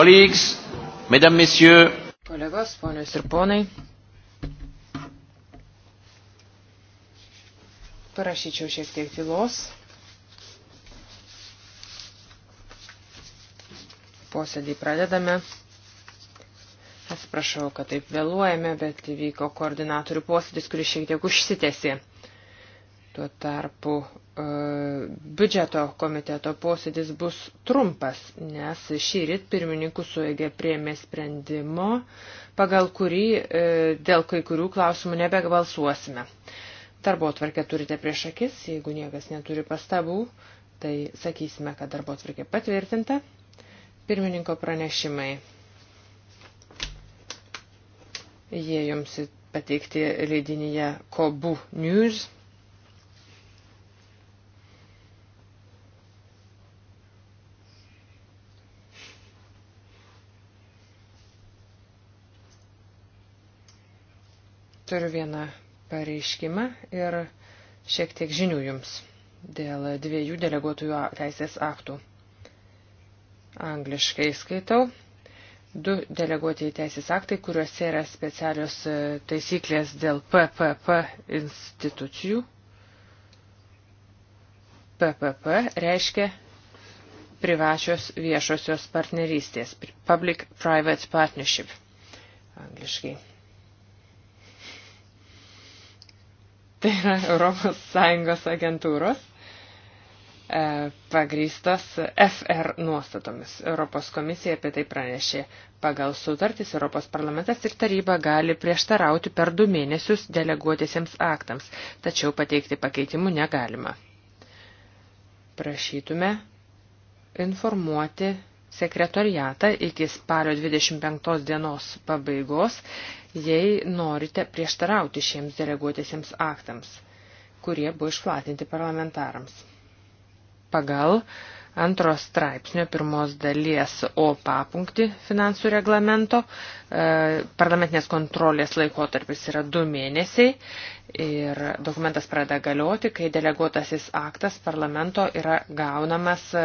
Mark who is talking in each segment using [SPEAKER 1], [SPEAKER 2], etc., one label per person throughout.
[SPEAKER 1] Colleagues, mesdames, messieurs.
[SPEAKER 2] Kolegos, ponios ir ponai. Parašyčiau šiek tiek tylos. Posėdį pradedame. Atsiprašau, kad taip vėluojame, bet įvyko koordinatorių posėdis, kuris šiek tiek užsitėsi. Tuo tarpu e, biudžeto komiteto posėdis bus trumpas, nes šį ryt pirmininkų suėgė prieimė sprendimo, pagal kurį e, dėl kai kurių klausimų nebebalsuosime. Darbo tvarkę turite prieš akis, jeigu niekas neturi pastabų, tai sakysime, kad darbo tvarkė patvirtinta. Pirmininko pranešimai. Jie jums pateikti leidinyje Kobu News. Turiu vieną pareiškimą ir šiek tiek žinių jums dėl dviejų deleguotųjų teisės aktų. Angliškai skaitau. Du deleguotieji teisės aktai, kuriuose yra specialios e, taisyklės dėl PPP institucijų. PPP reiškia privačios viešosios partnerystės, public-private partnership angliškai. tai yra Europos Sąjungos agentūros, e, pagrystas FR nuostatomis. Europos komisija apie tai pranešė. Pagal sutartys Europos parlamentas ir taryba gali prieštarauti per du mėnesius deleguotisiems aktams, tačiau pateikti pakeitimų negalima. Prašytume informuoti sekretoriatą iki spario 25 dienos pabaigos, jei norite prieštarauti šiems deleguotėsiems aktams, kurie buvo išplatinti parlamentarams. Pagal antros straipsnio pirmos dalies O papunkti finansų reglamento. E, parlamentinės kontrolės laikotarpis yra du mėnesiai ir dokumentas pradeda galioti, kai deleguotasis aktas parlamento yra gaunamas e,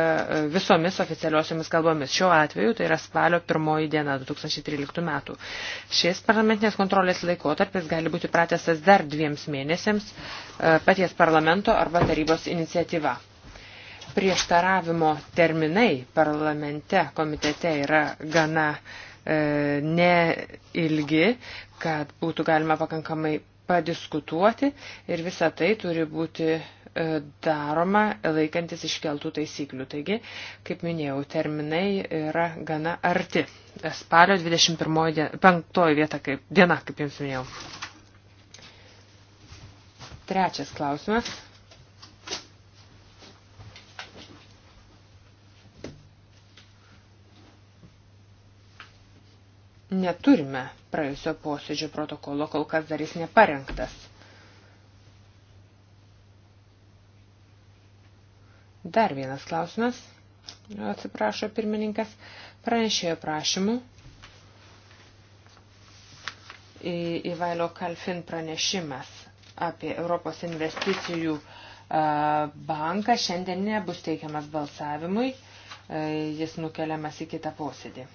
[SPEAKER 2] visomis oficialiosiomis kalbomis. Šiuo atveju tai yra spalio pirmoji diena 2013 metų. Šis parlamentinės kontrolės laikotarpis gali būti pratęstas dar dviems mėnesiams e, paties parlamento arba tarybos iniciatyva prieštaravimo terminai parlamente komitete yra gana e, neilgi, kad būtų galima pakankamai padiskutuoti ir visa tai turi būti e, daroma laikantis iškeltų taisyklių. Taigi, kaip minėjau, terminai yra gana arti. Spalio 21 diena, 5 vieta kaip, diena, kaip jums minėjau. Trečias klausimas. neturime praėjusio posėdžio protokolo, kol kas dar jis neparengtas. Dar vienas klausimas, atsiprašo pirmininkas, pranešėjo prašymų į Ivailo Kalfin pranešimas apie Europos investicijų banką šiandien nebus teikiamas balsavimui, jis nukeliamas į kitą posėdį.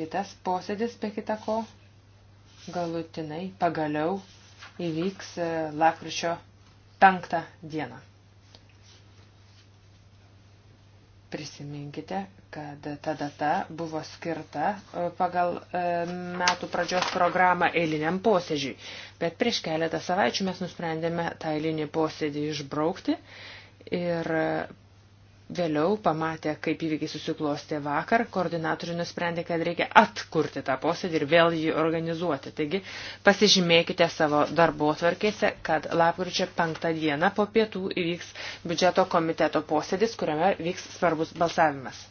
[SPEAKER 2] Kitas posėdis be kitako galutinai pagaliau įvyks e, lapkričio penktą dieną. Prisiminkite, kad ta data buvo skirta e, pagal e, metų pradžios programą eiliniam posėdžiui, bet prieš keletą savaičių mes nusprendėme tą eilinį posėdį išbraukti ir Vėliau pamatę, kaip įvykiai susiklostė vakar, koordinatoriai nusprendė, kad reikia atkurti tą posėdį ir vėl jį organizuoti. Taigi pasižymėkite savo darbo tvarkėse, kad lapkričio penktą dieną po pietų įvyks biudžeto komiteto posėdis, kuriame vyks svarbus balsavimas.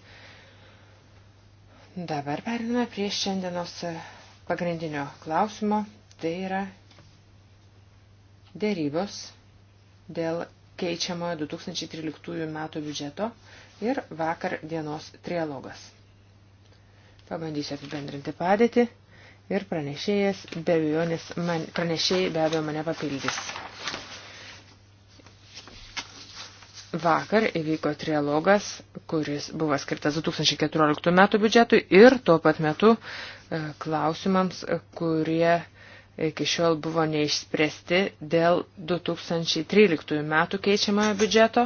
[SPEAKER 2] Dabar periname prie šiandienos pagrindinio klausimo. Tai yra dėrybos dėl keičiamojo 2013 metų biudžeto ir vakar dienos trialogas. Pabandysiu apibendrinti padėtį ir pranešėjas be abejonės, man, pranešėjai be abejo mane papildys. Vakar įvyko trialogas, kuris buvo skirtas 2014 metų biudžetui ir tuo pat metu e, klausimams, kurie iki šiol buvo neišspręsti dėl 2013 metų keičiamojo biudžeto.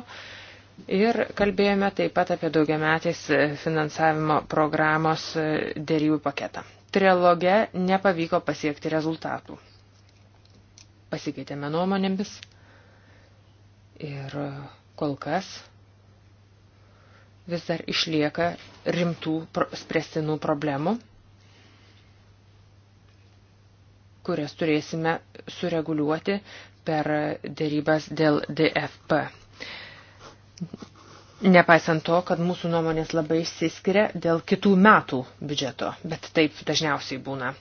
[SPEAKER 2] Ir kalbėjome taip pat apie daugiametės finansavimo programos e, dėrybų paketą. Trialoge nepavyko pasiekti rezultatų. Pasikeitėme nuomonėmis ir e, kol kas vis dar išlieka rimtų spręstinų problemų kurias turėsime sureguliuoti per dėrybas dėl DFP. Nepaisant to, kad mūsų nuomonės labai išsiskiria dėl kitų metų biudžeto, bet taip dažniausiai būna.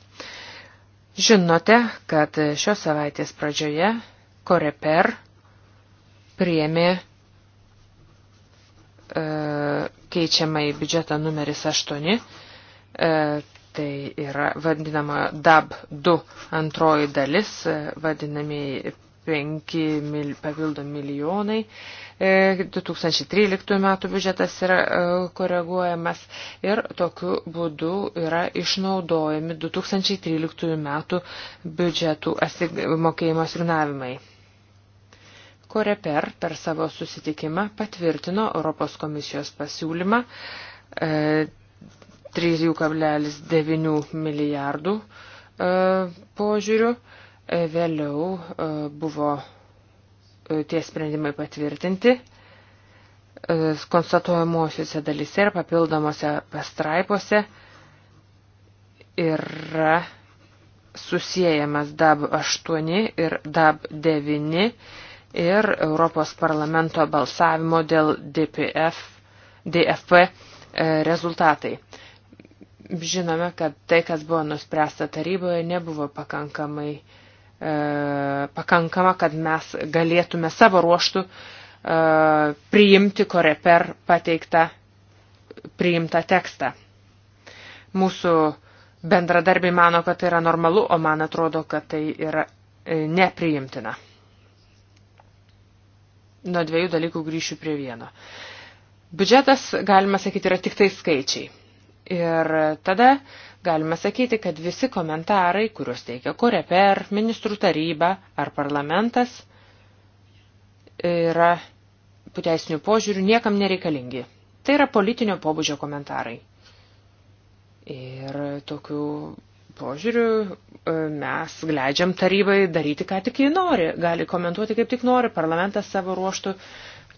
[SPEAKER 2] Žinote, kad šios savaitės pradžioje Koreper priėmė e, keičiamą į biudžetą numeris 8 e, Tai yra vadinama DAB 2 antroji dalis, vadinamieji 5 mil, papildomi milijonai. 2013 e, metų biudžetas yra e, koreguojamas ir tokiu būdu yra išnaudojami 2013 metų biudžetų asig mokėjimo signavimai. Koreper per savo susitikimą patvirtino Europos komisijos pasiūlymą e, 3,9 milijardų e, požiūrių. E, vėliau e, buvo tie sprendimai patvirtinti konstatuojamuosiuose dalise ir papildomose pastraipose yra susijęjamas DAB 8 ir DAB 9 ir Europos parlamento balsavimo dėl DPF, DFP rezultatai. Žinome, kad tai, kas buvo nuspręsta taryboje, nebuvo pakankamai e, pakankama, kad mes galėtume savo ruoštų e, priimti koreper pateiktą priimtą tekstą. Mūsų bendradarbiai mano, kad tai yra normalu, o man atrodo, kad tai yra e, nepriimtina. Nuo dviejų dalykų grįšiu prie vieno. Biudžetas, galima sakyti, yra tik tai skaičiai. Ir tada galime sakyti, kad visi komentarai, kuriuos teikia Koreper, ministrų taryba ar parlamentas, yra puteisnių požiūrių niekam nereikalingi. Tai yra politinio pobūdžio komentarai. Ir tokiu požiūriu e, mes leidžiam tarybai daryti, ką tik jį nori. Gali komentuoti, kaip tik nori, parlamentas savo ruoštų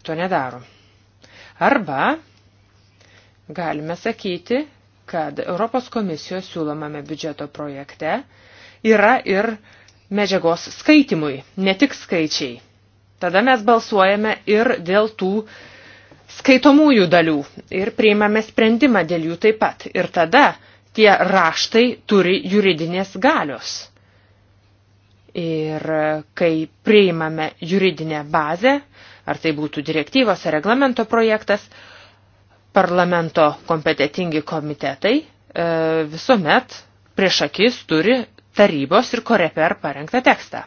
[SPEAKER 2] to nedaro. Arba Galime sakyti, kad Europos komisijos siūlomame biudžeto projekte yra ir medžiagos skaitimui, ne tik skaičiai. Tada mes balsuojame ir dėl tų skaitomųjų dalių ir priimame sprendimą dėl jų taip pat. Ir tada tie raštai turi juridinės galios. Ir kai priimame juridinę bazę, ar tai būtų direktyvos ar reglamento projektas, Parlamento kompetitingi komitetai e, visuomet prieš akis turi tarybos ir koreper parengtą tekstą.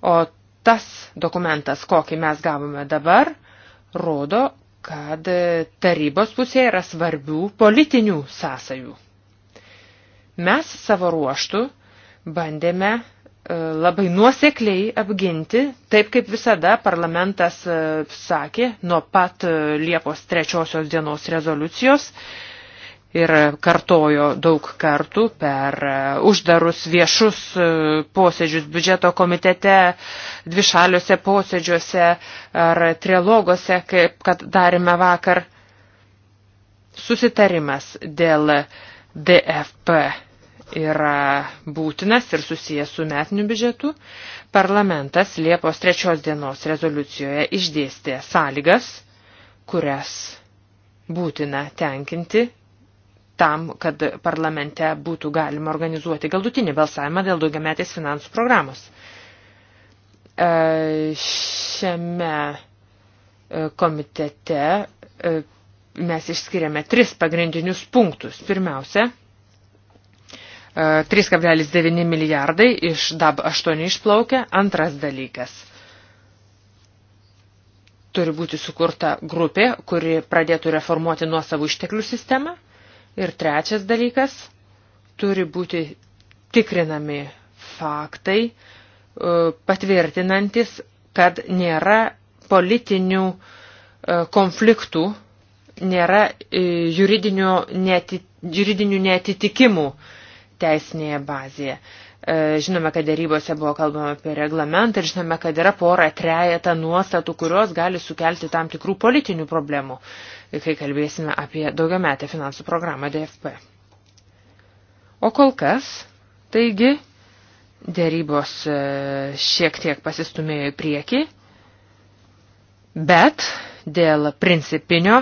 [SPEAKER 2] O tas dokumentas, kokį mes gavome dabar, rodo, kad tarybos pusėje yra svarbių politinių sąsajų. Mes savo ruoštų bandėme E, labai nuosekliai apginti, taip kaip visada parlamentas e, sakė nuo pat e, Liepos trečiosios dienos rezoliucijos ir kartojo daug kartų per uždarus viešus posėdžius biudžeto komitete, dvišaliuose posėdžiuose ar trilogose, kaip kad darėme vakar. Susitarimas dėl DFP yra būtinas ir susijęs su metiniu biudžetu, parlamentas Liepos 3 dienos rezoliucijoje išdėstė sąlygas, kurias būtina tenkinti tam, kad parlamente būtų galima organizuoti galutinį balsavimą dėl daugiametės finansų programos. E, šiame e, komitete e, mes išskiriame tris pagrindinius punktus. Pirmiausia, 3,9 milijardai iš DAB 8 išplaukia. Antras dalykas. Turi būti sukurta grupė, kuri pradėtų reformuoti nuosavų išteklių sistemą. Ir trečias dalykas. Turi būti tikrinami faktai, e, patvirtinantis, kad nėra politinių e, konfliktų, nėra e, juridinių, neati, juridinių netitikimų teisinėje bazėje. E, žinome, kad dėrybose buvo kalbama apie reglamentą ir žinome, kad yra pora trejata nuostatų, kurios gali sukelti tam tikrų politinių problemų, kai kalbėsime apie daugiametę finansų programą DFP. O kol kas, taigi, dėrybos e, šiek tiek pasistumėjo į priekį, bet dėl principinio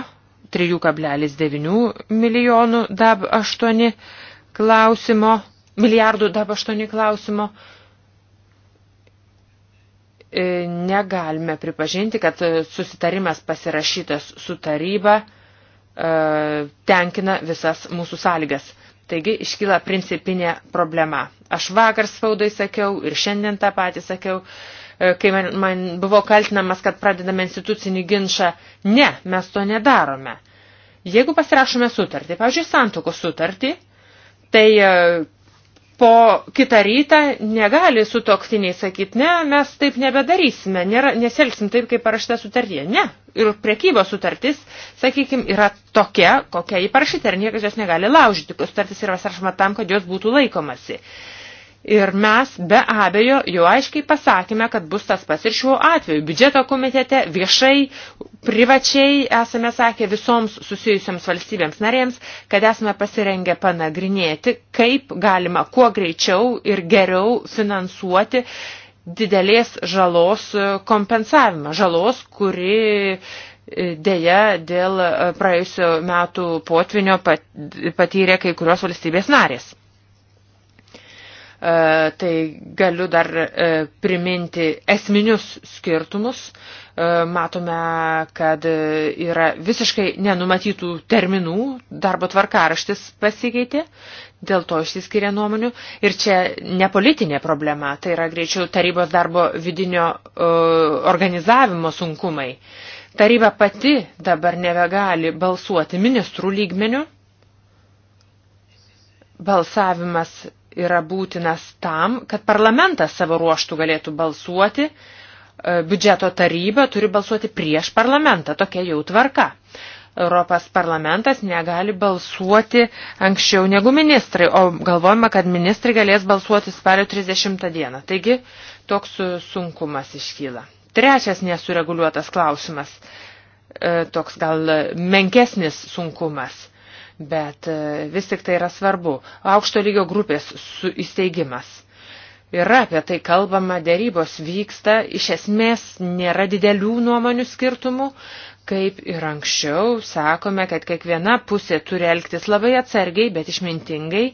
[SPEAKER 2] 3,9 milijonų DAB 8 klausimo, milijardų dabar 8 klausimo, e, negalime pripažinti, kad susitarimas pasirašytas su taryba e, tenkina visas mūsų sąlygas. Taigi iškyla principinė problema. Aš vakar spaudai sakiau ir šiandien tą patį sakiau, e, kai man, man buvo kaltinamas, kad pradedame institucinį ginčą. Ne, mes to nedarome. Jeigu pasirašome sutartį, pavyzdžiui, santokos sutartį, tai e, po kitą rytą negali su toksiniai sakyti, ne, mes taip nebedarysime, nėra, nesielgsim taip, kaip parašyta sutartyje. Ne. Ir prekybos sutartis, sakykime, yra tokia, kokia įparašyta ir niekas jos negali laužyti, sutartis yra pasirašoma tam, kad jos būtų laikomasi. Uh, Ir mes be abejo jau aiškiai pasakėme, kad bus tas pas ir šiuo atveju. Biudžeto komitete viešai, privačiai esame sakę visoms susijusiams valstybėms narėms, kad esame pasirengę panagrinėti, kaip galima kuo greičiau ir geriau finansuoti didelės žalos kompensavimą. Žalos, kuri e, dėja dėl e, praėjusio metų potvinio patyrė kai kurios valstybės narės. E, tai galiu dar e, priminti esminius skirtumus. E, matome, kad yra visiškai nenumatytų terminų, darbo tvarkaraštis pasikeitė, dėl to išsiskiria nuomonių. Ir čia ne politinė problema, tai yra greičiau tarybos darbo vidinio organizavimo sunkumai. Taryba pati dabar nebegali balsuoti ministrų lygmenių. Balsavimas yra būtinas tam, kad parlamentas savo ruoštų galėtų balsuoti, e, biudžeto taryba turi balsuoti prieš parlamentą, tokia jau tvarka. Europos parlamentas negali balsuoti anksčiau negu ministrai, o galvojama, kad ministrai galės balsuoti spalio 30 dieną. Taigi toks sunkumas iškyla. Trečias nesureguliuotas klausimas, e, toks gal menkesnis sunkumas bet e, vis tik tai yra svarbu. Aukšto lygio grupės įsteigimas. Yra apie tai kalbama, dėrybos vyksta, iš esmės nėra didelių nuomonių skirtumų, kaip ir anksčiau sakome, kad kiekviena pusė turi elgtis labai atsargiai, bet išmintingai.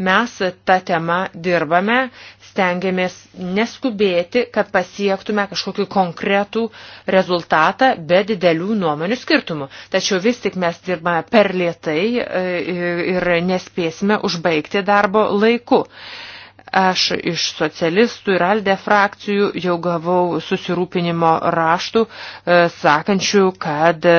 [SPEAKER 2] Mes tą temą dirbame, stengiamės neskubėti, kad pasiektume kažkokį konkretų rezultatą be didelių nuomonių skirtumų. Tačiau vis tik mes dirbame per lietai e, ir nespėsime užbaigti darbo laiku. Aš iš socialistų ir aldė frakcijų jau gavau susirūpinimo raštų, e, sakančių, kad e,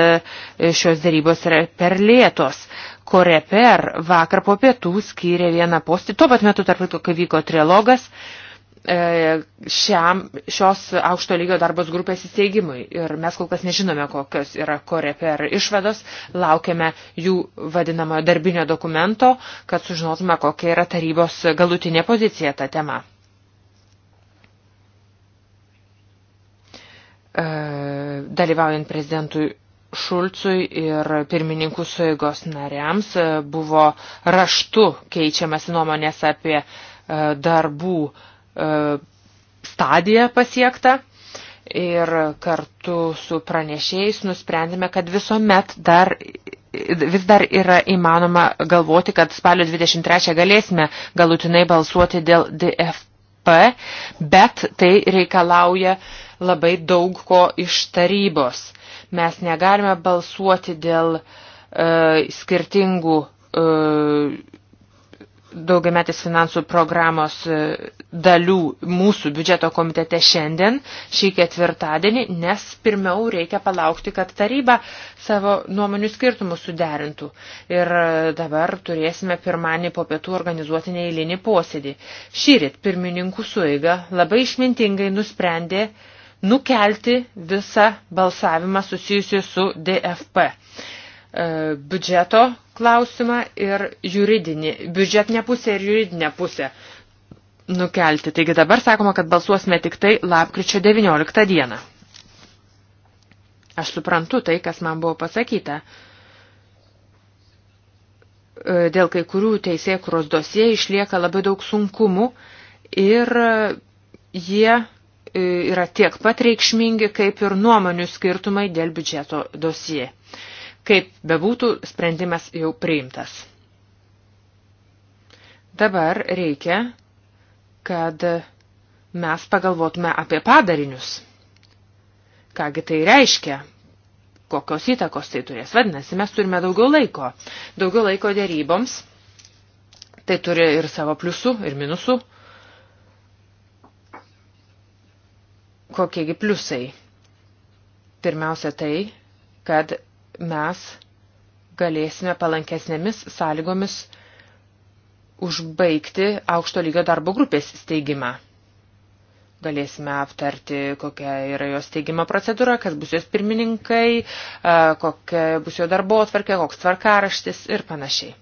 [SPEAKER 2] šios darybos yra per lėtos Koreper vakar po pietų skyrė vieną postį, tuo pat metu tarp kai vyko trilogas e, šiam, šios aukšto lygio darbos grupės įsteigimui. Ir mes kol kas nežinome, kokios yra Koreper išvados, laukiame jų vadinamojo darbinio dokumento, kad sužinotume, kokia yra tarybos galutinė pozicija tą temą. E, dalyvaujant prezidentui Šulcui ir pirmininkų suėgos nariams e, buvo raštu keičiamas nuomonės apie e, darbų e, stadiją pasiektą ir kartu su pranešėjais nusprendėme, kad visuomet dar vis dar yra įmanoma galvoti, kad spalio 23 galėsime galutinai balsuoti dėl DFP, bet tai reikalauja labai daug ko iš tarybos Mes negalime balsuoti dėl e, skirtingų e, daugiametės finansų programos e, dalių mūsų biudžeto komitete šiandien, šį ketvirtadienį, nes pirmiau reikia palaukti, kad taryba savo nuomonių skirtumus suderintų. Ir e, dabar turėsime pirmanį po pietų organizuoti neįlinį posėdį. Šyrit pirmininkų suiga labai išmintingai nusprendė, nukelti visą balsavimą susijusiu su DFP e, biudžeto klausimą ir juridinį, biudžetinę pusę ir juridinę pusę nukelti. Taigi dabar sakoma, kad balsuosime tik tai lapkričio 19 dieną. Aš suprantu tai, kas man buvo pasakyta. E, dėl kai kurių teisėkuros dosie išlieka labai daug sunkumų ir jie E, yra tiek pat reikšmingi, kaip ir nuomonių skirtumai dėl biudžeto dosie. Kaip bebūtų, sprendimas jau priimtas. Dabar reikia, kad mes pagalvotume apie padarinius. Kągi tai reiškia? Kokios įtakos tai turės? Vadinasi, mes turime daugiau laiko. Daugiau laiko dėryboms. Tai turi ir savo pliusų, ir minusų. Kokiegi pliusai? Pirmiausia tai, kad mes galėsime palankesnėmis sąlygomis užbaigti aukšto lygio darbo grupės steigimą. Galėsime aptarti, kokia yra jos steigimo procedūra, kas bus jos pirmininkai, kokia bus jo darbo atvarkė, koks tvarkaraštis ir panašiai.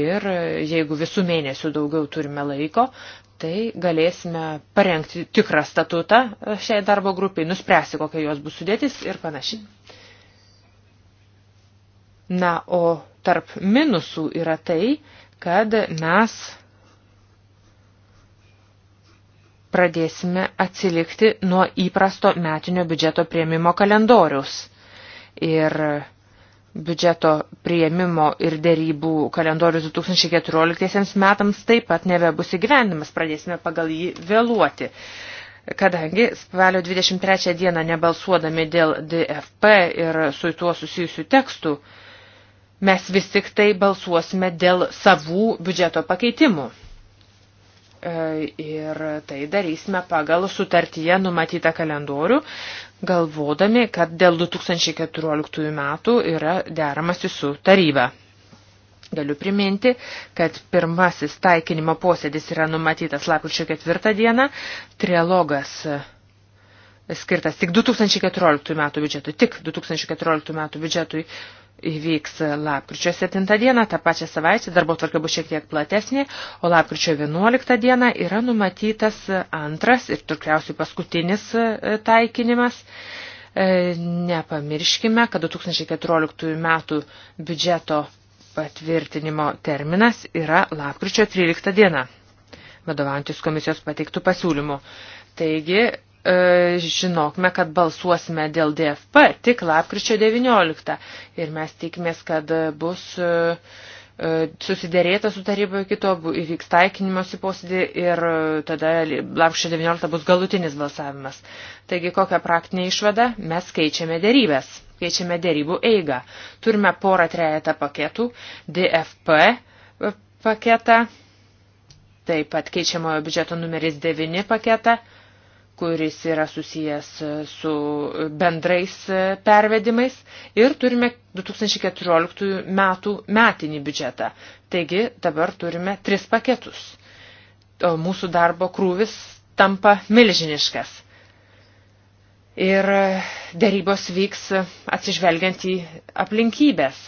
[SPEAKER 2] Ir e, jeigu visų mėnesių daugiau turime laiko, tai galėsime parengti tikrą statutą šiai darbo grupiai, nuspręsti, kokia jos bus sudėtis ir panašiai. Na, o tarp minusų yra tai, kad mes pradėsime atsilikti nuo įprasto metinio biudžeto prieimimo kalendoriaus. Ir biudžeto prieimimo ir dėrybų kalendorius 2014 metams taip pat nebebus įgyvendimas, pradėsime pagal jį vėluoti. Kadangi spalio 23 dieną nebalsuodami dėl DFP ir su tuo susijusių tekstų, mes vis tik tai balsuosime dėl savų biudžeto pakeitimų. E, ir tai darysime pagal sutartyje numatytą kalendorių, galvodami, kad dėl 2014 metų yra deramasi su taryba. Galiu priminti, kad pirmasis taikinimo posėdis yra numatytas lapkričio ketvirtą dieną, trilogas skirtas tik 2014 metų biudžetui, tik 2014 metų biudžetui įvyks lapkričio 7 dieną, tą pačią savaitę darbo tvarka bus šiek tiek platesnė, o lapkričio 11 dieną yra numatytas antras ir turkliausiai paskutinis e, taikinimas. E, nepamirškime, kad 2014 metų biudžeto patvirtinimo terminas yra lapkričio 13 diena, vadovantis komisijos pateiktų pasiūlymų. Taigi, E, žinokime, kad balsuosime dėl DFP tik lapkričio 19 ir mes tikimės, kad bus e, e, susidėrėta su taryboje kito, įvyks taikinimosi posėdį ir tada lapkričio 19 bus galutinis balsavimas. Taigi kokią praktinę išvadą? Mes keičiame dėrybės, keičiame dėrybų eigą. Turime porą trejetą paketų, DFP paketą, taip pat keičiamojo biudžeto numeris 9 paketą, kuris yra susijęs e, su bendrais e, pervedimais ir turime 2014 metų metinį biudžetą. Taigi dabar turime tris paketus. O mūsų darbo krūvis tampa milžiniškas. Ir e, dėrybos vyks atsižvelgiant į aplinkybės.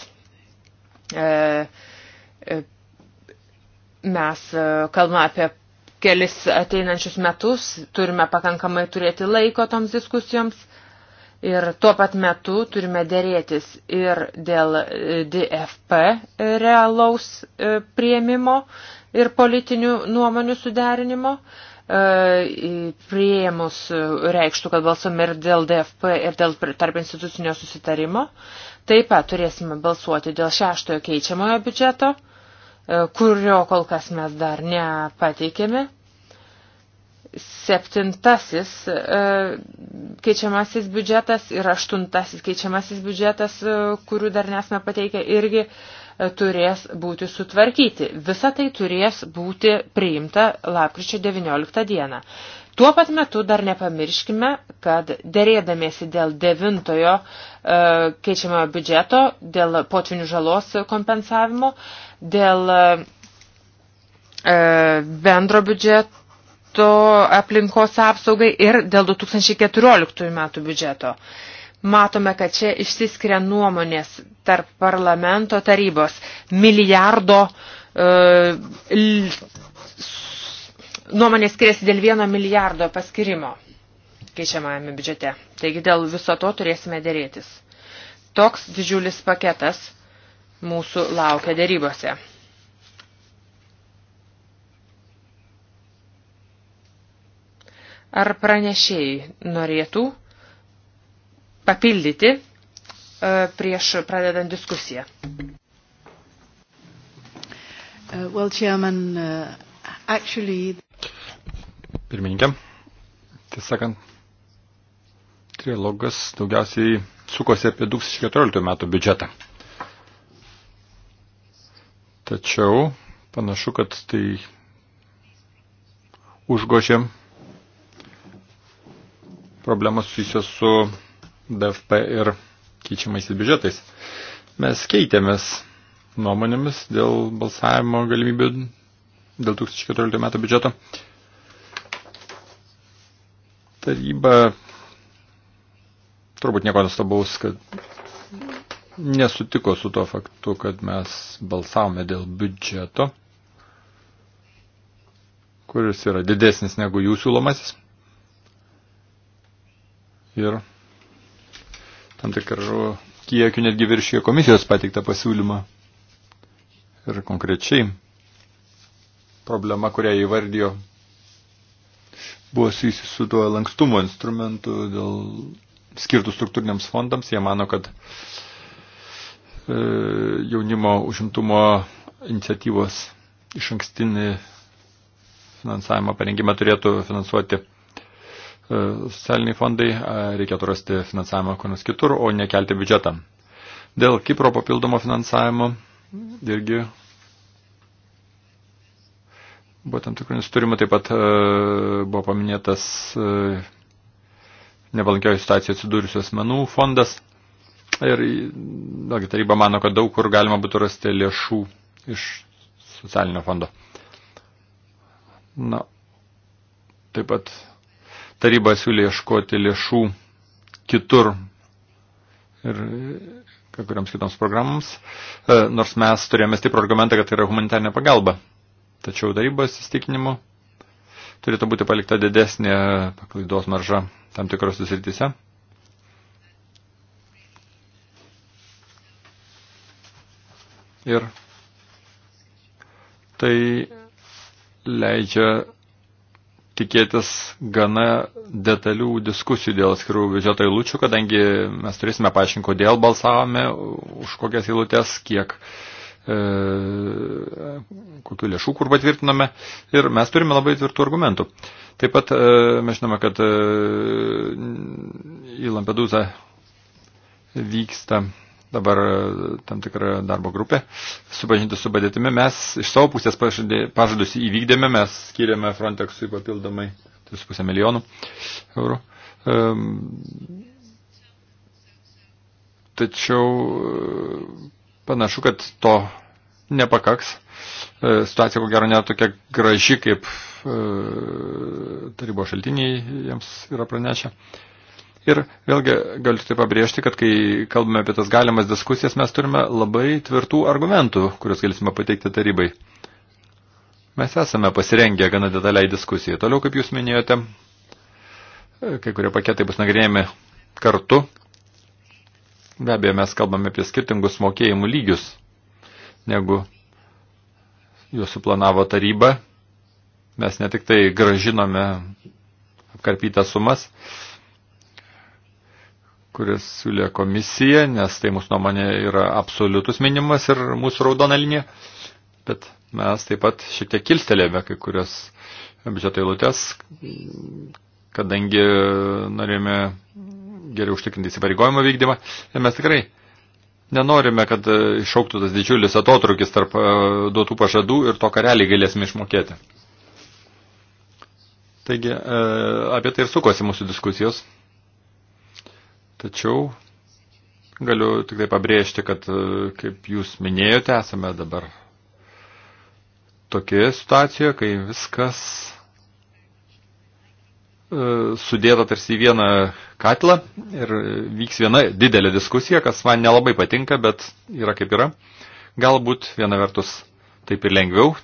[SPEAKER 2] E, mes kalbame apie kelis ateinančius metus, turime pakankamai turėti laiko toms diskusijoms ir tuo pat metu turime dėrėtis ir dėl e, DFP realaus e, prieimimo ir politinių nuomonių suderinimo. E, priėmus reikštų, kad balsuome ir dėl DFP ir dėl tarp institucinio susitarimo. Taip pat turėsime balsuoti dėl šeštojo keičiamojo biudžeto E, kurio kol kas mes dar nepateikėme. Septintasis e, keičiamasis biudžetas ir aštuntasis keičiamasis biudžetas, e, kurių dar nesame pateikę, irgi turės būti sutvarkyti. Visa tai turės būti priimta lapkričio 19 dieną. Tuo pat metu dar nepamirškime, kad dėrėdamėsi dėl devintojo e, keičiamojo biudžeto, dėl potvinių žalos kompensavimo, e, Dėl e, e, bendro biudžeto aplinkos apsaugai ir dėl 2014 metų biudžeto. Matome, kad čia išsiskiria nuomonės tarp parlamento tarybos milijardo e, nuomonės skiriasi dėl vieno milijardo paskirimo keičiamajame biudžete. Taigi dėl viso to turėsime dėrėtis. Toks didžiulis paketas mūsų laukia dėrybose. Ar pranešėjai norėtų papildyti e, prieš pradedant diskusiją? Uh, well, Chairman, uh, actually...
[SPEAKER 1] Pirmininkė, tiesą sakant, trilogas daugiausiai sukosi apie 2014 metų biudžetą. Tačiau panašu, kad tai užgožė problemas susijusios su DFP ir keičiamais biudžetais. Mes keitėmės nuomonėmis dėl balsavimo galimybių dėl 2014 metų biudžeto. Taryba turbūt nieko nustabaus, kad nesutiko su to faktu, kad mes balsavome dėl biudžeto, kuris yra didesnis negu jų siūlomasis. Ir tam tikrų kiekių netgi viršyje komisijos pateiktą pasiūlymą. Ir konkrečiai problema, kurią įvardijo, buvo susijusi su tuo lankstumo instrumentu dėl skirtų struktūriniams fondams. Jie mano, kad uh, E, jaunimo užimtumo iniciatyvos iš ankstinį finansavimą parengimą turėtų finansuoti e, socialiniai fondai, reikėtų rasti finansavimą kur nors kitur, o nekelti biudžetą. Dėl Kipro papildomo finansavimo irgi buvo tam tikrų nesutarimų, taip pat e, buvo paminėtas nevalankiojo situacijoje atsidūrusios menų fondas. Ir, vėlgi, taryba mano, kad daug kur galima būtų rasti lėšų iš socialinio fondo. Na, taip pat taryba siūlė ieškoti lėšų kitur ir kai kuriams kitoms programams, e, nors mes turėjome stiprų argumentą, kad tai yra humanitarinė pagalba. Tačiau darybos įstikinimu turėtų būti palikta didesnė paklaidos marža tam tikrose srityse. Ir tai leidžia tikėtis gana detalių diskusijų dėl atskirų biudžeto eilučių, kadangi mes turėsime paaiškinti, kodėl balsavome, už kokias eilutės, kiek e, kokių lėšų, kur patvirtiname ir mes turime labai tvirtų argumentų. Taip pat e, mes žinome, kad e, į Lampedusą vyksta dabar e, tam tikra darbo grupė, supažinti su padėtimi. Mes iš savo pusės pažadus įvykdėme, mes skiriame Frontexui papildomai 3,5 milijonų eurų. Tačiau e, panašu, kad to nepakaks. E, situacija, ko gero, nėra tokia graži, kaip tarybo šaltiniai jiems yra pranešę. Ir vėlgi galiu tai pabrėžti, kad kai kalbame apie tas galimas diskusijas, mes turime labai tvirtų argumentų, kuriuos galėsime pateikti tarybai. Mes esame pasirengę gana detaliai diskusijai. Toliau, kaip jūs minėjote, kai kurie paketai bus nagrinėjami kartu. Be abejo, mes kalbame apie skirtingus mokėjimų lygius, negu juos suplanavo taryba. Mes ne tik tai gražinome apkarpytas sumas, kuris siūlė komisija, nes tai mūsų nuomonė yra absoliutus minimas ir mūsų raudona linija, bet mes taip pat šiek tiek kilstelėme kai kurios biudžeto eilutės, kadangi norėjome geriau užtikrinti įsipareigojimo vykdymą ir mes tikrai nenorime, kad išauktų tas didžiulis atotrukis tarp e, duotų pažadų ir to, ką realiai galėsime išmokėti. Taigi, e, apie tai ir sukosi mūsų diskusijos. Tačiau galiu tik tai pabrėžti, kad, e, kaip jūs minėjote, esame dabar tokioje situacijoje, kai viskas e, sudėta tarsi į vieną katilą ir vyks viena didelė diskusija, kas man nelabai patinka, bet yra kaip yra. Galbūt viena vertus taip ir lengviau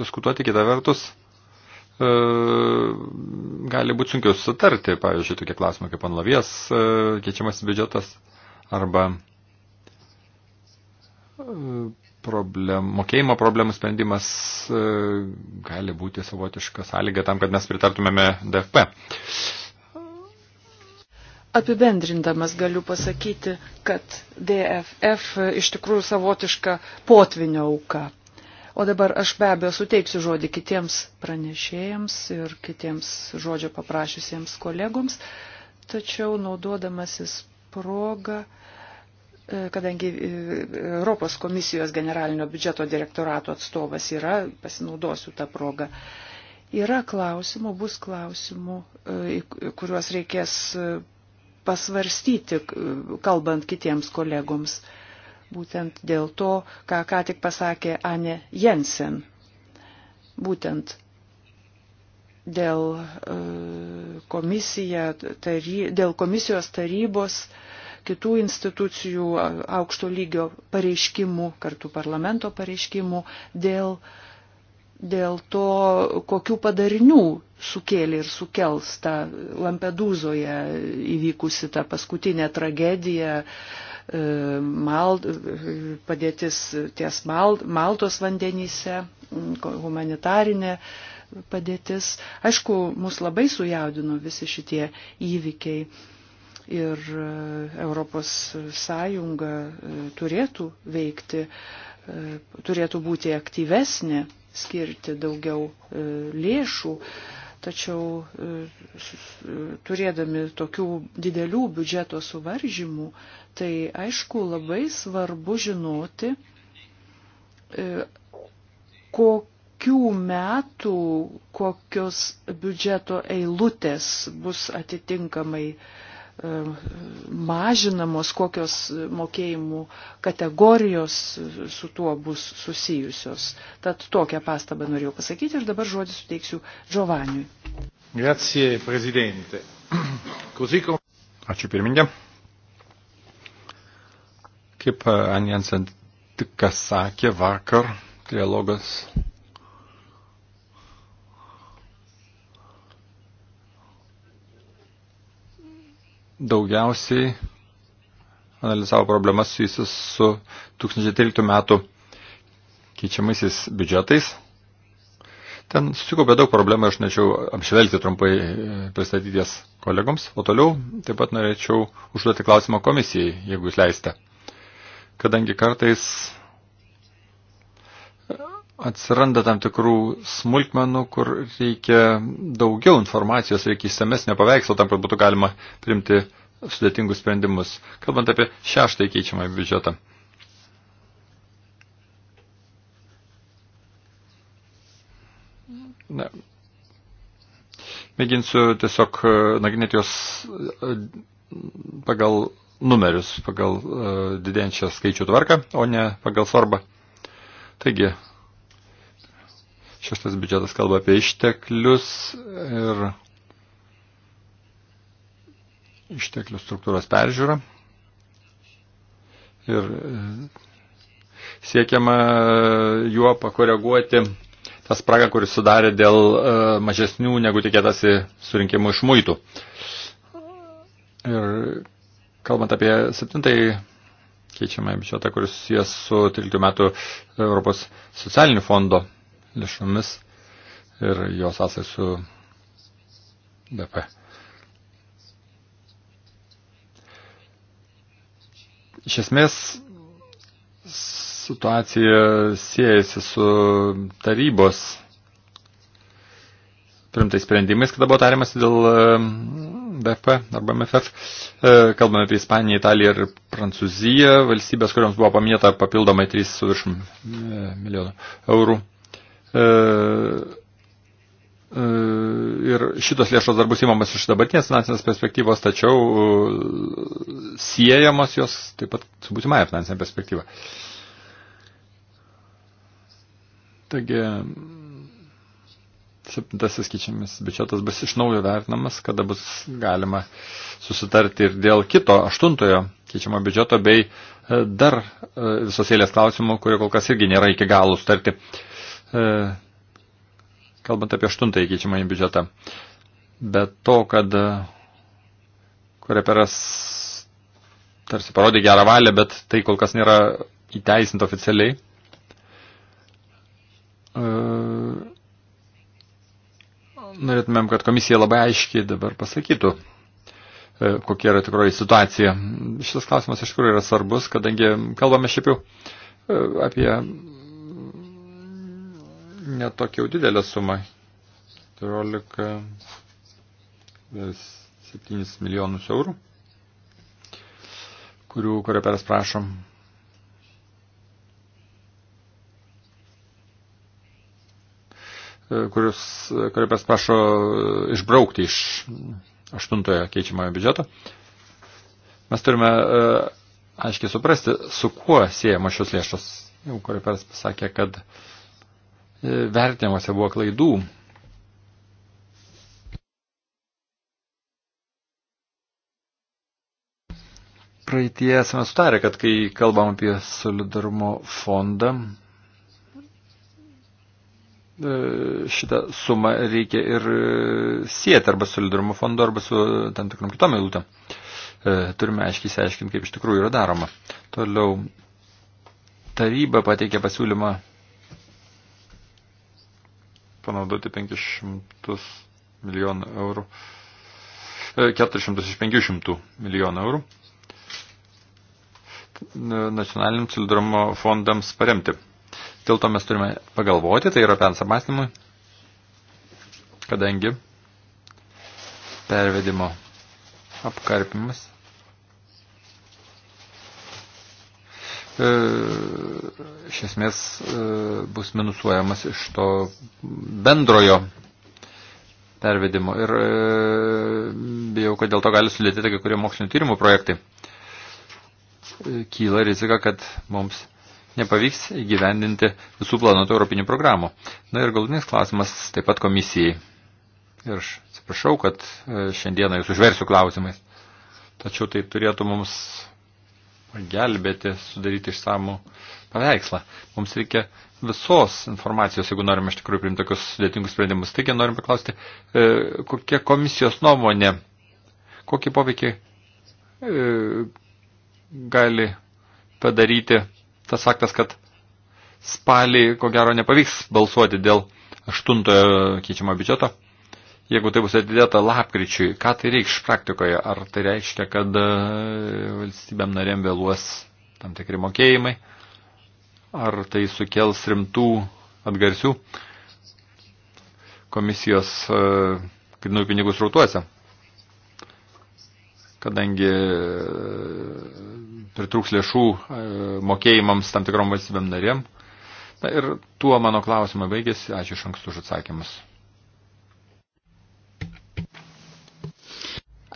[SPEAKER 1] diskutuoti, kita vertus E, gali būti sunkiau sutarti, pavyzdžiui, tokie klausimai kaip anlovės e, keičiamas biudžetas arba e, problem, mokėjimo problemų sprendimas gali būti savotiška sąlyga tam, kad mes pritartumėme DFP.
[SPEAKER 3] Apibendrindamas galiu pasakyti, kad DFF iš tikrųjų savotiška potvinio auka O dabar aš be abejo suteiksiu žodį kitiems pranešėjams ir kitiems žodžio paprašysiems kolegoms, tačiau naudodamasis progą, e, kadangi e, e, Europos komisijos generalinio biudžeto direktorato atstovas yra, pasinaudosiu tą progą. Yra klausimų, bus klausimų, kuriuos reikės pasvarstyti, kalbant kitiems kolegoms būtent dėl to, ką ką tik pasakė Anė Jensen. Būtent dėl, e, komisija, tary, dėl komisijos tarybos, kitų institucijų aukšto lygio pareiškimų, kartu parlamento pareiškimų, dėl, dėl to, kokių padarinių sukėlė ir sukels tą Lampedūzoje įvykusi tą paskutinę tragediją, uh, E, mal, e, padėtis ties mal, Maltos vandenyse, humanitarinė padėtis. Aišku, mus labai sujaudino visi šitie įvykiai ir e, Europos Sąjunga turėtų veikti, turėtų būti aktyvesnė, skirti daugiau lėšų Tačiau e, turėdami tokių didelių biudžeto suvaržymų, tai aišku labai svarbu žinoti, e, kokių metų kokios biudžeto eilutės bus atitinkamai uh, mažinamos, kokios mokėjimų kategorijos su tuo bus susijusios. Tad tokią pastabą norėjau pasakyti ir dabar žodį suteiksiu Giovaniui.
[SPEAKER 1] Grazie, prezidente. Kom... Ačiū pirmininkė. Kaip eh, Anjansen tik kas sakė vakar, dialogas daugiausiai analizavo problemas susijusius su 2013 metų keičiamaisiais biudžetais. Ten susikaupė daug problemų, aš norėčiau apžvelgti trumpai e, pristatyties kolegoms, o toliau taip pat norėčiau užduoti klausimą komisijai, jeigu jūs leiste. Kadangi kartais atsiranda tam tikrų smulkmenų, kur reikia daugiau informacijos, reikia įsamesnio paveikslo tam, kad būtų galima priimti sudėtingus sprendimus. Kalbant apie šeštąjį keičiamą biudžetą. Ne. Mėginsiu tiesiog e, nagrinėti jos e, pagal numerius, pagal e, didėjančią skaičių tvarką, o ne pagal svarbą. Taigi, Šeštas biudžetas kalba apie išteklius ir išteklių struktūros peržiūrą. Ir e, siekiama juo pakoreguoti tą spragą, kuris sudarė dėl e, mažesnių negu tikėtasi surinkimų iš muitų. Ir kalbant apie septintąjį keičiamą biudžetą, kuris susijęs su 13 metų Europos socialinių fondo lėšomis ir jos sąsai su DP. Iš esmės situacija siejasi su tarybos primtais sprendimais, kada buvo tariamas dėl e, DFP arba MFF. E, kalbame apie Ispaniją, Italiją ir Prancūziją, valstybės, kuriams buvo paminėta papildomai 3 su viršum e, milijonų eurų. E, e, ir šitos lėšos dar bus įmamas iš dabartinės finansinės perspektyvos, tačiau e, siejamos jos taip pat su būsimąją finansinę perspektyvą. Taigi, septintasis kičiamis biudžetas bus iš naujo vertinamas, kada bus galima susitarti ir dėl kito aštuntojo keičiamo biudžeto bei dar visos eilės klausimų, kurie kol kas irgi nėra iki galų sutarti. E, kalbant apie aštuntąjį keičiamąjį biudžetą. Bet to, kad e, Koreperas tarsi parodė gerą valią, bet tai kol kas nėra įteisinta oficialiai. E, norėtumėm, kad komisija labai aiškiai dabar pasakytų, kokia yra tikroji situacija. Šitas klausimas iš tikrųjų yra svarbus, kadangi kalbame šiaip jau apie netokia jau didelė suma. 14,7 e, milijonus eurų, kurių koreperas prašom. E, kurios koreperas prašo e, išbraukti iš aštuntojo keičiamojo biudžeto. Mes turime aiškiai suprasti, su kuo siejama šios lėšos. Jau koreperas pasakė, kad uh, E, vertinimuose buvo klaidų. Praeitie esame sutarę, kad kai kalbam apie solidarumo fondą, e, šitą sumą reikia ir e, sieti arba solidarumo fondo, arba su tam tikrom kitom eilutėm. Turime aiškiai įsiaiškinti, kaip iš tikrųjų yra daroma. Toliau taryba pateikė pasiūlymą panaudoti 500 milijonų eurų, 400 e, iš 500 milijonų eurų nacionaliniam solidarumo fondams paremti. Dėl to mes turime pagalvoti, tai yra pensamastymui, kadangi pervedimo apkarpimas E, iš esmės e, bus minusuojamas iš to bendrojo pervedimo. Ir e, bijau, kad dėl to gali sulėtėti kai kurie mokslinio tyrimų projektai. Kyla rizika, kad mums nepavyks įgyvendinti visų planuotų europinių programų. Na ir galutinis klausimas taip pat komisijai. Ir aš atsiprašau, kad šiandieną jūs užversiu klausimais. Tačiau tai turėtų mums pagelbėti sudaryti išsamų paveikslą. Mums reikia visos informacijos, jeigu norime iš tikrųjų priimti tokius sudėtingus sprendimus. Taigi norim paklausti, e, kokia komisijos nuomonė, kokį poveikį e, gali padaryti tas faktas, kad spalį, ko gero, nepavyks balsuoti dėl aštuntojo keičiamo biudžeto. Jeigu tai bus atidėta lapkričiui, ką tai reikš praktikoje? Ar tai reiškia, kad e, valstybėm narėm vėluos tam tikri mokėjimai? Ar tai sukels rimtų atgarsių komisijos e, grinųjų pinigų srautuose? Kadangi e, pritrūks lėšų mokėjimams tam tikrom valstybėm narėm. Na ir tuo mano klausimą baigėsi. Ačiū iš anksto už atsakymus.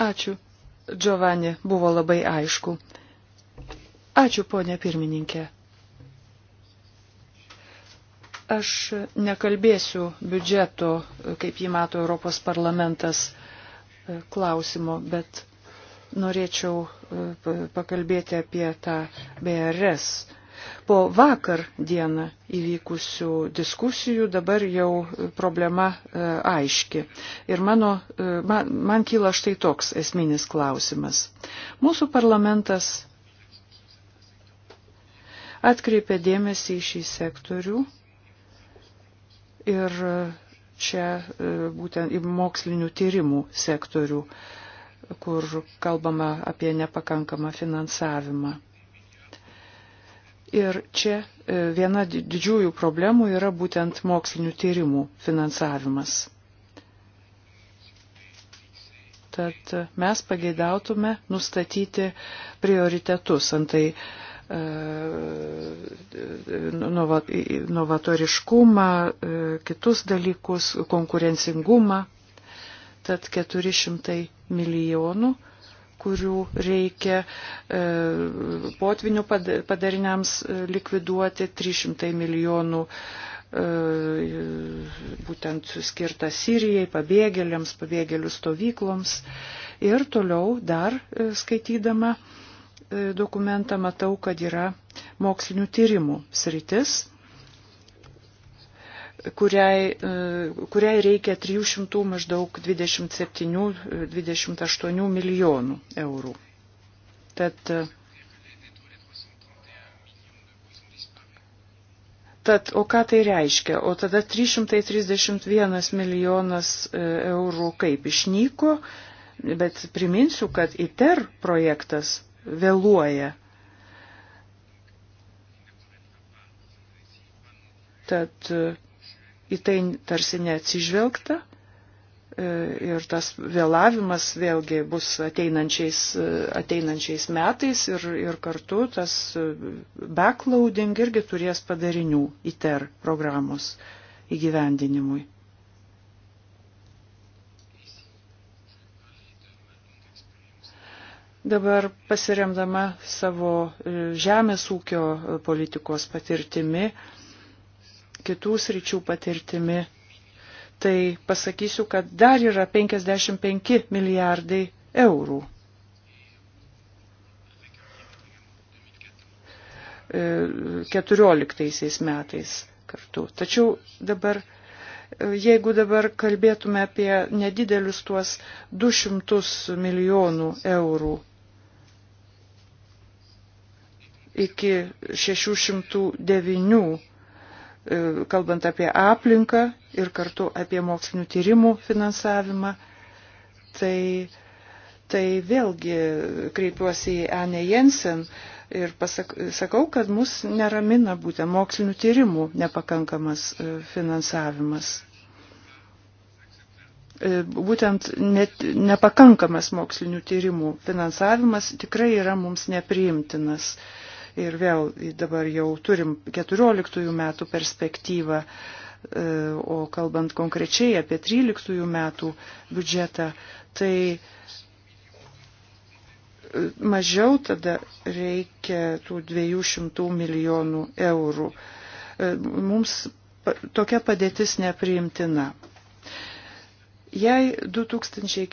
[SPEAKER 3] Ačiū, Giovanni, buvo labai aišku. Ačiū, ponė pirmininkė. Aš nekalbėsiu biudžeto, kaip jį mato Europos parlamentas, e, klausimo, bet norėčiau e, pakalbėti apie tą BRS Po vakar dieną įvykusių diskusijų dabar jau problema e, aiški. Ir mano, e, man, man kyla štai toks esminis klausimas. Mūsų parlamentas atkreipė dėmesį į šį sektorių ir čia e, būtent į mokslinių tyrimų sektorių, kur kalbama apie nepakankamą finansavimą. Ir čia e, viena didžiųjų problemų yra būtent mokslinių tyrimų finansavimas. Tad e, mes pageidautume nustatyti prioritetus antai e, novatoriškumą, kitus dalykus, konkurencingumą. Tad 400 milijonų kurių reikia e, potvinių padariniams e, likviduoti 300 milijonų e, būtent skirta Sirijai, pabėgėliams, pabėgėlių stovykloms. Ir toliau dar skaitydama dokumentą matau, kad yra mokslinių tyrimų sritis kuriai, e, kuriai reikia 300 maždaug 27-28 e, milijonų eurų. Tad, e, tad, o ką tai reiškia? O tada 331 milijonas eurų kaip išnyko, bet priminsiu, kad ITER projektas vėluoja. Tad į tai tarsi neatsižvelgta e, ir tas vėlavimas vėlgi bus ateinančiais, e, ateinančiais metais ir, ir kartu tas e, backloading irgi turės padarinių ITER programos įgyvendinimui. Dabar pasiremdama savo žemės ūkio politikos patirtimi, kitų sričių patirtimi, tai pasakysiu, kad dar yra 55 milijardai eurų. E, keturioliktaisiais metais kartu. Tačiau dabar, e, jeigu dabar kalbėtume apie nedidelius tuos 200 milijonų eurų iki 609 E, kalbant apie aplinką ir kartu apie mokslinių tyrimų finansavimą. Tai, tai vėlgi kreipiuosi į Anę Jensen ir pasak, sakau, kad mus neramina būtent mokslinių tyrimų nepakankamas e, finansavimas e, būtent net, nepakankamas mokslinių tyrimų finansavimas tikrai yra mums nepriimtinas. Ir vėl dabar jau turim 14 metų perspektyvą, e, o kalbant konkrečiai apie 13 metų biudžetą, tai e, mažiau tada reikia tų 200 milijonų eurų. E, mums tokia padėtis nepriimtina. Jei 2014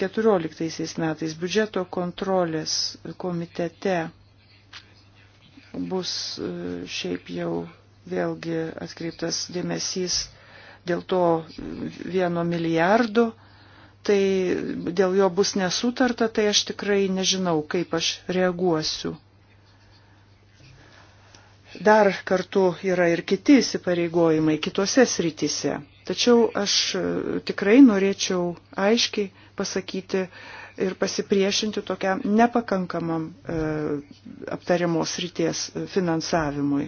[SPEAKER 3] metais biudžeto kontrolės komitete bus e, šiaip jau vėlgi atkreiptas dėmesys dėl to vieno milijardo, tai dėl jo bus nesutarta, tai aš tikrai nežinau, kaip aš reaguosiu. Dar kartu yra ir kiti įsipareigojimai kitose srityse. Tačiau aš e, tikrai norėčiau aiškiai pasakyti, ir pasipriešinti tokiam nepakankamam e, aptariamos ryties e, finansavimui.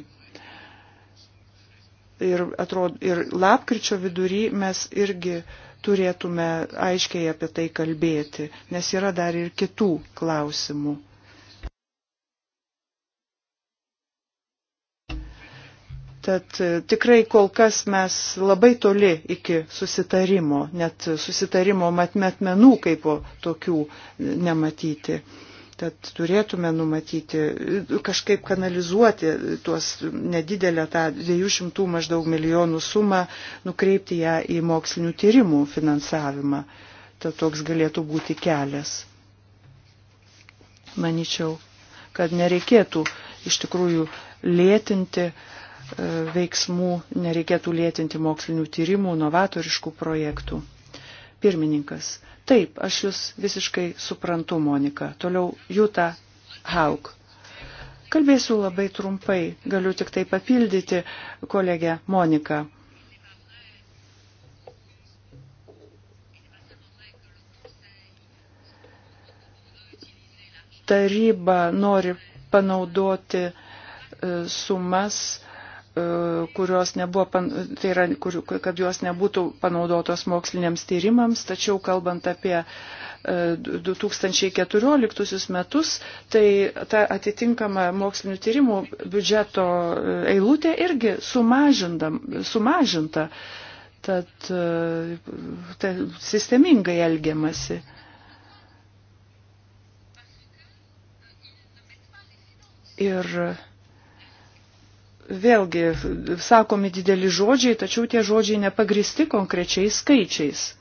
[SPEAKER 3] Ir, atrodo, ir lapkričio vidury mes irgi turėtume aiškiai apie tai kalbėti, nes yra dar ir kitų klausimų. Tad e, tikrai kol kas mes labai toli iki susitarimo, net susitarimo matmetmenų kaip tokių nematyti. Tad turėtume numatyti, e, kažkaip kanalizuoti tuos nedidelę tą 200 maždaug milijonų sumą, nukreipti ją į mokslinių tyrimų finansavimą. Tad toks galėtų būti kelias. Maničiau, kad nereikėtų iš tikrųjų lėtinti uh, E, veiksmų, nereikėtų lėtinti mokslinių tyrimų, novatoriškų projektų. Pirmininkas. Taip, aš jūs visiškai suprantu, Monika. Toliau Jūta Hauk. Kalbėsiu labai trumpai, galiu tik tai papildyti kolegę Moniką. Taryba nori panaudoti e, sumas E, kurios nebuvo, tai yra, kur, kad jos nebūtų panaudotos moksliniams tyrimams, tačiau kalbant apie 2014 e, metus, tai ta atitinkama mokslinių tyrimų biudžeto e, eilutė irgi sumažinta, tad ta, sistemingai elgiamasi. Ir vėlgi sakomi dideli žodžiai, tačiau tie žodžiai nepagristi konkrečiais skaičiais.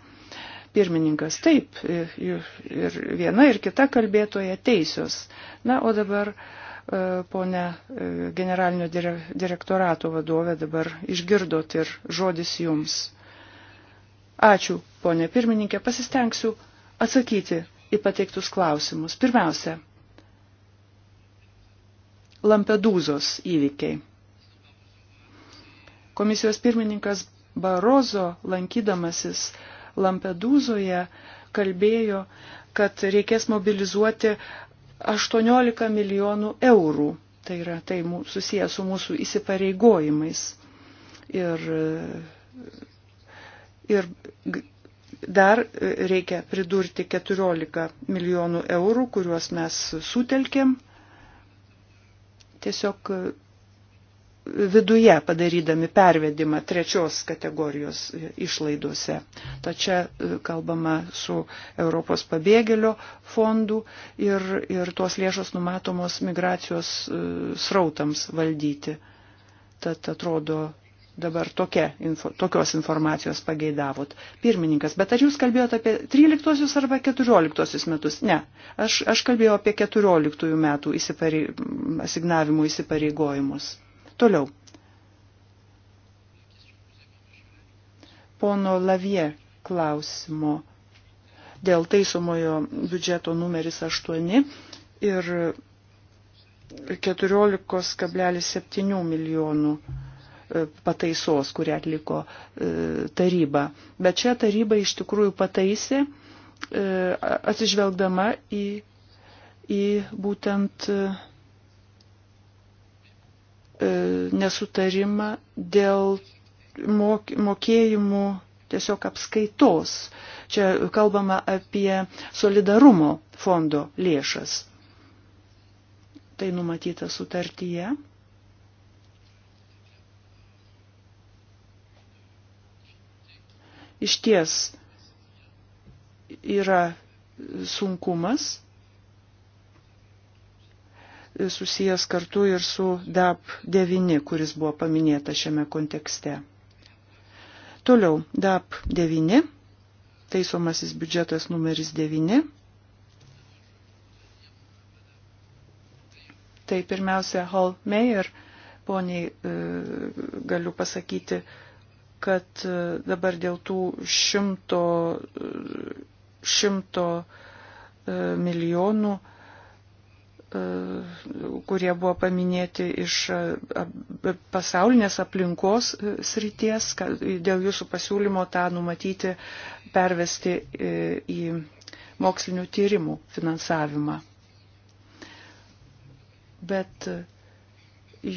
[SPEAKER 3] Pirmininkas taip, ir viena, ir kita kalbėtoja teisios. Na, o dabar e, ponė e, generalinio direktorato vadovė dabar išgirdot ir žodis jums. Ačiū, ponė pirmininkė, pasistengsiu atsakyti į pateiktus klausimus. Pirmiausia, Lampedūzos įvykiai. Komisijos pirmininkas Barozo, lankydamasis Lampedūzoje, kalbėjo, kad reikės mobilizuoti 18 milijonų eurų. Tai yra tai susijęs su mūsų įsipareigojimais. Ir, ir dar reikia pridurti 14 milijonų eurų, kuriuos mes sutelkėm. Tiesiog viduje padarydami pervedimą trečios kategorijos išlaidose. Tačiau e, kalbama su Europos pabėgėlio fondu ir, ir tuos lėšos numatomos migracijos e, srautams valdyti. Tad atrodo, dabar tokia, info, tokios informacijos pageidavot. Pirmininkas, bet ar jūs kalbėjote apie 13 arba 14 metus? Ne, aš, aš kalbėjau apie 14 metų įsipari, asignavimų įsipareigojimus. Toliau. Pono Lavie klausimo dėl taisomojo biudžeto numeris 8 ir 14,7 milijonų e, pataisos, kurią atliko e, taryba. Bet čia taryba iš tikrųjų pataisė e, atsižvelgdama į, į būtent E, nesutarimą dėl mokėjimų tiesiog apskaitos. Čia kalbama apie solidarumo fondo lėšas. Tai numatyta sutartyje. Iš ties yra sunkumas susijęs kartu ir su DAP 9, kuris buvo paminėta šiame kontekste. Toliau, DAP 9, taisomasis biudžetas numeris 9. Tai pirmiausia, Hall Mayer, poniai, e, galiu pasakyti, kad e, dabar dėl tų šimto, e, šimto milijonų E, kurie buvo paminėti iš e, pasaulinės aplinkos e, srities, dėl jūsų pasiūlymo tą numatyti, pervesti į mokslinių tyrimų finansavimą. Bet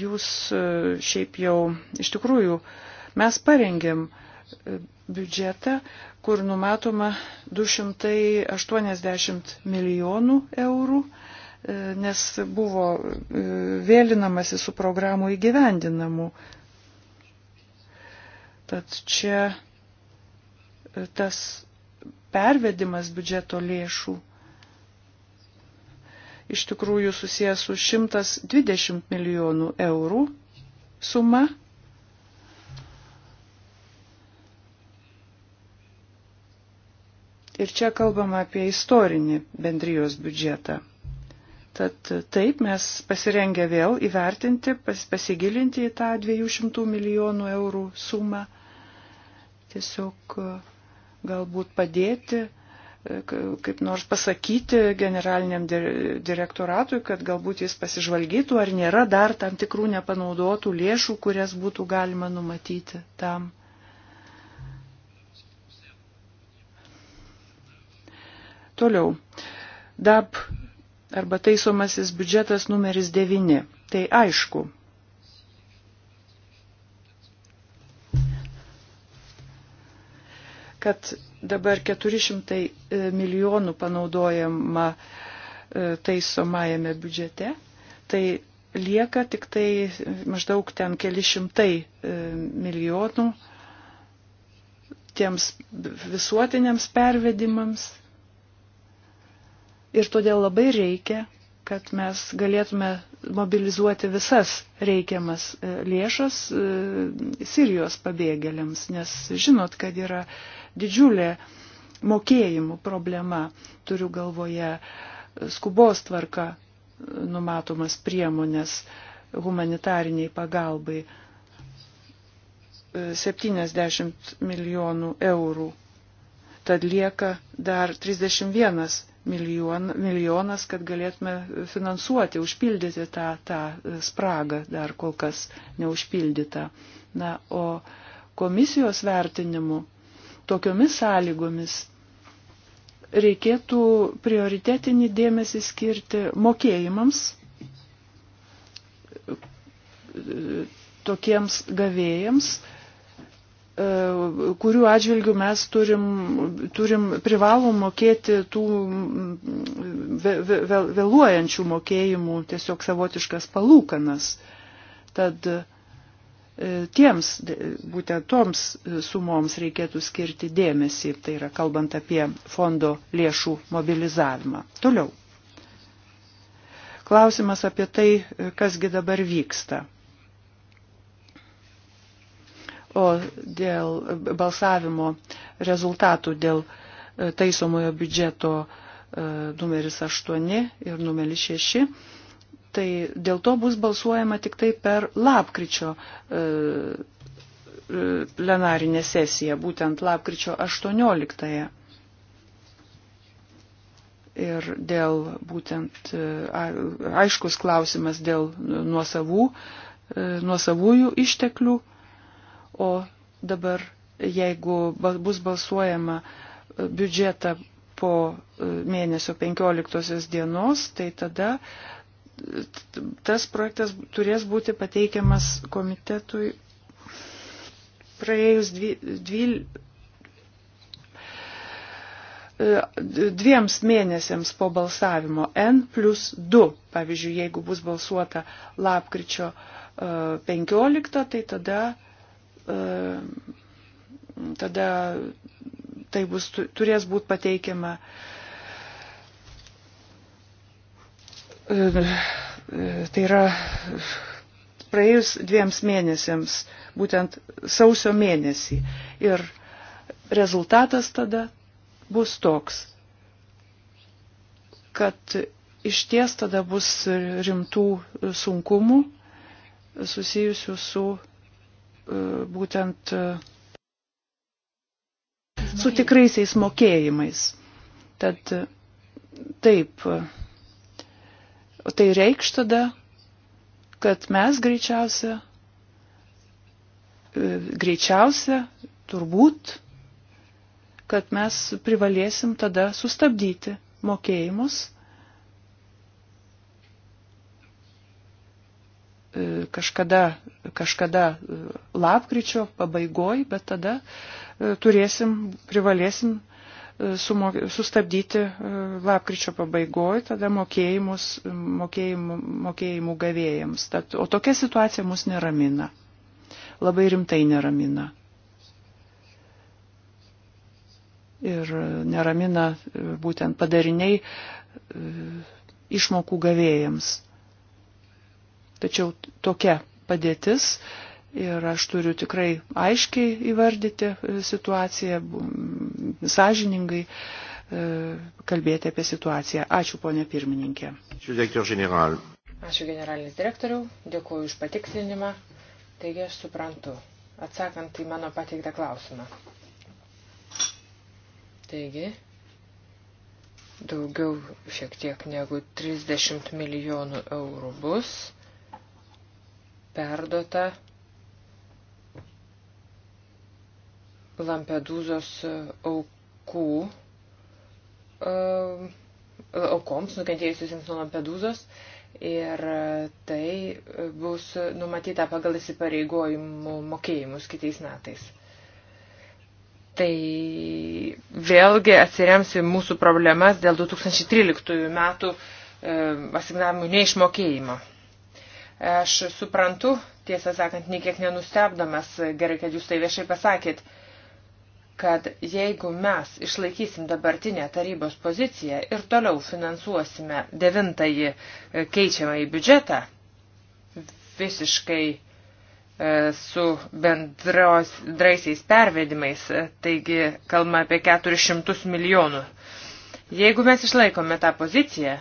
[SPEAKER 3] jūs šiaip jau, iš tikrųjų, mes parengėm biudžetą, kur numatoma 280 milijonų eurų E, nes buvo e, vėlinamasi su programų įgyvendinamu. Tad čia e, tas pervedimas biudžeto lėšų iš tikrųjų susijęs su 120 milijonų eurų suma. Ir čia kalbama apie istorinį bendrijos biudžetą. Tad taip mes pasirengę vėl įvertinti, pas, pasigilinti į tą 200 milijonų eurų sumą. Tiesiog e, galbūt padėti e, kaip nors pasakyti generaliniam direktoratui, kad galbūt jis pasižvalgytų, ar nėra dar tam tikrų nepanaudotų lėšų, kurias būtų galima numatyti tam. Toliau. DAB arba taisomasis biudžetas numeris 9. Tai aišku. kad dabar 400 e, milijonų panaudojama e, taisomajame biudžete, tai lieka tik tai maždaug ten keli šimtai e, milijonų tiems visuotiniams pervedimams Ir todėl labai reikia, kad mes galėtume mobilizuoti visas reikiamas e, lėšas e, Sirijos pabėgėliams, nes žinot, kad yra didžiulė mokėjimų problema, turiu galvoje e, skubos tvarka numatomas priemonės humanitariniai pagalbai 70 milijonų eurų tad lieka dar 31 milijon, milijonas, kad galėtume finansuoti, užpildyti tą, tą spragą dar kol kas neužpildytą. Na, o komisijos vertinimu tokiomis sąlygomis reikėtų prioritetinį dėmesį skirti mokėjimams tokiems gavėjams, E, kurių atžvilgių mes turim, turim privalom mokėti tų mm, vėluojančių mokėjimų tiesiog savotiškas palūkanas. Tad e, tiems, būtent toms sumoms reikėtų skirti dėmesį, tai yra kalbant apie fondo lėšų mobilizavimą. Toliau. Klausimas apie tai, e, kasgi dabar vyksta. O dėl balsavimo rezultatų dėl e, taisomojo biudžeto e, numeris 8 ir numeris 6, tai dėl to bus balsuojama tik tai per lapkričio e, plenarinę sesiją, būtent lapkričio 18. -ąją. Ir dėl būtent aiškus klausimas dėl nuosavų, nuosavųjų išteklių O dabar, jeigu bus balsuojama e, biudžetą po e, mėnesio 15 dienos, tai tada e, tas projektas turės būti pateikiamas komitetui praėjus dvi, dvi, dviems mėnesiams po balsavimo N plus 2. Pavyzdžiui, jeigu bus balsuota lapkričio 15, tai tada E, tada tai bus, turės būti pateikiama e, e, tai yra praėjus dviems mėnesiams, būtent sausio mėnesį. Ir rezultatas tada bus toks, kad iš ties tada bus rimtų sunkumų susijusių su E, būtent e, su tikraisiais mokėjimais. Tad e, taip, tai reikš tada, kad mes greičiausia, greičiausia, turbūt, kad mes privalėsim tada sustabdyti mokėjimus E, kažkada, kažkada e, lapkričio pabaigoj, bet tada e, turėsim, privalėsim sumok, sustabdyti lapkričio pabaigoj tada mokėjimus, mokėjimų, mokėjimų gavėjams. Tad, o tokia situacija mus neramina. Labai rimtai neramina. Ir neramina būtent padariniai išmokų gavėjams. Tačiau tokia padėtis ir aš turiu tikrai aiškiai įvardyti e, situaciją, sąžiningai e, kalbėti apie situaciją. Ačiū, ponė pirmininkė. Ačiū
[SPEAKER 2] generalinis direktoriau, dėkuoju už patikslinimą. Taigi aš suprantu, atsakant į mano pateiktą klausimą. Taigi, daugiau šiek tiek negu 30 milijonų eurų bus perdota Lampedūzos e, aukų, e, aukoms nukentėjusiusiems nuo Lampedūzos ir e, tai bus numatyta pagal įsipareigojimų mokėjimus kitais metais. Tai vėlgi atsiriams į mūsų problemas dėl 2013 metų asignavimų neišmokėjimo. Aš suprantu, tiesą sakant, niekiek nenustebdamas, gerai, kad jūs tai viešai pasakėt, kad jeigu mes išlaikysim dabartinę tarybos poziciją ir toliau finansuosime devintąjį e, keičiamą į biudžetą, visiškai e, su bendros draisiais pervedimais, e, taigi kalbame apie 400 milijonų. Jeigu mes išlaikome tą poziciją,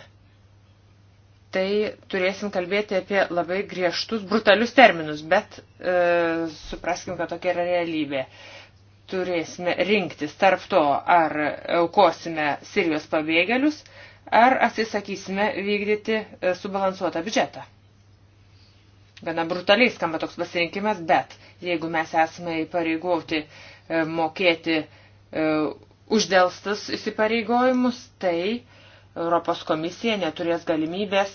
[SPEAKER 2] tai turėsim kalbėti apie labai griežtus, brutalius terminus, bet e, supraskim, kad tokia yra realybė. Turėsime rinktis tarp to, ar aukosime Sirijos pabėgėlius, ar atsisakysime vykdyti e, subalansuotą biudžetą. Gana brutaliai skamba toks pasirinkimas, bet jeigu mes esame įpareigoti e, mokėti e, uždelstas įsipareigojimus, tai e, Europos komisija neturės galimybės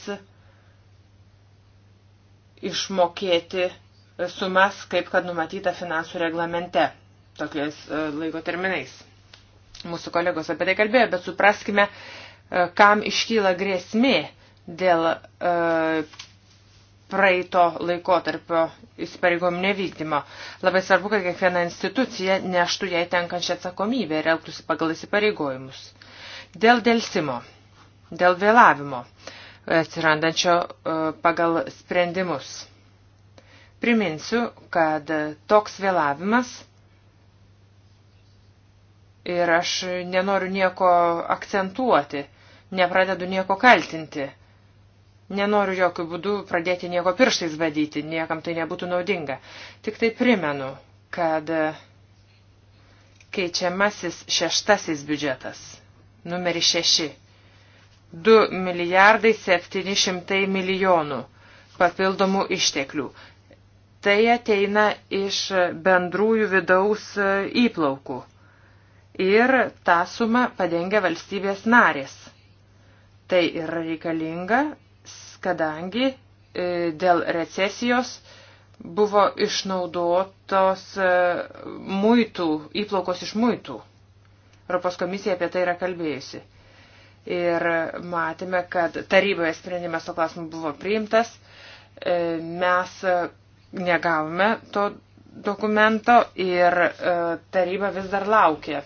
[SPEAKER 2] išmokėti sumas, kaip kad numatyta finansų reglamente, tokiais e, laiko terminais. Mūsų kolegos apie tai kalbėjo, bet supraskime, e, kam iškyla grėsmė dėl e, praeito laikotarpio įsipareigom nevykdymo. Labai svarbu, kad kiekviena institucija neštų jai tenkančią atsakomybę ir elgtųsi pagal įsipareigojimus. Dėl dėlsimo dėl vėlavimo atsirandančio e, pagal sprendimus. Priminsiu, kad toks vėlavimas ir aš nenoriu nieko akcentuoti, nepradedu nieko kaltinti, nenoriu jokių būdų pradėti nieko pirštais badyti, niekam tai nebūtų naudinga. Tik tai primenu, kad keičiamasis šeštasis biudžetas, numeris šeši 2 milijardai 700 milijonų papildomų išteklių. Tai ateina iš bendrųjų vidaus e, įplaukų. Ir tą sumą padengia valstybės narės. Tai yra reikalinga, kadangi e, dėl recesijos buvo išnaudotos e, muitų, įplaukos iš muitų. Europos komisija apie tai yra kalbėjusi ir matėme, kad taryboje sprendimas to klausimu buvo priimtas. E, mes negavome to dokumento ir e, taryba vis dar laukia.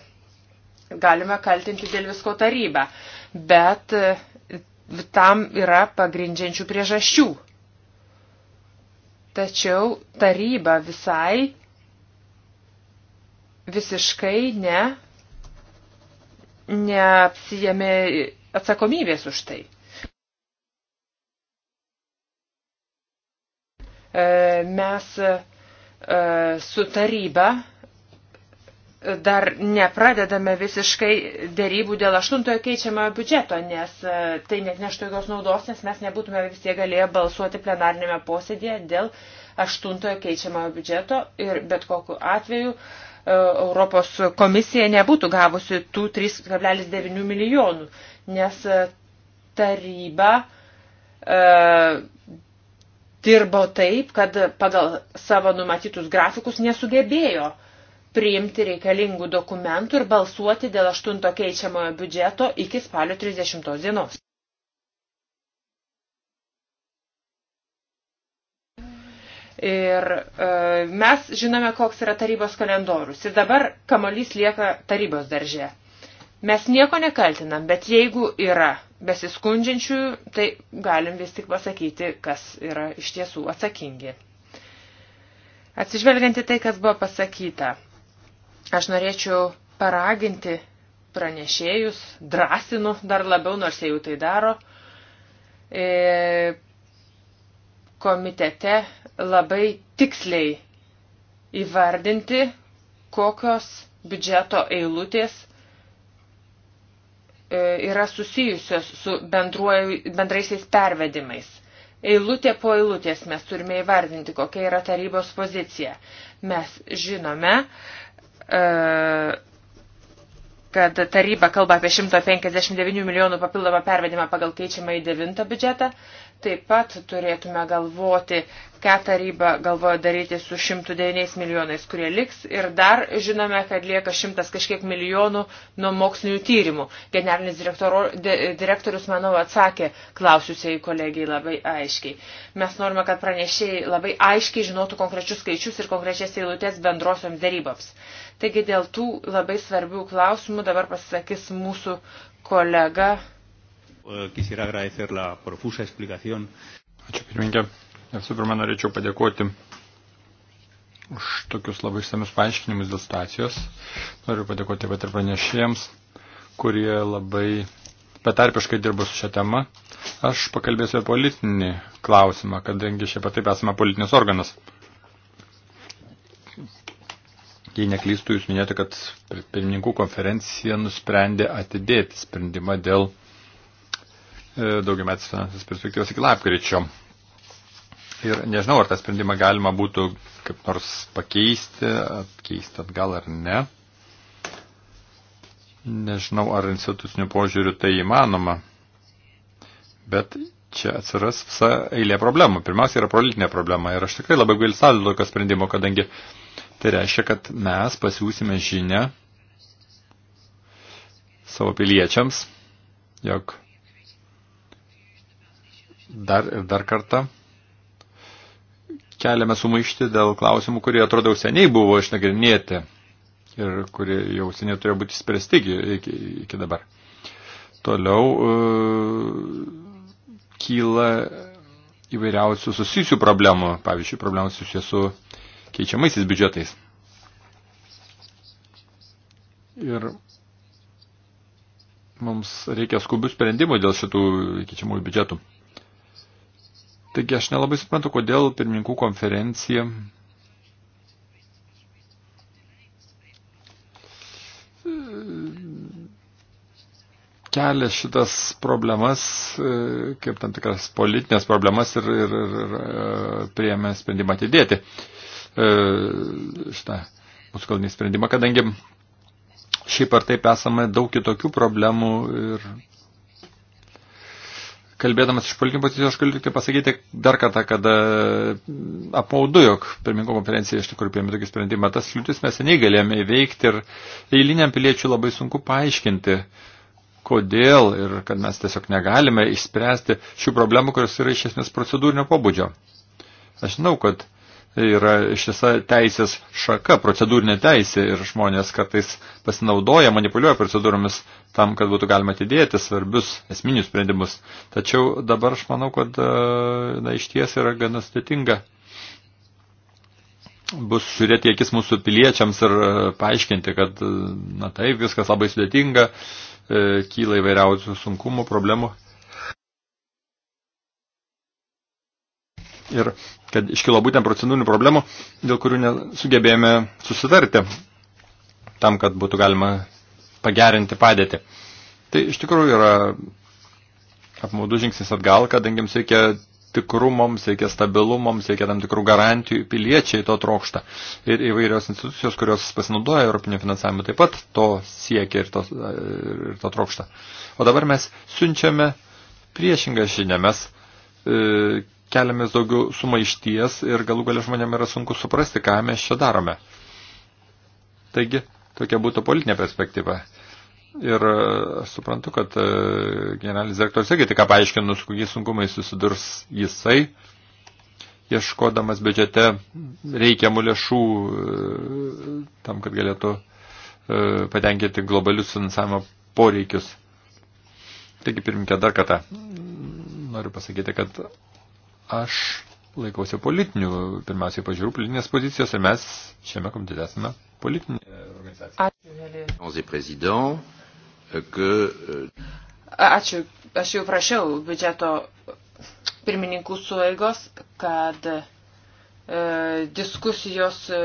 [SPEAKER 2] Galime kaltinti dėl visko tarybą, bet e, tam yra pagrindžiančių priežasčių. Tačiau taryba visai visiškai ne neapsijėmė atsakomybės už tai. E, mes e, su taryba dar nepradedame visiškai dėrybų dėl aštuntojo keičiamojo biudžeto, nes e, tai net neštų jokios naudos, nes mes nebūtume vis tiek galėję balsuoti plenarinėme posėdėje dėl aštuntojo keičiamojo biudžeto ir bet kokiu atveju uh, Europos komisija nebūtų gavusi tų 3,9 milijonų, nes e, taryba e, dirbo taip, kad pagal savo numatytus grafikus nesugebėjo priimti reikalingų dokumentų ir balsuoti dėl aštunto keičiamojo biudžeto iki spalio 30 dienos. Ir e, mes žinome, koks yra tarybos kalendorius. Ir dabar kamolys lieka tarybos darže. Mes nieko nekaltinam, bet jeigu yra besiskundžiančių, tai galim vis tik pasakyti, kas yra iš tiesų atsakingi. Atsižvelgiant į tai, kas buvo pasakyta, aš norėčiau paraginti pranešėjus, drąsinu dar labiau, nors jie jau tai daro, e, komitete labai tiksliai įvardinti, kokios biudžeto eilutės e, yra susijusios su bendruoju, bendraisiais pervedimais. Eilutė po eilutės mes turime įvardinti, kokia yra tarybos pozicija. Mes žinome, e, kad taryba kalba apie 159 milijonų papildomą pervedimą pagal keičiamą į devintą biudžetą, Taip pat turėtume galvoti, ką taryba galvoja daryti su 109 milijonais, kurie liks. Ir dar žinome, kad lieka šimtas kažkiek milijonų nuo mokslinių tyrimų. Generalinis de, direktorius, manau, atsakė klausiusiai kolegijai labai aiškiai. Mes norime, kad pranešėjai labai aiškiai žinotų konkrečius skaičius ir konkrečias eilutės bendrosioms daryboms. Taigi dėl tų labai svarbių klausimų dabar pasisakys mūsų kolega
[SPEAKER 1] Eh, Ačiū pirmininkė. Visų pirma, norėčiau padėkoti už tokius labai išsamius paaiškinimus dėl situacijos. Noriu padėkoti pat ir pranešėjams, kurie labai betarpiškai dirba su šią temą. Aš pakalbėsiu apie politinį klausimą, kadangi šiaip taip esame politinis organas. Jei neklystų, jūs minėjote, kad pirmininkų konferencija nusprendė atidėti sprendimą dėl E, daugiametės finansinės perspektyvos iki lapkričio. Ir nežinau, ar tą sprendimą galima būtų kaip nors pakeisti, keisti atgal ar ne. Nežinau, ar institucinių požiūrių tai įmanoma. Bet čia atsiras visa eilė problemų. Pirmiausia yra politinė problema. Ir aš tikrai labai gailsauju tokio sprendimo, kadangi tai reiškia, kad mes pasiūsime žinę savo piliečiams, jog dar ir dar kartą keliame sumaišti dėl klausimų, kurie atrodo jau seniai buvo išnagrinėti ir kurie jau seniai turėjo būti spręsti iki, iki, iki dabar. Toliau uh, kyla įvairiausių susijusių problemų, pavyzdžiui, problemų susijusių su keičiamaisiais biudžetais. Ir mums reikia skubių sprendimų dėl šitų keičiamųjų biudžetų. Taigi aš nelabai suprantu, kodėl pirmininkų konferencija kelia šitas problemas, kaip tam tikras politinės problemas ir, ir, ir, ir e, priėmė sprendimą atidėti e, šitą mūsų kalnį sprendimą, kadangi šiaip ar taip esame daug kitokių problemų ir kalbėdamas iš politinių pozicijų, aš galiu tik tai pasakyti dar kartą, kad e, apmaudu, jog pirmininko konferencija iš tikrųjų priėmė tokį sprendimą. Tas kliūtis mes seniai galėjome įveikti ir eiliniam piliečiui labai sunku paaiškinti, kodėl ir kad mes tiesiog negalime išspręsti šių problemų, kurios yra iš esmės procedūrinio pobūdžio. Aš žinau, kad yra ištisa teisės šaka, procedūrinė teisė ir žmonės kartais pasinaudoja, manipuliuoja procedūromis tam, kad būtų galima atidėti svarbius esminius sprendimus. Tačiau dabar aš manau, kad e, na, iš ties yra gana sudėtinga bus žiūrėti akis mūsų piliečiams ir e, paaiškinti, kad e, na taip, viskas labai sudėtinga, kyla įvairiausių sunkumų, problemų ir kad iškilo būtent procedūrinių problemų, dėl kurių nesugebėjome susitarti tam, kad būtų galima pagerinti padėtį. Tai iš tikrųjų yra apmaudų žingsnis atgal, kadangi jums reikia tikrumams, reikia stabilumams, reikia tam tikrų garantijų, piliečiai to trokšta. Ir įvairios institucijos, kurios pasinaudoja Europinio finansavimu, taip pat to siekia ir to, ir to trokšta. O dabar mes siunčiame priešingą žinę, mes e, keliamės daugiau sumaišties ir galų galia žmonėm yra sunku suprasti, ką mes čia darome. Taigi, tokia būtų politinė perspektyva. Ir e, aš suprantu, kad e, generalinis direktorius irgi tik paaiškinus, kokie sunkumai susidurs jisai, ieškodamas biudžete reikiamų lėšų e, tam, kad galėtų patenkinti globalius finansavimo poreikius. Taigi, pirminkė, dar kartą noriu pasakyti, kad Aš laikausi politinių, pirmiausiai pažiūrų, politinės pozicijos ir mes šiame komitete esame politinė organizacija. Ačiū, euh,
[SPEAKER 2] Ačiū, aš jau prašiau biudžeto pirmininkų sueigos, kad e, diskusijos e,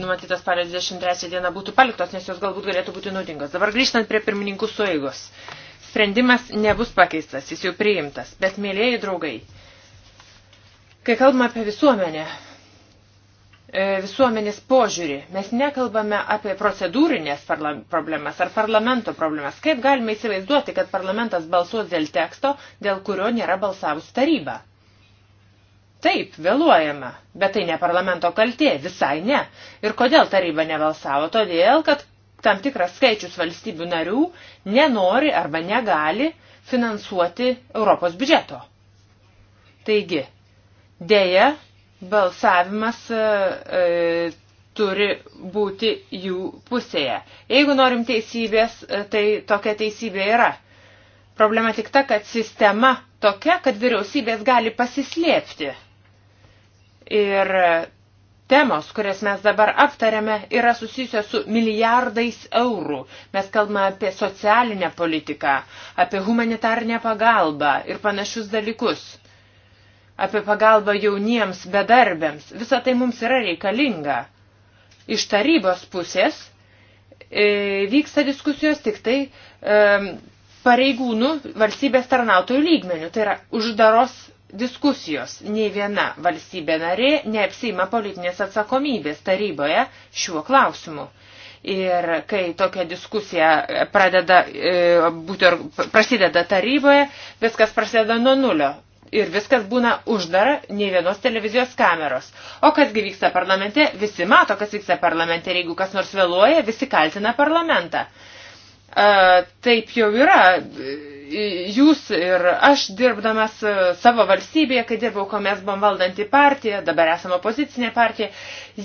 [SPEAKER 2] numatytas spalio 23 dieną būtų paliktos, nes jos galbūt galėtų būti naudingos. Dabar grįžtant prie pirmininkų sueigos. Sprendimas nebus pakeistas, jis jau priimtas. Bet, mėlėjai draugai, Kai kalbame apie visuomenę, e, visuomenės požiūrį, mes nekalbame apie procedūrinės problemas ar parlamento problemas. Kaip galime įsivaizduoti, kad parlamentas balsuos dėl teksto, dėl kurio nėra balsavus taryba? Taip, vėluojama, bet tai ne parlamento kaltė, visai ne. Ir kodėl taryba nebalsavo? Todėl, kad tam tikras skaičius valstybių narių nenori arba negali finansuoti Europos biudžeto. Taigi, Deja, balsavimas e, e, turi būti jų pusėje. Jeigu norim teisybės, e, tai tokia teisybė yra. Problema tik ta, kad sistema tokia, kad vyriausybės gali pasislėpti. Ir temos, kurias mes dabar aptariame, yra susijusios su milijardais eurų. Mes kalbame apie socialinę politiką, apie humanitarinę pagalbą ir panašius dalykus apie pagalbą jauniems bedarbiams. Visa tai mums yra reikalinga. Iš tarybos pusės e, vyksta diskusijos tik tai e, pareigūnų valstybės tarnautojų lygmenių. Tai yra uždaros diskusijos. Nei viena valstybė narė neapsima politinės atsakomybės taryboje šiuo klausimu. Ir kai tokia diskusija pradeda, e, būti, prasideda taryboje, viskas prasideda nuo nulio ir viskas būna uždara, nei vienos televizijos kameros. O kasgi vyksta parlamente, visi mato, kas vyksta parlamente ir jeigu kas nors vėluoja, visi kaltina parlamentą. A, taip jau yra. Jūs ir aš dirbdamas e, savo valstybėje, kai dirbau, ko mes buvom valdanti partiją, dabar esame opozicinė partija,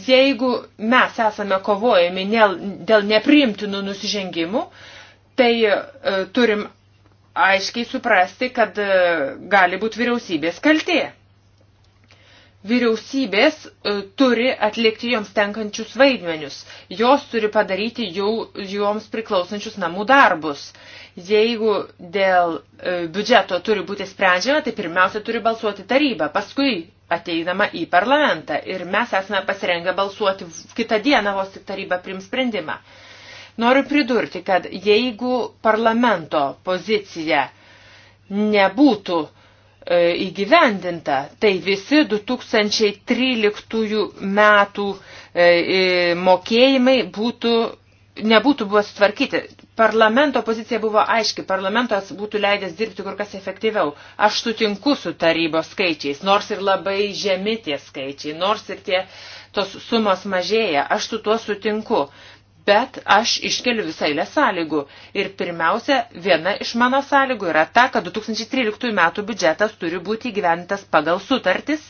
[SPEAKER 2] jeigu mes esame kovojami dėl nepriimtinų nusižengimų, tai e, turim aiškiai suprasti, kad e, gali būti vyriausybės kaltė. Vyriausybės e, turi atlikti joms tenkančius vaidmenius, jos turi padaryti jau joms priklausančius namų darbus. Jeigu dėl e, biudžeto turi būti sprendžiama, tai pirmiausia turi balsuoti taryba, paskui ateinama į parlamentą ir mes esame pasirengę balsuoti kitą dieną, vos tik taryba prims sprendimą. Noriu pridurti, kad jeigu parlamento pozicija nebūtų e, įgyvendinta, tai visi 2013 metų e, e, mokėjimai būtų, nebūtų buvo sutvarkyti. Parlamento pozicija buvo aiški, parlamentas būtų leidęs dirbti kur kas efektyviau. Aš sutinku su tarybos skaičiais, nors ir labai žemi tie skaičiai, nors ir tie tos sumos mažėja, aš su tuo sutinku bet aš iškeliu visą eilę sąlygų. Ir pirmiausia, viena iš mano sąlygų yra ta, kad 2013 metų biudžetas turi būti gyventas pagal sutartis,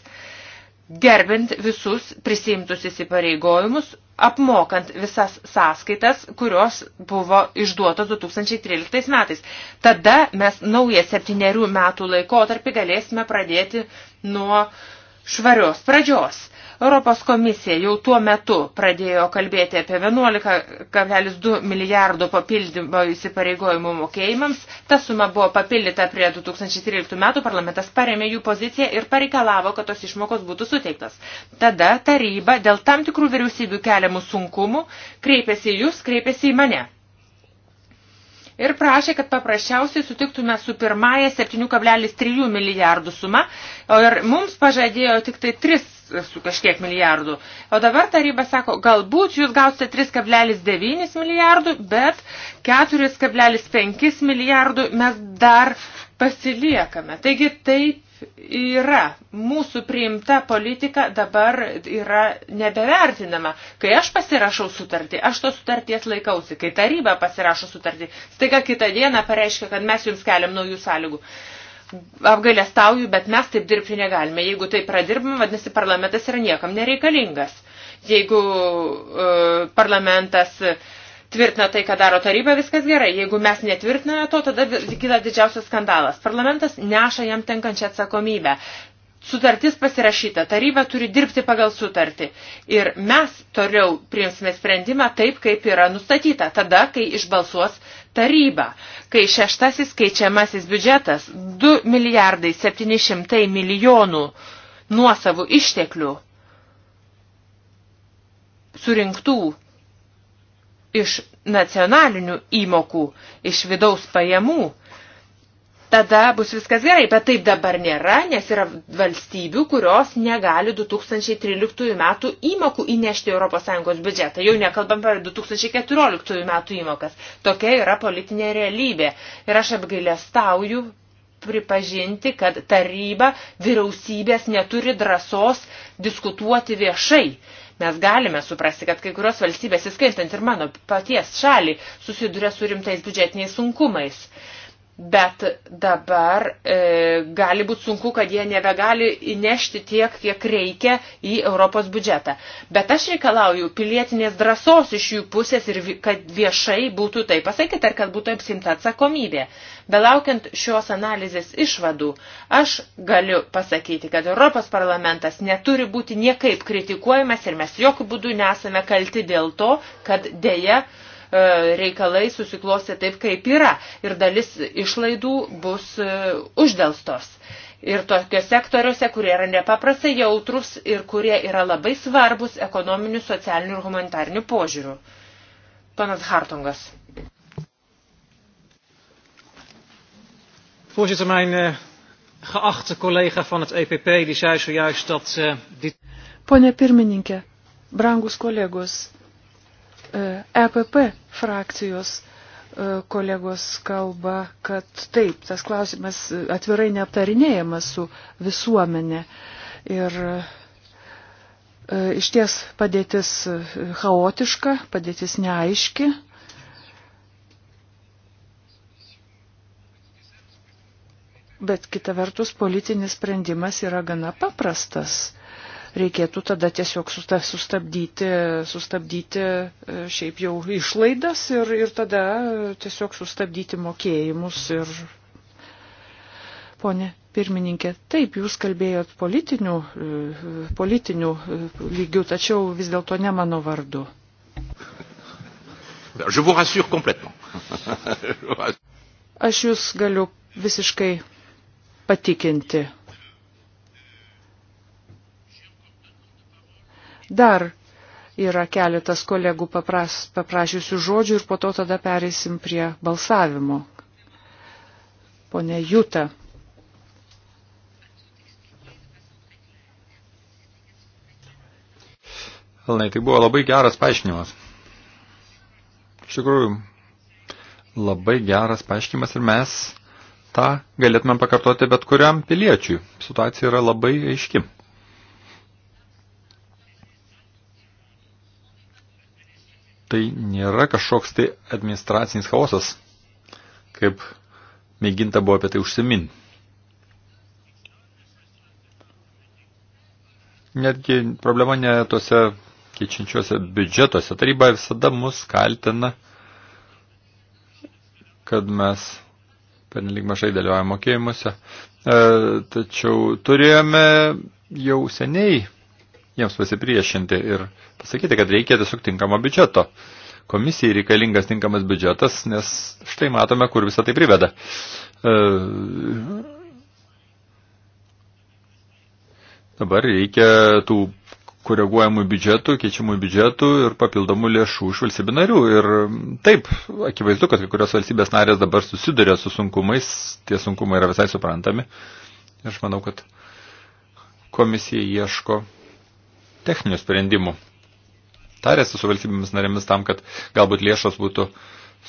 [SPEAKER 2] gerbint visus prisimtus įsipareigojimus, apmokant visas sąskaitas, kurios buvo išduotos 2013 metais. Tada mes naują septyniarių metų laikotarpį galėsime pradėti nuo uh, švarios pradžios. Europos komisija jau tuo metu pradėjo kalbėti apie 11,2 milijardų papildymo įsipareigojimų mokėjimams. Ta suma buvo papildyta prie 2013 metų, parlamentas paremė jų poziciją ir pareikalavo, kad tos išmokos būtų suteiktos. Tada taryba dėl tam tikrų vyriausybių keliamų sunkumų kreipėsi į jūs, kreipėsi į mane ir prašė, kad paprasčiausiai sutiktume su pirmąją 7,3 milijardų suma, o ir mums pažadėjo tik tai 3 su kažkiek milijardų. O dabar taryba sako, galbūt jūs gausite 3,9 milijardų, bet 4,5 milijardų mes dar pasiliekame. Taigi tai yra mūsų priimta politika dabar yra nebevertinama. Kai aš pasirašau sutartį, aš to sutarties laikausi. Kai taryba pasirašo sutartį, staiga kitą dieną pareiškia, kad mes jums keliam naujų sąlygų. Apgailestauju, bet mes taip dirbti negalime. Jeigu tai pradirbam, vadinasi, parlamentas yra niekam nereikalingas. Jeigu uh, parlamentas uh, tvirtina tai, ką daro taryba, viskas gerai. Jeigu mes netvirtiname to, tada kyla didžiausias skandalas. Parlamentas neša jam tenkančią atsakomybę. Sutartis pasirašyta, taryba turi dirbti pagal sutartį. Ir mes toliau priimsime sprendimą taip, kaip yra nustatyta, tada, kai išbalsuos taryba, kai šeštasis skaičiamasis biudžetas 2 milijardai 700 milijonų nuosavų išteklių surinktų iš nacionalinių įmokų, iš vidaus pajamų, tada bus viskas gerai, bet taip dabar nėra, nes yra valstybių, kurios negali 2013 metų įmokų įnešti ES biudžetą. Jau nekalbam apie 2014 metų įmokas. Tokia yra politinė realybė. Ir aš apgailestauju pripažinti, kad taryba, vyriausybės neturi drąsos diskutuoti viešai Mes galime suprasti, kad kai kurios valstybės, įskaitant ir mano paties šalį, susiduria su rimtais biudžetiniais sunkumais. Uh, Bet dabar e, gali būti sunku, kad jie nebegali įnešti tiek, kiek reikia į Europos biudžetą. Bet aš reikalauju pilietinės drąsos iš jų pusės ir kad viešai būtų tai pasakyti ir kad būtų apsimta atsakomybė. Belaukiant šios analizės išvadų, aš galiu pasakyti, kad Europos parlamentas neturi būti niekaip kritikuojamas ir mes jokių būdų nesame kalti dėl to, kad dėja. E, E, reikalai susiklosti taip, kaip yra ir dalis išlaidų bus e, uždelstos. Ir tokiuose sektoriuose, kurie yra nepaprastai jautrus ir kurie yra labai svarbus ekonominių, socialinių ir humanitarinių požiūrių. Panas Hartungas.
[SPEAKER 1] Voorzitter, mijn uh, geachte collega van het EPP die zei zojuist
[SPEAKER 3] dat uh, dit. Pone pirmininkė, brangus kolegos, EPP e frakcijos e, kolegos kalba, kad taip, tas klausimas atvirai neaptarinėjamas su visuomenė. Ir e, iš ties padėtis chaotiška, padėtis neaiški. Bet kita vertus, politinis sprendimas yra gana paprastas reikėtų tada tiesiog sustabdyti, sustabdyti e, šiaip jau išlaidas ir, ir tada e, tiesiog sustabdyti mokėjimus ir. Pone pirmininkė, taip, jūs kalbėjot politinių, e, politinių lygių, tačiau vis dėlto ne mano vardu.
[SPEAKER 1] Je vous rassure complètement.
[SPEAKER 3] Aš jūs galiu visiškai patikinti. Dar yra keletas kolegų papras, paprašysių žodžių ir po to tada pereisim prie balsavimo. Pone Jūta.
[SPEAKER 1] Elnai, tai buvo labai geras paaiškinimas. Iš tikrųjų, labai geras paaiškinimas ir mes tą galėtume pakartoti bet kuriam piliečiui. Situacija yra labai aiški. tai nėra kažkoks tai administracinis chaosas, kaip mėginta buvo apie tai užsimin. Netgi problema ne tose keičiančiuose biudžetuose. Taryba visada mus kaltina, kad mes pernelyg mažai dalyvavome mokėjimuose. E, tačiau turėjome jau seniai jiems pasipriešinti ir pasakyti, kad reikia tiesiog tinkamo biudžeto. Komisijai reikalingas tinkamas biudžetas, nes štai matome, kur visą tai priveda. E, dabar reikia tų koreguojamų biudžetų, keičiamų biudžetų ir papildomų lėšų iš valstybių narių. Ir taip, akivaizdu, kad kai kurios valstybės narės dabar susiduria su sunkumais, tie sunkumai yra visai suprantami. Ir aš manau, kad komisija ieško techninių sprendimų. Tarėsi su valstybėmis narėmis tam, kad galbūt lėšos būtų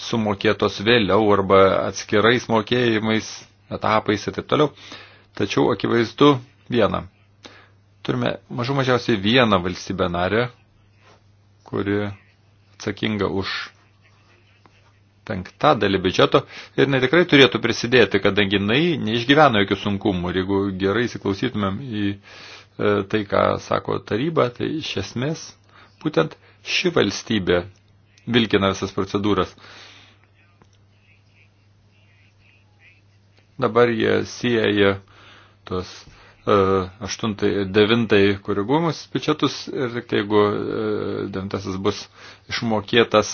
[SPEAKER 1] sumokėtos vėliau arba atskirais mokėjimais, etapais ir taip toliau. Tačiau akivaizdu viena. Turime mažų mažiausiai vieną valstybę narę, kuri atsakinga už penktą dalį biudžeto ir jinai tikrai turėtų prisidėti, kadangi jinai neišgyveno jokių sunkumų. Ir jeigu gerai įsiklausytumėm į E, tai, ką sako taryba, tai iš esmės būtent ši valstybė vilkina visas procedūras. Dabar jie sieja tos e, aštuntai, devintai koreguomus biudžetus ir tik tai jeigu e, devintasis bus išmokėtas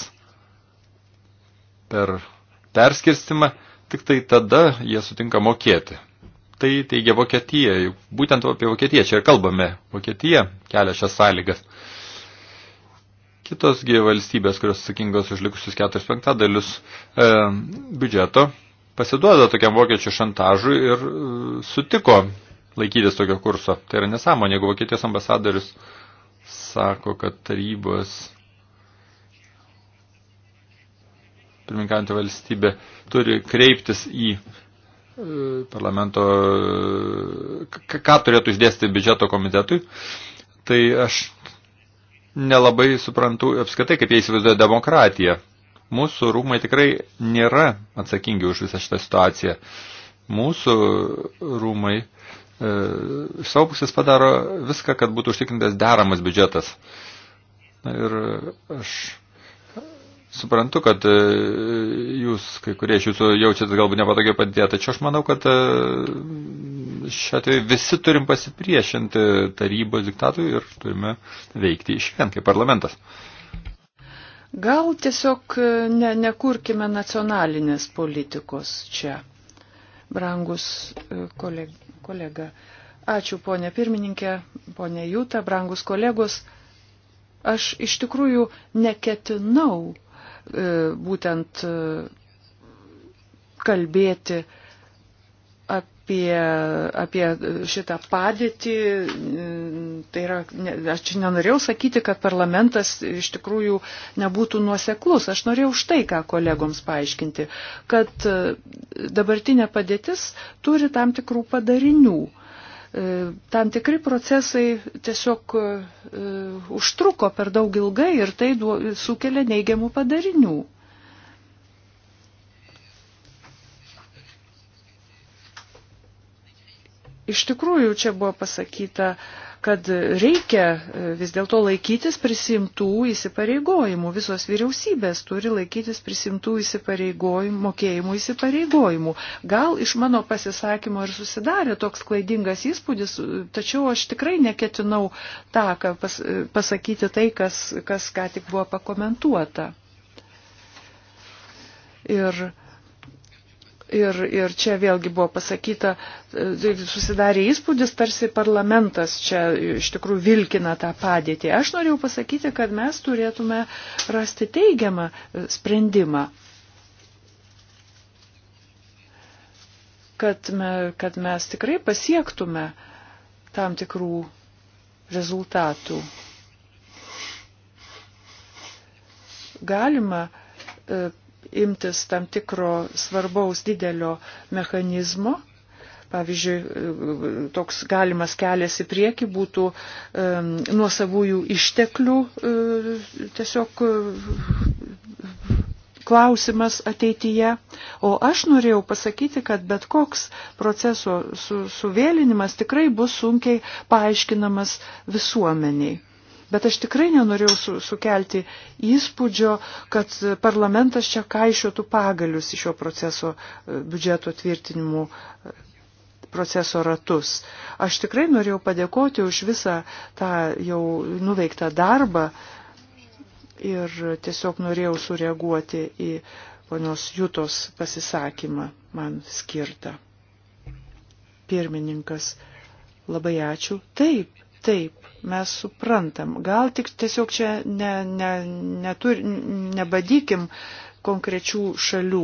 [SPEAKER 1] per perskirstimą, tik tai tada jie sutinka mokėti tai teigia Vokietija. Juk būtent apie Vokietiją čia ir kalbame. Vokietija kelia šias sąlygas. Kitosgi valstybės, kurios atsakingos už likusius 4 penktadalius e, biudžeto, pasiduoda tokiam vokiečių šantažui ir e, sutiko laikytis tokio kurso. Tai yra nesąmonė, jeigu Vokietijos ambasadorius sako, kad tarybos pirminkantį valstybę turi kreiptis į parlamento, ką turėtų išdėsti biudžeto komitetui, tai aš nelabai suprantu apskaitai, kaip jie įsivaizduoja demokratiją. Mūsų rūmai tikrai nėra atsakingi už visą šitą situaciją. Mūsų rūmai e, iš savo pusės padaro viską, kad būtų užtikrintas deramas biudžetas. Na, ir aš Suprantu, kad e, jūs, kai kurie iš jūsų jaučiat galbūt nepatogiai padėję, tačiau aš manau, kad e, šiuo atveju visi turim pasipriešinti tarybos diktatui ir turime veikti iš vien kaip parlamentas.
[SPEAKER 3] Gal tiesiog e, ne, nekurkime nacionalinės politikos čia, brangus koleg, kolega. Ačiū, ponė pirmininkė, ponė Jūta, brangus kolegos. Aš iš tikrųjų neketinau E, būtent e, kalbėti apie, apie šitą padėtį. E, tai yra, aš čia nenorėjau sakyti, kad parlamentas iš tikrųjų nebūtų nuoseklus. Aš norėjau štai ką kolegoms paaiškinti, kad dabartinė padėtis turi tam tikrų padarinių E, tam tikri procesai tiesiog e, užtruko per daug ilgai ir tai sukelia neigiamų padarinių. Iš tikrųjų, čia buvo pasakyta, uh, kad reikia e, vis dėlto laikytis prisimtų įsipareigojimų. Visos vyriausybės turi laikytis prisimtų įsipareigojimų, mokėjimų įsipareigojimų. Gal iš mano pasisakymo ir susidarė toks klaidingas įspūdis, e, tačiau aš tikrai neketinau tą, ką pas, e, pasakyti tai, kas, kas ką tik buvo pakomentuota. Ir Ir, ir čia vėlgi buvo pasakyta, e, susidarė įspūdis, tarsi parlamentas čia iš tikrųjų vilkina tą padėtį. Aš norėjau pasakyti, kad mes turėtume rasti teigiamą e, sprendimą. Kad, me, kad mes tikrai pasiektume tam tikrų rezultatų. Galima e, imtis tam tikro svarbaus didelio mechanizmo. Pavyzdžiui, toks galimas kelias į priekį būtų e, nuo savųjų išteklių e, tiesiog e, klausimas ateityje. O aš norėjau pasakyti, kad bet koks proceso su, suvėlinimas tikrai bus sunkiai paaiškinamas visuomeniai. Bet aš tikrai nenorėjau su, sukelti įspūdžio, kad parlamentas čia kaišiotų pagalius iš šio proceso e, biudžeto tvirtinimų e, proceso ratus. Aš tikrai norėjau padėkoti už visą tą jau nuveiktą darbą ir tiesiog norėjau sureaguoti į ponios Jutos pasisakymą man skirtą. Pirmininkas, labai ačiū. Taip, Taip, mes suprantam. Gal tik tiesiog čia ne, ne, netur, nebadykim konkrečių šalių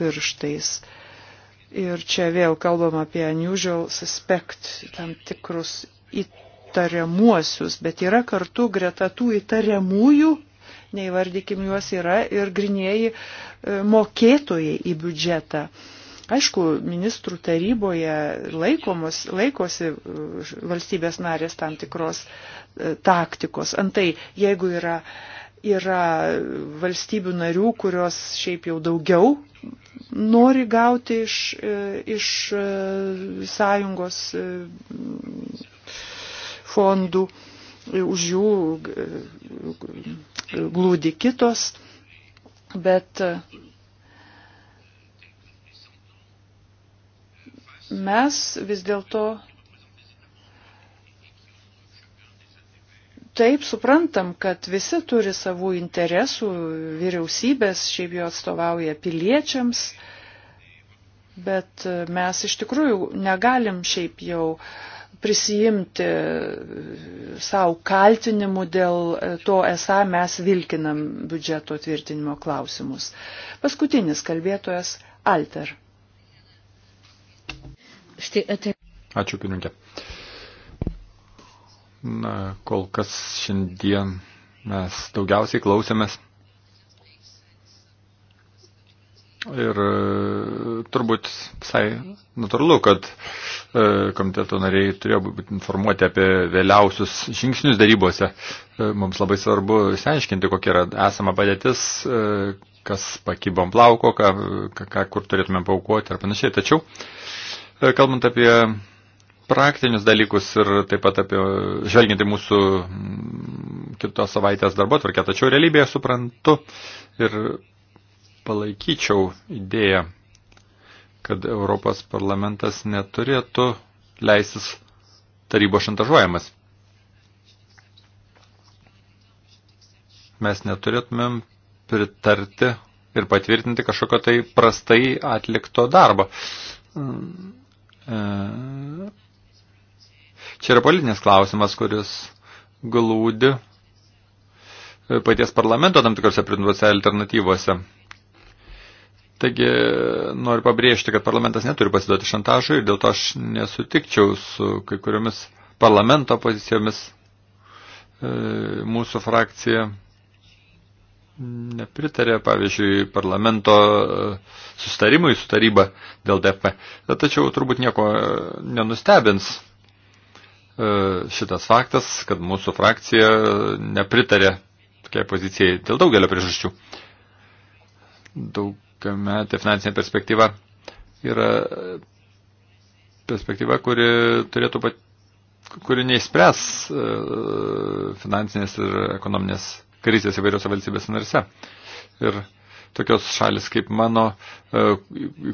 [SPEAKER 3] pirštais. Ir čia vėl kalbam apie unusual suspect, tam tikrus įtariamuosius, bet yra kartu greta tų įtariamųjų, neįvardykim juos, yra ir grinieji e, mokėtojai į biudžetą. Uh, Aišku, ministrų taryboje laikomos, laikosi uh, valstybės narės tam tikros uh, taktikos. Antai, jeigu yra, yra valstybių narių, kurios šiaip jau daugiau nori gauti iš, uh, iš sąjungos fondų, už jų glūdi kitos, bet mes vis dėlto taip suprantam, kad visi turi savų interesų, vyriausybės šiaip jo atstovauja piliečiams, bet mes iš tikrųjų negalim šiaip jau prisijimti savo kaltinimų dėl to esą mes vilkinam biudžeto tvirtinimo klausimus. Paskutinis kalbėtojas Alter.
[SPEAKER 2] E, tai-
[SPEAKER 1] Ačiū, pirmininkė. Na, kol kas šiandien mes daugiausiai klausėmės. Ir e, turbūt visai natūralu, kad e, komiteto nariai turėjo būti informuoti apie vėliausius žingsnius darybose. Mums labai svarbu išsiaiškinti, kokia yra esama padėtis, kas pakibom plauko, ką, ką, kur turėtume paukoti ar panašiai. Tačiau E, kalbant apie praktinius dalykus ir taip pat apie žvelginti mūsų mm, kitos savaitės darbo tvarkę, tačiau realybėje suprantu ir palaikyčiau idėją, kad Europos parlamentas neturėtų leistis tarybo šantažuojamas. Mes neturėtumėm pritarti ir patvirtinti kažkokio tai prastai atlikto darbo. Mm. Čia yra politinės klausimas, kuris glūdi paties parlamento tam tikrose prinduose alternatyvose. Taigi noriu pabrėžti, kad parlamentas neturi pasiduoti šantažui ir dėl to aš nesutikčiau su kai kuriomis parlamento pozicijomis. E, mūsų frakcija nepritarė, pavyzdžiui, parlamento e, sustarimui su taryba dėl DFP. Tačiau turbūt nieko e, nenustebins e, šitas faktas, kad mūsų frakcija nepritarė tokiai pozicijai dėl daugelio priežasčių. Daugiametė finansinė perspektyva yra perspektyva, kuri turėtų pat, kuri neįspręs finansinės ir ekonominės krizės įvairiose valstybės narse. Ir tokios šalis kaip mano, e,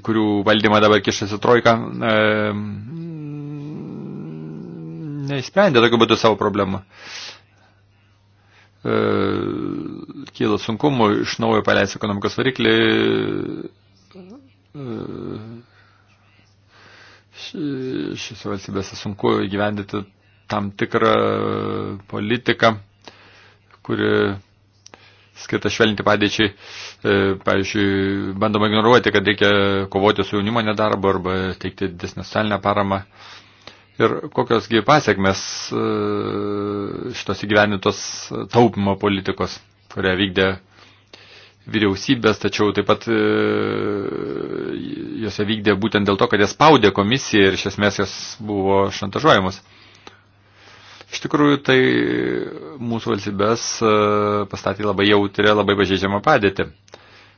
[SPEAKER 1] kurių valdymą dabar kišasi trojka, e, neįsprendė tokiu būdu savo problemą. E, kyla sunkumų iš naujo paleisti ekonomikos variklį. Šiuose valstybėse sunku įgyvendyti tam tikrą politiką kuri skirta švelninti padėčiai. E, pavyzdžiui, bandoma ignoruoti, kad reikia kovoti su jaunimo nedarbu arba teikti didesnę socialinę paramą. Ir kokiosgi pasiekmes e, šitos įgyvenintos taupimo politikos, kurią vykdė vyriausybės, tačiau taip pat e, jose vykdė būtent dėl to, kad jas spaudė komisija ir iš esmės jos buvo šantažuojamos. Iš tikrųjų, tai mūsų valstybės e, pastatė labai jautrę, labai pažeidžiamą padėtį.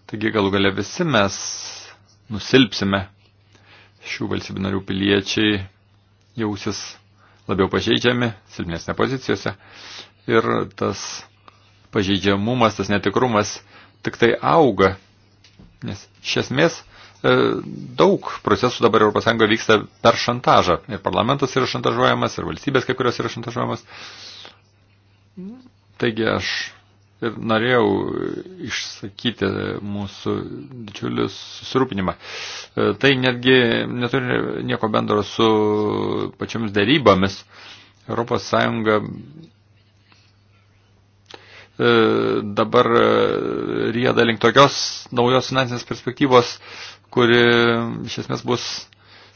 [SPEAKER 1] Taigi galų gale visi mes nusilpsime. Šių valstybių narių piliečiai jausis labiau pažeidžiami, silpnesnė pozicijose. Ir tas pažeidžiamumas, tas netikrumas tik tai auga. Nes iš esmės E, daug procesų dabar ES vyksta per šantažą. Ir parlamentas yra šantažuojamas, ir valstybės kai kurios yra šantažuojamas. Taigi aš ir norėjau išsakyti mūsų didžiulį susirūpinimą. E, tai netgi neturi nieko bendro su pačiomis darybomis. Europos Sąjunga E, dabar e, rieda link tokios naujos finansinės perspektyvos, kuri iš esmės bus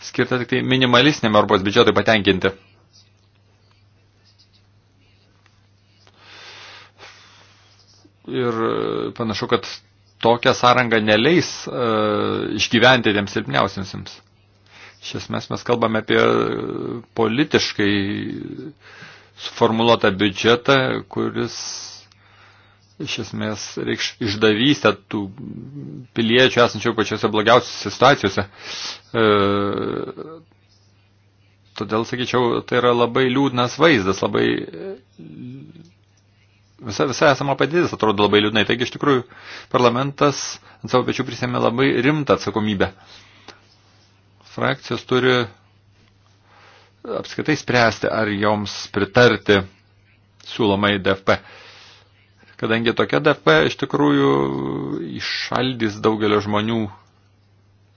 [SPEAKER 1] skirta tik tai minimalistiniam arbos biudžetui patenkinti. Ir e, panašu, kad tokią sąrangą neleis uh, išgyventi tiems silpniausiams. Iš esmės mes kalbame apie politiškai suformuluotą biudžetą, kuris iš esmės reikš išdavystę tų piliečių esančių pačiose blogiausiose situacijose. E, todėl, sakyčiau, tai yra labai liūdnas vaizdas, labai visa, visa esama padėtis atrodo labai liūdnai. Taigi, iš tikrųjų, parlamentas ant savo pečių prisėmė labai rimtą atsakomybę. Frakcijos turi apskaitai spręsti, ar joms pritarti siūlomai DFP. E, kadangi tokia DFP iš tikrųjų išaldys daugelio žmonių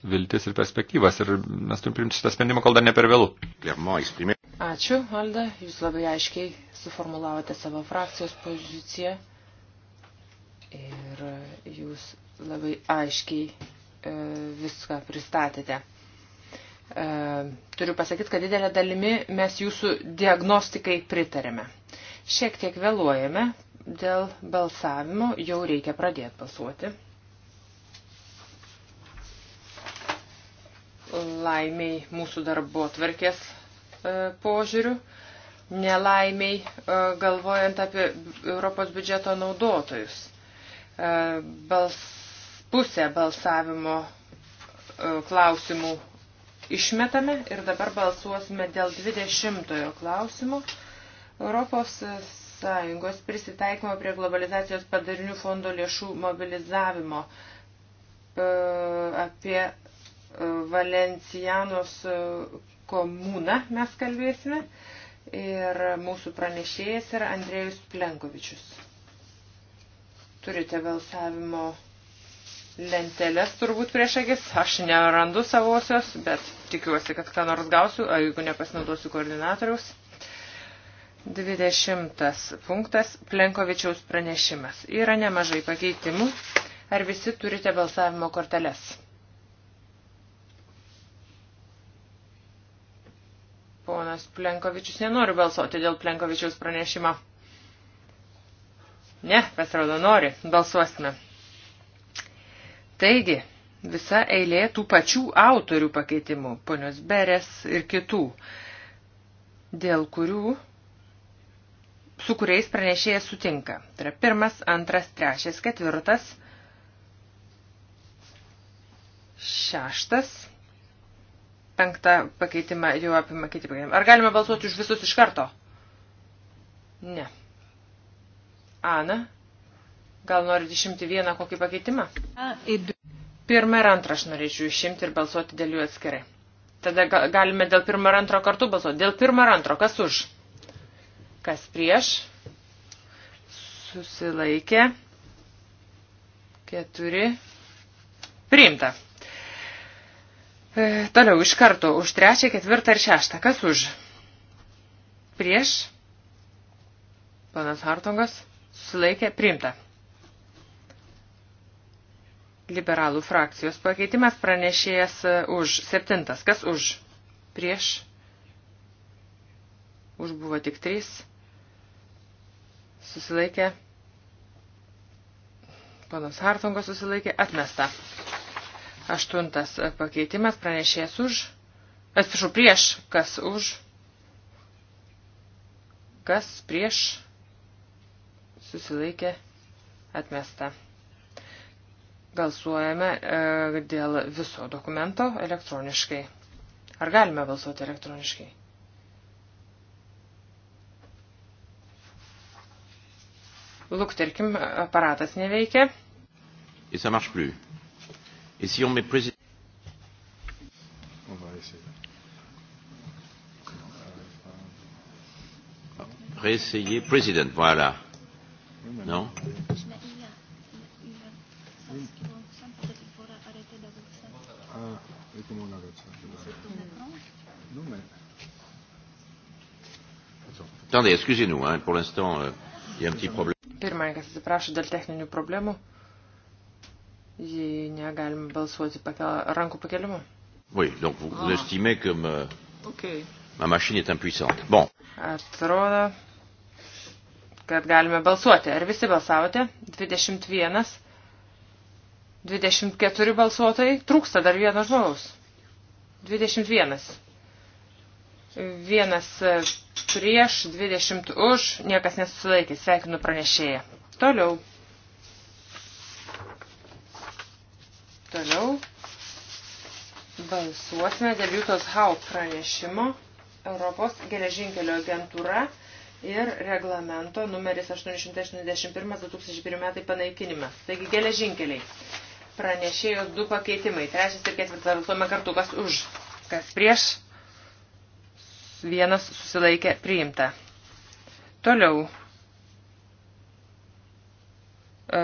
[SPEAKER 1] viltis ir perspektyvas. Ir mes turim priimti šitą sprendimą, kol dar ne per vėlų.
[SPEAKER 2] Ačiū, Alda. Jūs labai aiškiai suformulavote savo frakcijos poziciją. Ir jūs labai aiškiai e, viską pristatėte. E, turiu pasakyti, kad didelė dalimi mes jūsų diagnostikai pritarėme. Šiek tiek vėluojame, dėl balsavimo jau reikia pradėti balsuoti. Laimiai mūsų darbo tvarkės e, požiūrių, nelaimiai e, galvojant apie Europos biudžeto naudotojus. E, bals, pusę balsavimo klausimų išmetame ir dabar balsuosime dėl 20 klausimo. Europos Sąjungos prisitaikymo prie globalizacijos padarinių fondo lėšų mobilizavimo e, apie e, Valencianos e, komuną mes kalbėsime ir mūsų pranešėjas yra Andrėjus Plenkovičius. Turite balsavimo lenteles turbūt prieš akis, aš nerandu savosios, bet tikiuosi, kad ką nors gausiu, o jeigu nepasinaudosiu koordinatoriaus. 20 punktas Plenkovičiaus pranešimas. Yra nemažai pakeitimų. Ar visi turite balsavimo korteles? Ponas Plenkovičius nenori balsuoti dėl Plenkovičiaus pranešimo. Ne, pasirodo, nori. Balsuosime. Taigi, visa eilė tų pačių autorių pakeitimų, ponios Beres ir kitų, dėl kurių su kuriais pranešėjas sutinka. Tai yra pirmas, antras, trečias, ketvirtas, šeštas, penktą pakeitimą jau apima kiti pakeitimai. Ar galime balsuoti už visus iš karto? Ne. Ana, gal norit išimti vieną kokį pakeitimą? Pirmą ir antrą aš norėčiau išimti ir balsuoti dėl jų atskirai. Tada galime dėl pirmo ir antro kartu balsuoti. Dėl pirmo ir antro, kas už? Kas prieš? Susilaikė. Keturi. Priimta. E, toliau iš karto už trečią, ketvirtą ir šeštą. Kas už? Prieš? Panas Hartongas susilaikė priimta. Liberalų frakcijos pakeitimas pranešėjas e, už septintas. Kas už? Prieš? Už buvo tik trys susilaikė, panas Hartungas susilaikė, atmesta. Aštuntas pakeitimas pranešės už, atsiprašau, prieš, kas už, kas prieš, susilaikė, atmesta. Balsuojame e, dėl viso dokumento elektroniškai. Ar galime balsuoti elektroniškai? Lūk, tarkim, aparatas neveikia.
[SPEAKER 1] Et ça marche plus. Et si on met président... On va essayer. Réessayer président, voilà. Non Ah, et comment on arrête ça Non, mais... Attendez, excusez-nous, hein, pour l'instant, euh, il euh, y a un petit problème.
[SPEAKER 2] Pirmininkas atsiprašo dėl techninių problemų. Jei negalime balsuoti pakel, rankų pakelimu.
[SPEAKER 1] Oui, donc vous, ah. vous estimez que me, okay. ma machine est impuissante. Bon.
[SPEAKER 2] Atrodo, kad galime balsuoti. Ar visi balsavote? 21, 24 balsuotojai. Trūksta dar vieno žmogaus. 21. Vienas prieš, 20 už, niekas nesusilaikė. Sveikinu pranešėją. Toliau. Toliau. Balsuosime dėl Jūtos Hau pranešimo Europos geležinkelio agentūra ir reglamento numeris 881-2001 metai panaikinimas. Taigi geležinkeliai. Pranešėjos du pakeitimai. Trečias ir ketvirtas balsuojame kartu, kas už, kas prieš vienas susilaikė priimta. Toliau. E,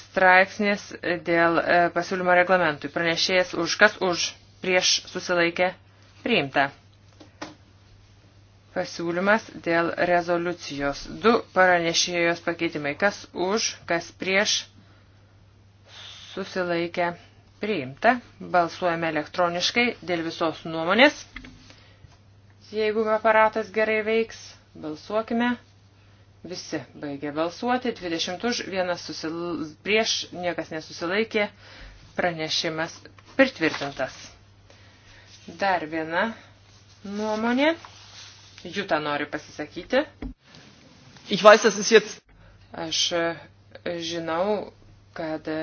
[SPEAKER 2] Straiksnis dėl e, pasiūlymo reglamentui. Pranešėjas už kas už prieš susilaikė priimta. Pasiūlymas dėl rezoliucijos. Du pranešėjos pakeitimai. Kas už, kas prieš susilaikė priimta. Balsuojame elektroniškai dėl visos nuomonės jeigu aparatas gerai veiks. Balsuokime. Visi baigė balsuoti. 20 už, vienas susil... prieš, niekas nesusilaikė. Pranešimas pritvirtintas. Dar viena nuomonė. Jūta nori pasisakyti. Ich weiß, das ist jetzt... Aš e, žinau, kad e,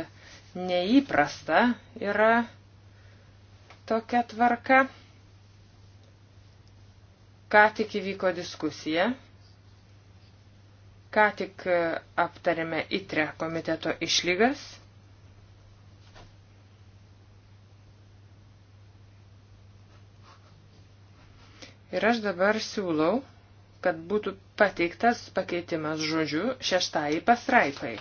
[SPEAKER 2] neįprasta yra tokia tvarka. Ką tik įvyko diskusija, ką tik e, aptarėme ITRE komiteto išlygas. Ir aš dabar siūlau, kad būtų pateiktas pakeitimas žodžiu šeštai pasraipai.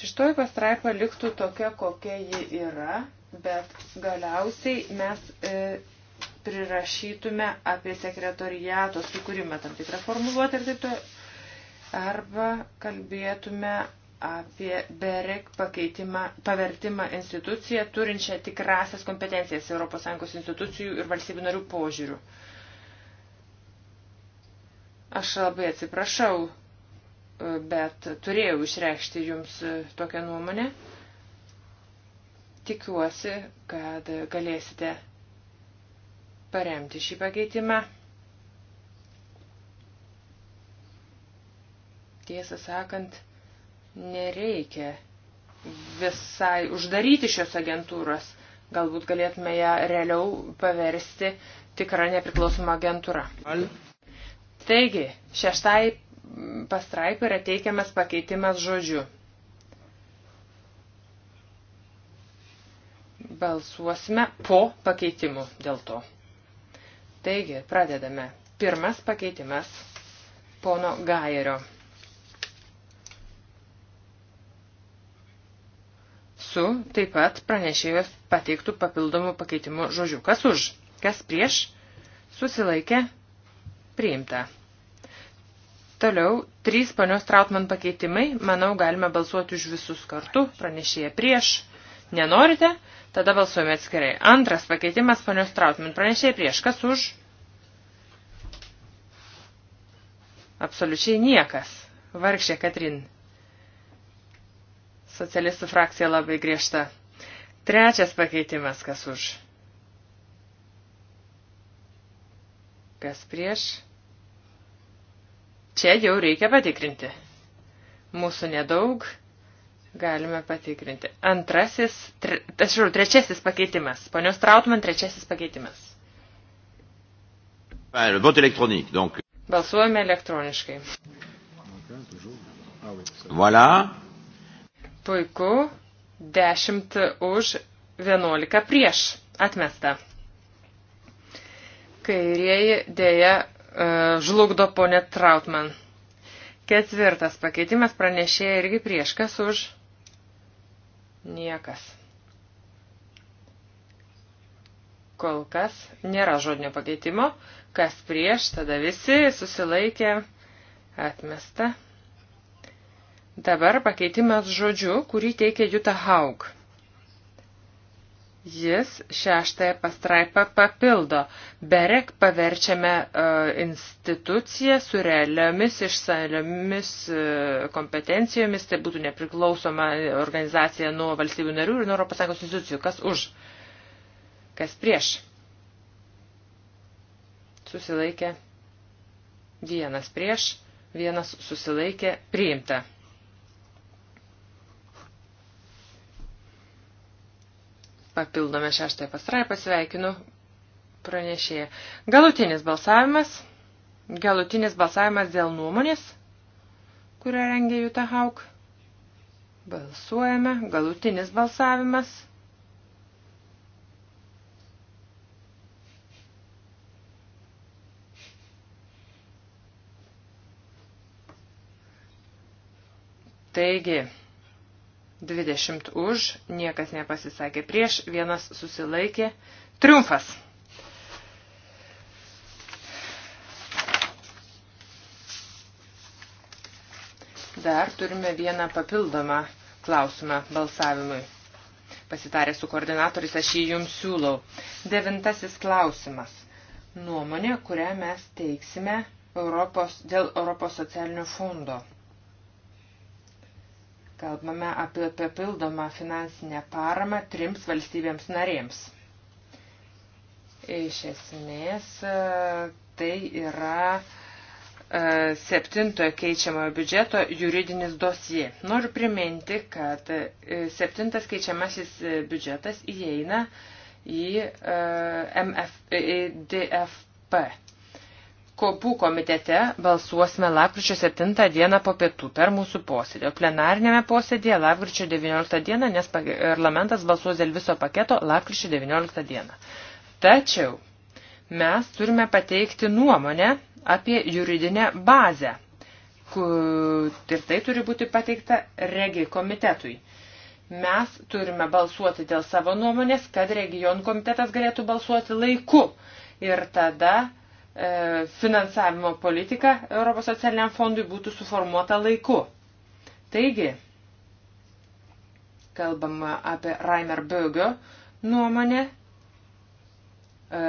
[SPEAKER 2] Šeštoji pastraipa liktų tokia, kokia ji yra, bet galiausiai mes e, prirašytume apie sekretoriato sukūrimą tam tikrą formuluotę ir taip to, arba kalbėtume apie BEREK pakeitimą, pavertimą instituciją turinčią tikrasias kompetencijas ES institucijų ir valstybių narių požiūrių. Aš labai atsiprašau, bet turėjau išreikšti jums tokią nuomonę. Tikiuosi, kad galėsite paremti šį pakeitimą. Tiesą sakant, nereikia visai uždaryti šios agentūros. Galbūt galėtume ją realiau paversti tikrą nepriklausomą agentūrą. Taigi, šeštai pastraipai yra teikiamas pakeitimas žodžiu. Balsuosime po pakeitimu dėl to. Taigi, pradedame. Pirmas pakeitimas pono Gajerio. Su taip pat pranešėjos pateiktų papildomų pakeitimų žodžių. Kas už? Kas prieš? Susilaikė? Priimta. Toliau, trys panios Trautman pakeitimai. Manau, galime balsuoti už visus kartu. Pranešėja prieš. Nenorite? Tada balsuojame atskirai. Antras pakeitimas, ponios Trautman, pranešėjai prieš. Kas už? Absoliučiai niekas. Vargšė Katrin. Socialistų frakcija labai griežta. Trečias pakeitimas, kas už? Kas prieš? Čia jau reikia patikrinti. Mūsų nedaug. Galime patikrinti. Antrasis, tre, žiūrėjau, trečiasis pakeitimas. Ponios Trautman, trečiasis pakeitimas.
[SPEAKER 1] Vot elektronik, donc.
[SPEAKER 2] Balsuojame elektroniškai. Voilà. Puiku. 10 už 11 prieš. Atmesta. Kairieji dėja e, žlugdo ponė Trautman. Ketvirtas pakeitimas pranešėja irgi prieš. Kas už? Niekas. Kol kas nėra žodinio pakeitimo. Kas prieš, tada visi susilaikė atmesta. Dabar pakeitimas žodžiu, kurį teikia Juta Haug. Jis šeštąją pastraipą papildo. Berek paverčiame uh, instituciją su realiomis išsaliomis uh, e, kompetencijomis, tai būtų nepriklausoma organizacija nuo valstybių narių ir nuo Europos Sąjungos institucijų. Kas už? Kas prieš? Susilaikė. Vienas prieš, vienas susilaikė priimta. Papildome šeštąją pastraipą, sveikinu pranešėją. Galutinis balsavimas. Galutinis balsavimas dėl nuomonės, kurią rengė Juta Hauk. Balsuojame. Galutinis balsavimas. Taigi, 20 už, niekas nepasisakė prieš, vienas susilaikė. Triumfas. Dar turime vieną papildomą klausimą balsavimui. Pasitarė su koordinatoriais, aš jį jums siūlau. Devintasis klausimas. Nuomonė, kurią mes teiksime Europos, dėl Europos socialinio fondo. Kalbame apie papildomą finansinę paramą trims valstybėms narėms. Iš esmės e, tai yra e, septintojo keičiamojo biudžeto juridinis dosie. Noriu priminti, kad e, septintas keičiamasis biudžetas įeina į, MF, į DFP Kopų komitete balsuosime lapkričio 7 dieną po pietų per mūsų posėdį, o plenarnėme posėdėje lapkričio 19 dieną, nes parlamentas balsuos dėl viso paketo lapkričio 19 dieną. Tačiau mes turime pateikti nuomonę apie juridinę bazę. Ir tai turi būti pateikta regi komitetui mes turime balsuoti dėl savo nuomonės, kad regionų komitetas galėtų balsuoti laiku. Ir tada E, finansavimo politika Europos socialiniam fondui būtų suformuota laiku. Taigi, kalbama apie Reimer Bögio nuomonę. E,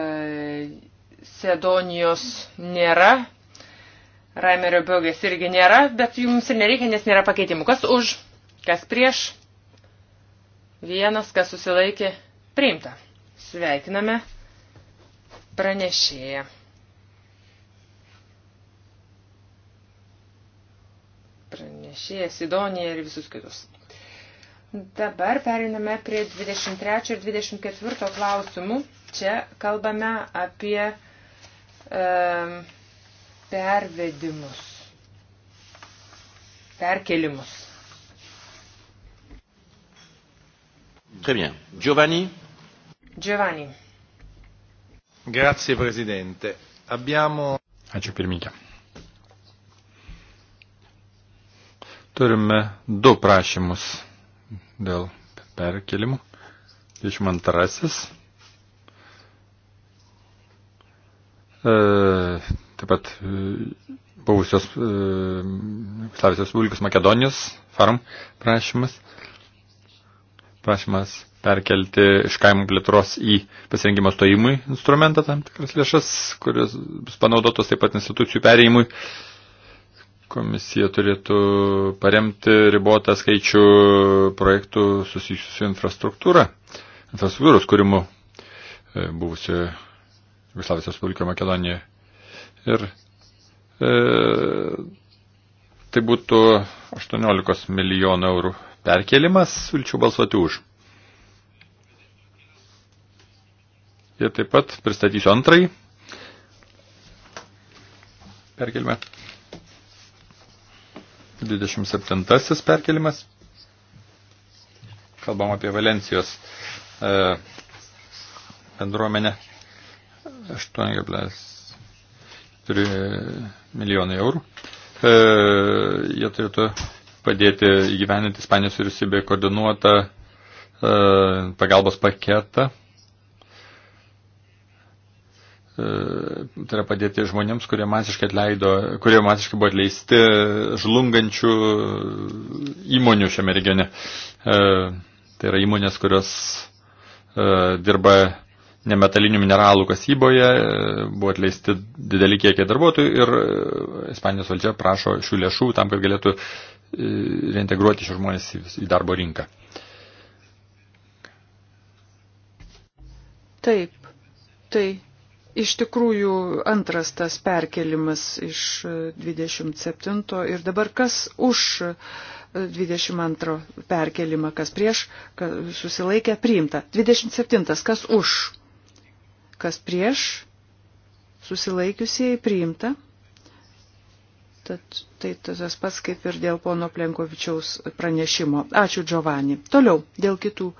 [SPEAKER 2] Sedonijos nėra. Raimerio Bögės irgi nėra, bet jums ir nereikia, nes nėra pakeitimų. Kas už, kas prieš, vienas, kas susilaikė, priimta. Sveikiname pranešėją. pranešėją Sidoniją ir visus kitus. Dabar periname prie 23 ir 24 klausimų. Čia kalbame apie e, pervedimus, perkelimus.
[SPEAKER 1] Très bien. Giovanni. Giovanni. Grazie Presidente. Abbiamo... Ačiū pirmininkė. Turime du prašymus dėl perkelimų. 22. E, taip pat e, buvusios e, Slavijos Respublikos Makedonijos farm prašymas. Prašymas perkelti iš kaimų plėtros į pasirengimo stojimui instrumentą tam tikras lėšas, kuris bus panaudotos taip pat institucijų perėjimui. E, Komisija turėtų paremti ribotą skaičių projektų susijusių su infrastruktūra, infrastruktūros kūrimu e, buvusioje Jugoslavijos Respublikoje Makedonijoje. Ir e, tai būtų 18 milijonų eurų perkelimas, sulčių balsuoti už. Ir taip pat pristatysiu antrąjį perkelimą. 27 perkelimas. Kalbam apie Valencijos e, bendruomenę. 8,3 milijonai eurų. E, jie turėtų padėti įgyveninti Ispanijos vyriausybėje koordinuotą e, pagalbos paketą E, tai yra padėti žmonėms, kurie masiškai, atleido, kurie masiškai buvo atleisti žlungančių įmonių šiame regione. E, tai yra įmonės, kurios e, dirba nemetalinių mineralų kasyboje, buvo atleisti dideli kiekiai darbuotojų ir Ispanijos valdžia prašo šių lėšų tam, kad galėtų reintegruoti šios žmonės į darbo rinką.
[SPEAKER 3] Taip, tai iš tikrųjų antras tas perkelimas iš 27 ir dabar kas už 22 perkelimą, kas prieš, kas susilaikė priimta. 27, kas už, kas prieš, susilaikiusieji priimta. Tad tai tas pats kaip ir dėl pono Plenkovičiaus pranešimo. Ačiū, Giovanni. Toliau, dėl kitų e,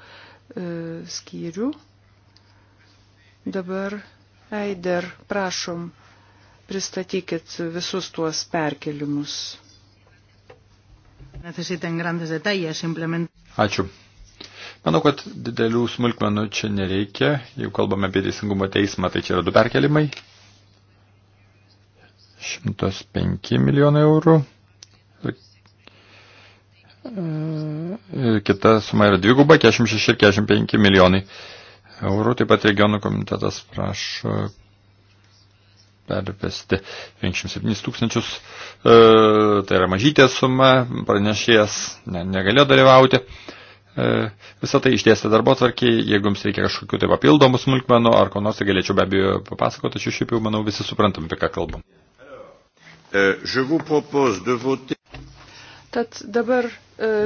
[SPEAKER 3] skyrių. Dabar Aider, prašom, pristatykit visus tuos perkelimus.
[SPEAKER 1] Ačiū. Manau, kad didelių smulkmenų čia nereikia. Jeigu kalbame apie teisingumo teismą, tai čia yra du perkelimai. 105 milijonai eurų. Ir
[SPEAKER 2] e, e,
[SPEAKER 1] kita suma yra dviguba, 46 ir 45 milijonai eurų. Taip pat regionų komitetas prašo pervesti 57 tūkstančius. E, tai yra mažytė suma, pranešėjas ne, negalėjo dalyvauti. E, visą tai išdėstė darbo tvarkiai, jeigu jums reikia kažkokių tai papildomų smulkmenų ar ko nors, tai galėčiau be abejo papasakoti, tačiau šiaip jau manau visi suprantam, apie ką kalbam. Euh,
[SPEAKER 3] Tad dabar e,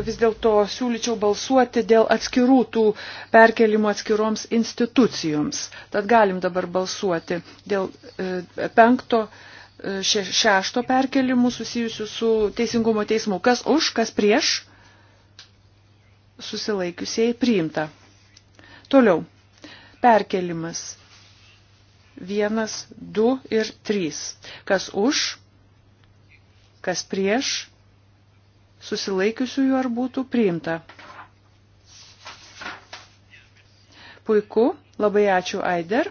[SPEAKER 3] vis dėlto siūlyčiau balsuoti dėl atskirų tų perkelimų atskiroms institucijoms. Tad galim dabar balsuoti dėl e, penkto, e, šešto perkelimų susijusių su Teisingumo teismu. Kas už, kas prieš susilaikiusiai priimta. Toliau. Perkelimas. Vienas, du ir trys. Kas už, kas prieš susilaikiusiųjų ar būtų priimta. Puiku, labai ačiū Aider,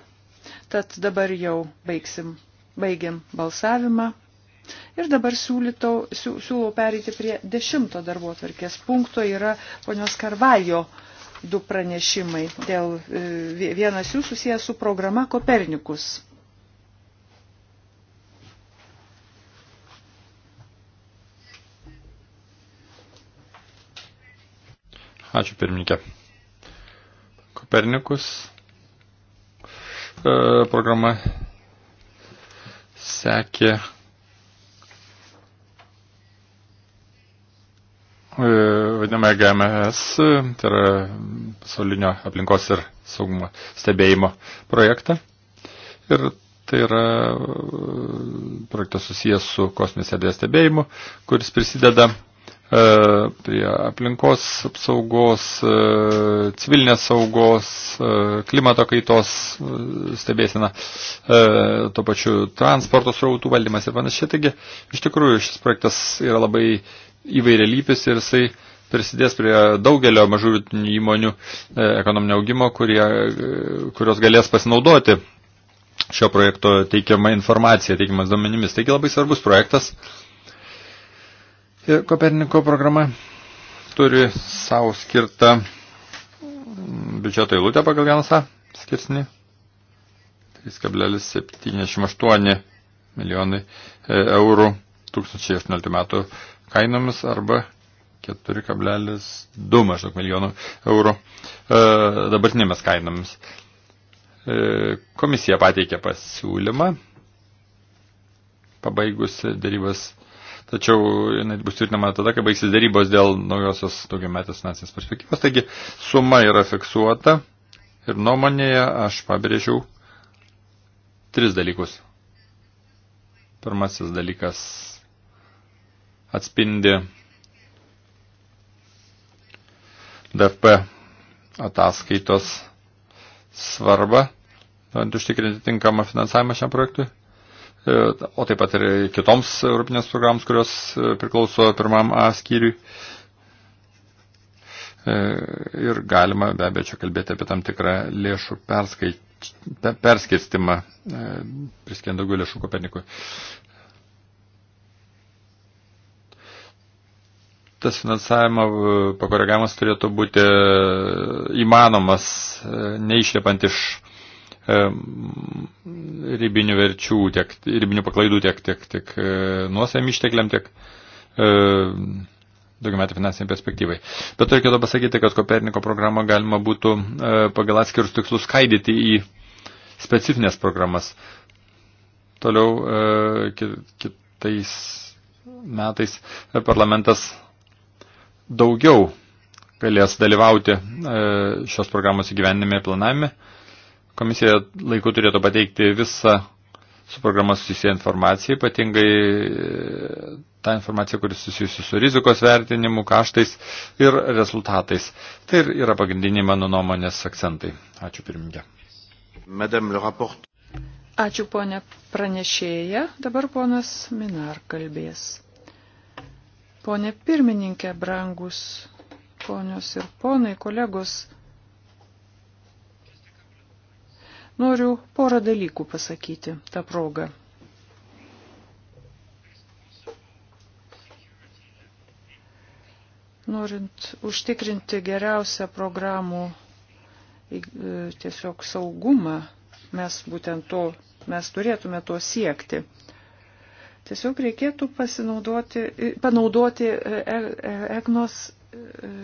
[SPEAKER 3] tad dabar jau baigsim, baigiam balsavimą. Ir dabar siūlytau, siū, siūlau pereiti prie dešimto darbo atvarkės punkto, yra ponios Karvajo du pranešimai. Dėl, e, vienas jų susijęs su programa Kopernikus.
[SPEAKER 1] Ačiū pirmininkė. Kopernikus e, programa sekė e, vadinamąją GMS, tai yra pasaulinio aplinkos ir saugumo stebėjimo projektą. Ir tai yra e, projektas susijęs su kosminės erdvės stebėjimu, kuris prisideda E, prie aplinkos apsaugos, e, civilinės saugos, e, klimato kaitos stebėsina, to pačiu transporto srautų valdymas ir panašiai. Taigi, iš tikrųjų, šis projektas yra labai įvairialypis ir jisai prisidės prie daugelio mažų įmonių ekonominio augimo, kurie, kurios galės pasinaudoti šio projekto teikiamą informaciją, teikiamas duomenimis. Taigi labai svarbus projektas. Koperniko programa turi savo skirtą biudžeto eilutę pagal vienasą skirsnį. 3,78 milijonai e, eurų 2018 metų kainomis arba 4,2 maždaug milijonų eurų e, dabartinėmis kainomis. E, komisija pateikė pasiūlymą, pabaigus darybas tačiau jinai bus tvirtinama tada, kai baigsis darybos dėl naujosios daugiametės finansinės perspektyvos. Taigi suma yra fiksuota ir nuomonėje aš pabrėžiau tris dalykus. Pirmasis dalykas atspindi DFP ataskaitos svarbą, norint užtikrinti tinkamą finansavimą šiam projektui. E, o taip pat ir kitoms europinės programs, kurios e, priklauso pirmam A skyriui. E, ir galima be abejo čia kalbėti apie tam tikrą lėšų perskirstimą, priskiriant daugiau lėšų Kopernikui. tas finansavimo pakoregavimas turėtų būti įmanomas, neišlipant iš ribinių verčių, tiek ribinių paklaidų, tiek, tiek, tiek e, nuosavim ištekliam, tiek e, daugiametį finansiniai perspektyvai. Bet reikėtų pasakyti, kad Koperniko programą galima būtų e, pagal atskirus tikslus skaidyti į specifines programas. Toliau kitais metais parlamentas daugiau galės dalyvauti šios programos įgyvenime ir planavime. Komisija laiku turėtų pateikti visą su programa susijusią informaciją, ypatingai e, tą informaciją, kuris susijusi su rizikos vertinimu, kaštais ir rezultatais. Tai ir yra pagrindiniai mano nuomonės akcentai. Ačiū pirmininkė.
[SPEAKER 3] Ačiū ponė pranešėja, dabar ponas Minar kalbės. Pone pirmininkė, brangus ponios ir ponai, kolegos, Noriu porą dalykų pasakyti tą progą. Norint užtikrinti geriausią programų e, tiesiog saugumą, mes būtent to, mes turėtume to siekti. Tiesiog reikėtų pasinaudoti, panaudoti e, e, EGNOS e, e,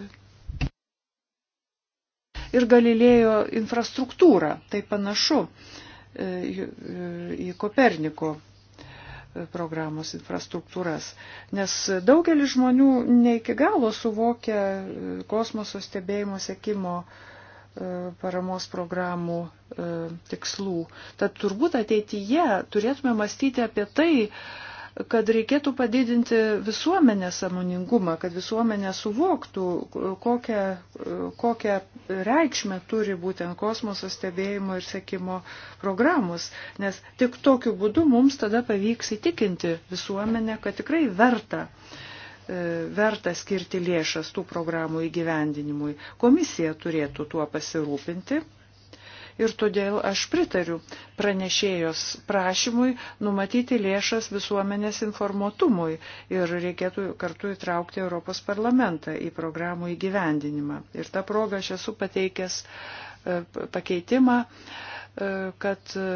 [SPEAKER 3] ir Galilėjo infrastruktūrą. Tai panašu e, e, į Koperniko e, programos infrastruktūras, nes daugelis žmonių ne iki galo suvokia kosmoso stebėjimo sekimo paramos programų tikslų. Tad turbūt ateityje turėtume mąstyti apie tai, kad reikėtų padidinti visuomenės samoningumą, kad visuomenė suvoktų, kokią, kokią reikšmę turi būtent kosmoso stebėjimo ir sekimo programos, nes tik tokiu būdu mums tada pavyks įtikinti visuomenę, kad tikrai verta e, verta skirti lėšas tų programų įgyvendinimui. Komisija turėtų tuo pasirūpinti ir todėl aš pritariu pranešėjos prašymui numatyti lėšas visuomenės informuotumui ir reikėtų kartu įtraukti Europos parlamentą į programų įgyvendinimą. Ir tą progą aš esu pateikęs e, pakeitimą e, kad e,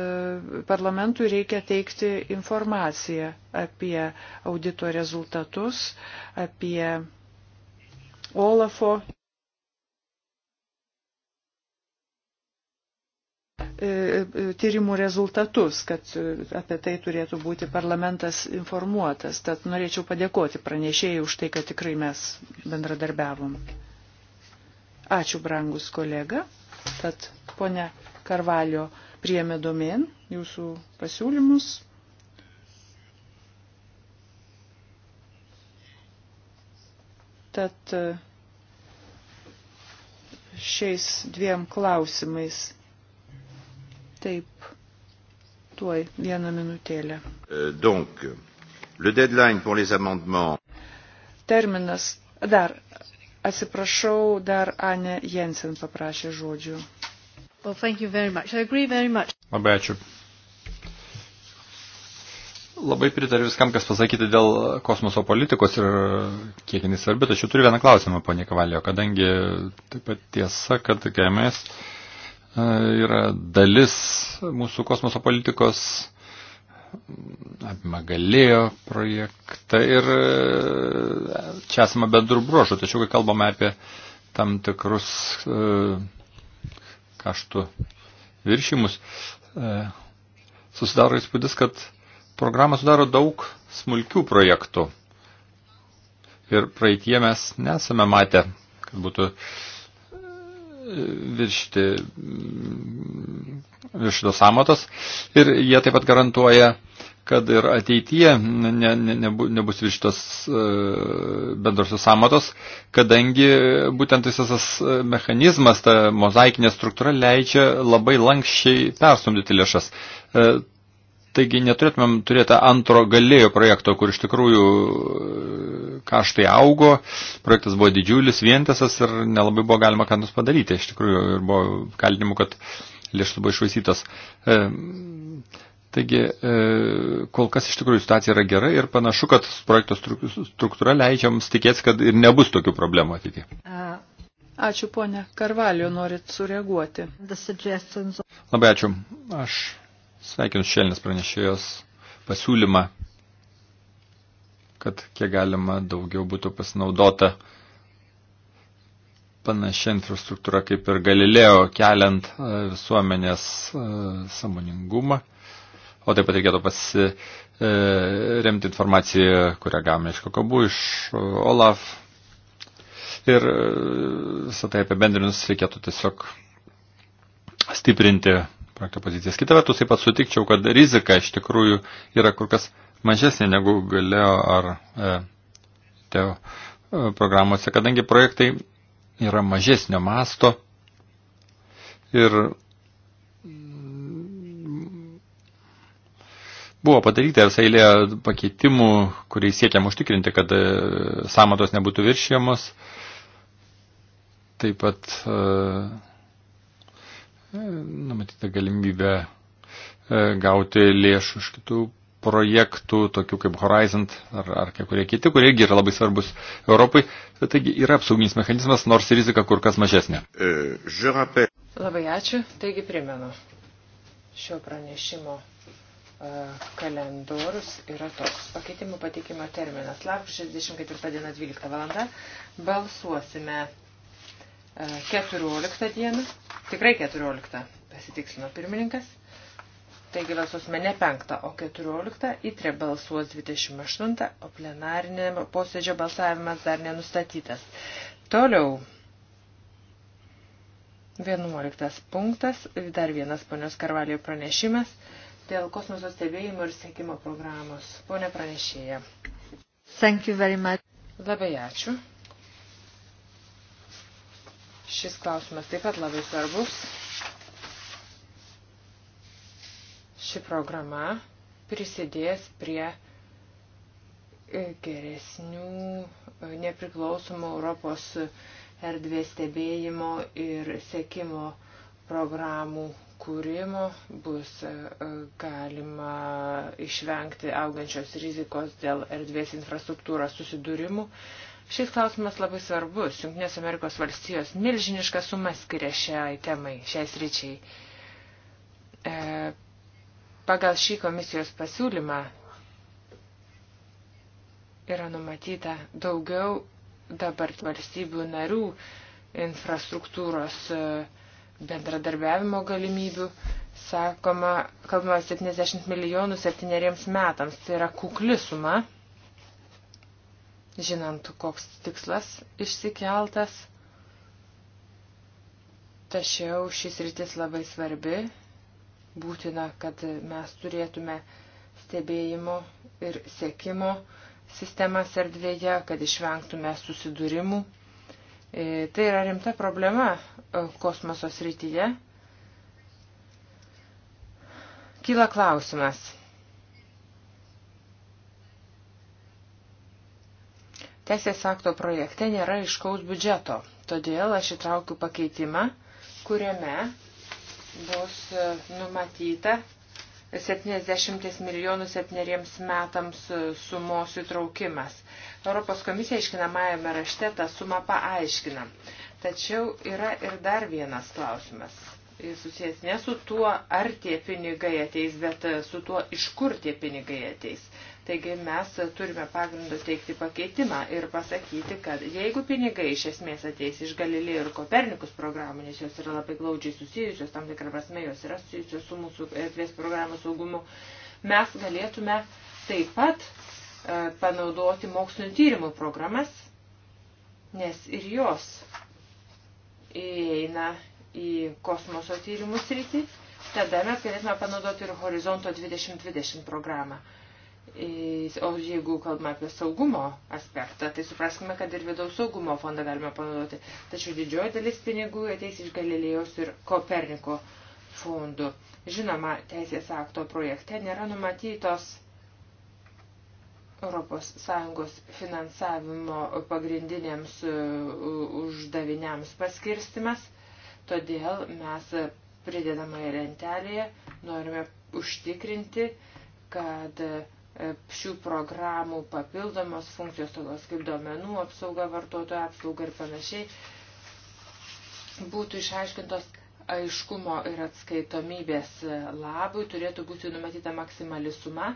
[SPEAKER 3] parlamentui reikia teikti informaciją apie audito rezultatus, apie Olafo E, e, tyrimų rezultatus, kad e, apie tai turėtų būti parlamentas informuotas. Tad norėčiau padėkoti pranešėjai už tai, kad tikrai mes bendradarbiavom. Ačiū, brangus kolega. Tad ponia Karvalio priėmė domen jūsų pasiūlymus. Tad šiais dviem klausimais Taip, tuoj vieną minutėlę.
[SPEAKER 1] E, donc, le deadline pour les amendements.
[SPEAKER 3] Terminas. Dar, atsiprašau, dar Anė Jensen paprašė žodžių. Well, thank you very much. I agree very much.
[SPEAKER 1] Labai ačiū. Labai pritariu viskam, kas pasakyti dėl kosmoso politikos ir kiek jis svarbi, tačiau turiu vieną klausimą, ponė Kavalio, kadangi taip pat tiesa, kad GMS. Kai E, yra dalis mūsų kosmoso politikos, apima galėjo projektą ir e, čia esame bendrų bruožų, tačiau kai kalbame apie tam tikrus e, kaštų viršimus, susidaro įspūdis, kad programą sudaro daug smulkių projektų. Ir praeitie mes nesame matę, kad būtų uh, viršti mm, viršito samatos ir jie taip pat garantuoja, kad ir ateityje ne, ne, nebu, nebus viršytos e, bendrosios samatos, kadangi būtent visas tas e, mechanizmas, ta mozaikinė struktūra leidžia labai lankščiai perstumdyti lėšas. E, Taigi neturėtumėm turėti antro galėjo projekto, kur iš tikrųjų e, kaštai augo, projektas buvo didžiulis, vientisas ir nelabai buvo galima ką nors padaryti. Iš tikrųjų ir buvo kaltinimų, kad lėšų buvo išvaisytos. E, taigi, e, kol kas iš tikrųjų situacija yra gera ir panašu, kad projekto struktūra leidžia mums tikėtis, kad ir nebus tokių problemų ateityje.
[SPEAKER 3] Ačiū, ponė Karvalio, norit sureaguoti.
[SPEAKER 1] Labai ačiū. Aš Sveikinu šėlinės pranešėjos pasiūlymą, kad kiek galima daugiau būtų pasinaudota panašia infrastruktūra kaip ir Galileo, keliant e, visuomenės e, samoningumą. O taip pat reikėtų pasiremti e, informaciją, kurią gavome iš Kokabų, iš Olaf. Ir visą tai apibendrinus reikėtų tiesiog stiprinti tokią poziciją. Kita vertus, taip pat sutikčiau, kad rizika iš tikrųjų yra kur kas mažesnė negu galėjo ar e, teo e, programuose, kadangi projektai yra mažesnio masto ir mm, Buvo padaryta visai eilė pakeitimų, kuriais siekiam užtikrinti, kad e, samatos nebūtų viršijamos. Taip pat e, numatyta galimybė e, gauti lėšų iš kitų projektų, tokių kaip Horizon ar, ar kai kurie kiti, kurie irgi yra labai svarbus Europai. Taigi yra apsauginis mechanizmas, nors rizika kur kas mažesnė.
[SPEAKER 2] E, labai ačiū. Taigi primenu, šio pranešimo e, kalendorius yra toks. Pakeitimų pateikimo terminas. Lapkričio 24 diena 12 valanda. Balsuosime 14 dieną, tikrai 14, pasitikslino pirmininkas. Taigi balsuosime ne 5, o 14, įtrė balsuos 28, o plenarinėme posėdžio balsavimas dar nenustatytas. Toliau. 11 punktas, dar vienas ponios Karvalijo pranešimas dėl kosmoso stebėjimo ir sėkimo programos. Pone pranešėja. Thank you very much. Labai ačiū. Šis klausimas taip pat labai svarbus. Ši programa prisidės prie e, geresnių e, nepriklausomų Europos erdvės stebėjimo ir sekimo programų kūrimo bus e, galima išvengti augančios rizikos dėl erdvės infrastruktūros susidūrimų. Šis klausimas labai svarbus. Junktinės Amerikos valstijos milžinišką sumą skiria šiai temai, šiai sričiai. E, pagal šį komisijos pasiūlymą yra numatyta daugiau dabar valstybių narių infrastruktūros e, bendradarbiavimo galimybių. Sakoma, kalbama 70 milijonų septyneriems metams. Tai yra kukli suma žinant, koks tikslas išsikeltas. Tačiau šis rytis labai svarbi, būtina, kad mes turėtume stebėjimo ir sėkimo sistemas erdvėje, kad išvengtume susidūrimų. E, tai yra rimta problema e, kosmoso srityje. Kyla klausimas, Teisės akto projekte nėra iškaus biudžeto, todėl aš įtraukiu pakeitimą, kuriame bus e, numatyta 70 milijonų septyneriems metams e, sumos įtraukimas. Europos komisija iškinamajame rašte tą sumą paaiškina. Tačiau yra ir dar vienas klausimas. Jis e, susijęs ne su tuo, ar tie pinigai ateis, bet su tuo, iš kur tie pinigai ateis. Taigi mes turime pagrindų teikti pakeitimą ir pasakyti, kad jeigu pinigai iš esmės ateis iš Galilėjo ir Kopernikus programų, nes jos yra labai glaudžiai susijusios, tam tikrą prasme jos yra susijusios su mūsų erdvės programų saugumu, mes galėtume taip pat e, panaudoti mokslinio tyrimų programas, nes ir jos įeina į kosmoso tyrimų sritį, tada mes galėtume panaudoti ir Horizonto 2020 programą. O jeigu kalbame apie saugumo aspektą, tai supraskime, kad ir vidaus saugumo fondą galime panaudoti. Tačiau didžioji dalis pinigų ateis iš Galilėjos ir Koperniko fondų. Žinoma, teisės akto projekte nėra numatytos ES finansavimo pagrindiniams e, uždaviniams paskirstimas, todėl mes pridedamąją lentelėje norime užtikrinti, kad uh, E, šių programų papildomos funkcijos, tokios kaip domenų apsauga, vartotojų apsauga ir panašiai, būtų išaiškintos aiškumo ir atskaitomybės e, labui, turėtų būti numatyta maksimali suma,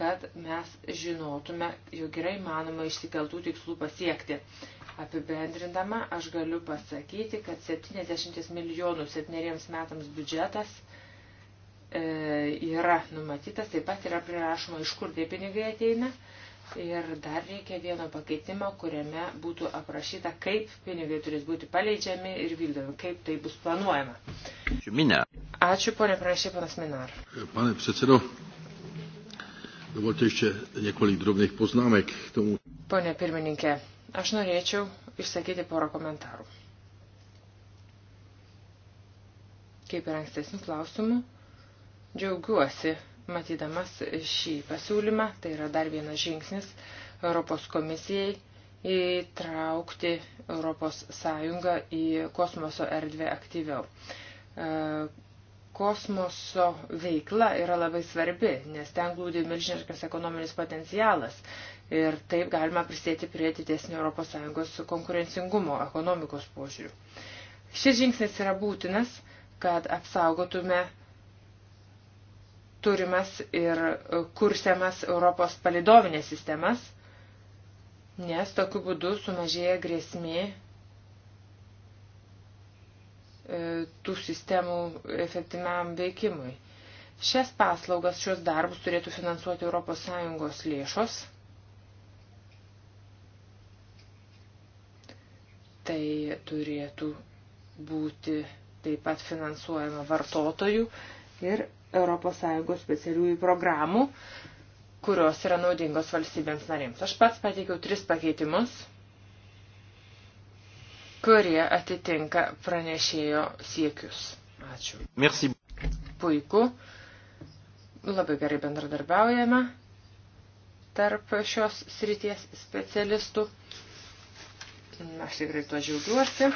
[SPEAKER 2] kad mes žinotume, jog yra įmanoma išsikeltų tikslų pasiekti. Apibendrindama, aš galiu pasakyti, kad 70 milijonų septyneriems metams biudžetas – E, yra numatytas, taip pat yra prirašoma, iš kur tie pinigai ateina. Ir dar reikia vieno pakeitimo, kuriame būtų aprašyta, kaip pinigai turės būti paleidžiami ir vykdomi, kaip tai bus planuojama. Minė. Ačiū, ponė pranešė, panas Minar.
[SPEAKER 1] Pane předsedo, dovolte ještě několik drobných poznámek k tomu.
[SPEAKER 2] Pone pirmininkė, aš norėčiau išsakyti porą komentarų. Kaip ir ankstesnių klausimų, Džiaugiuosi matydamas šį pasiūlymą, tai yra dar vienas žingsnis Europos komisijai įtraukti Europos Sąjungą į kosmoso erdvę aktyviau. E, kosmoso veikla yra labai svarbi, nes ten glūdi milžiniškas ekonominis potencialas ir taip galima prisėti prie didesnio ES konkurencingumo ekonomikos požiūrių. Šis žingsnis yra būtinas, kad apsaugotume turimas ir e, kursiamas Europos palidovinės sistemas, nes tokiu būdu sumažėja grėsmė e, tų sistemų efektyviam veikimui. Šias paslaugas, šios darbus turėtų finansuoti ES lėšos. Tai turėtų būti taip pat finansuojama vartotojų ir ES specialiųjų programų, kurios yra naudingos valstybėms narėms. Aš pats pateikiau tris pakeitimus, kurie atitinka pranešėjo siekius. Ačiū. Merci. Puiku. Labai gerai bendradarbiaujame tarp šios srities specialistų. Aš tikrai tuo džiaugiuosi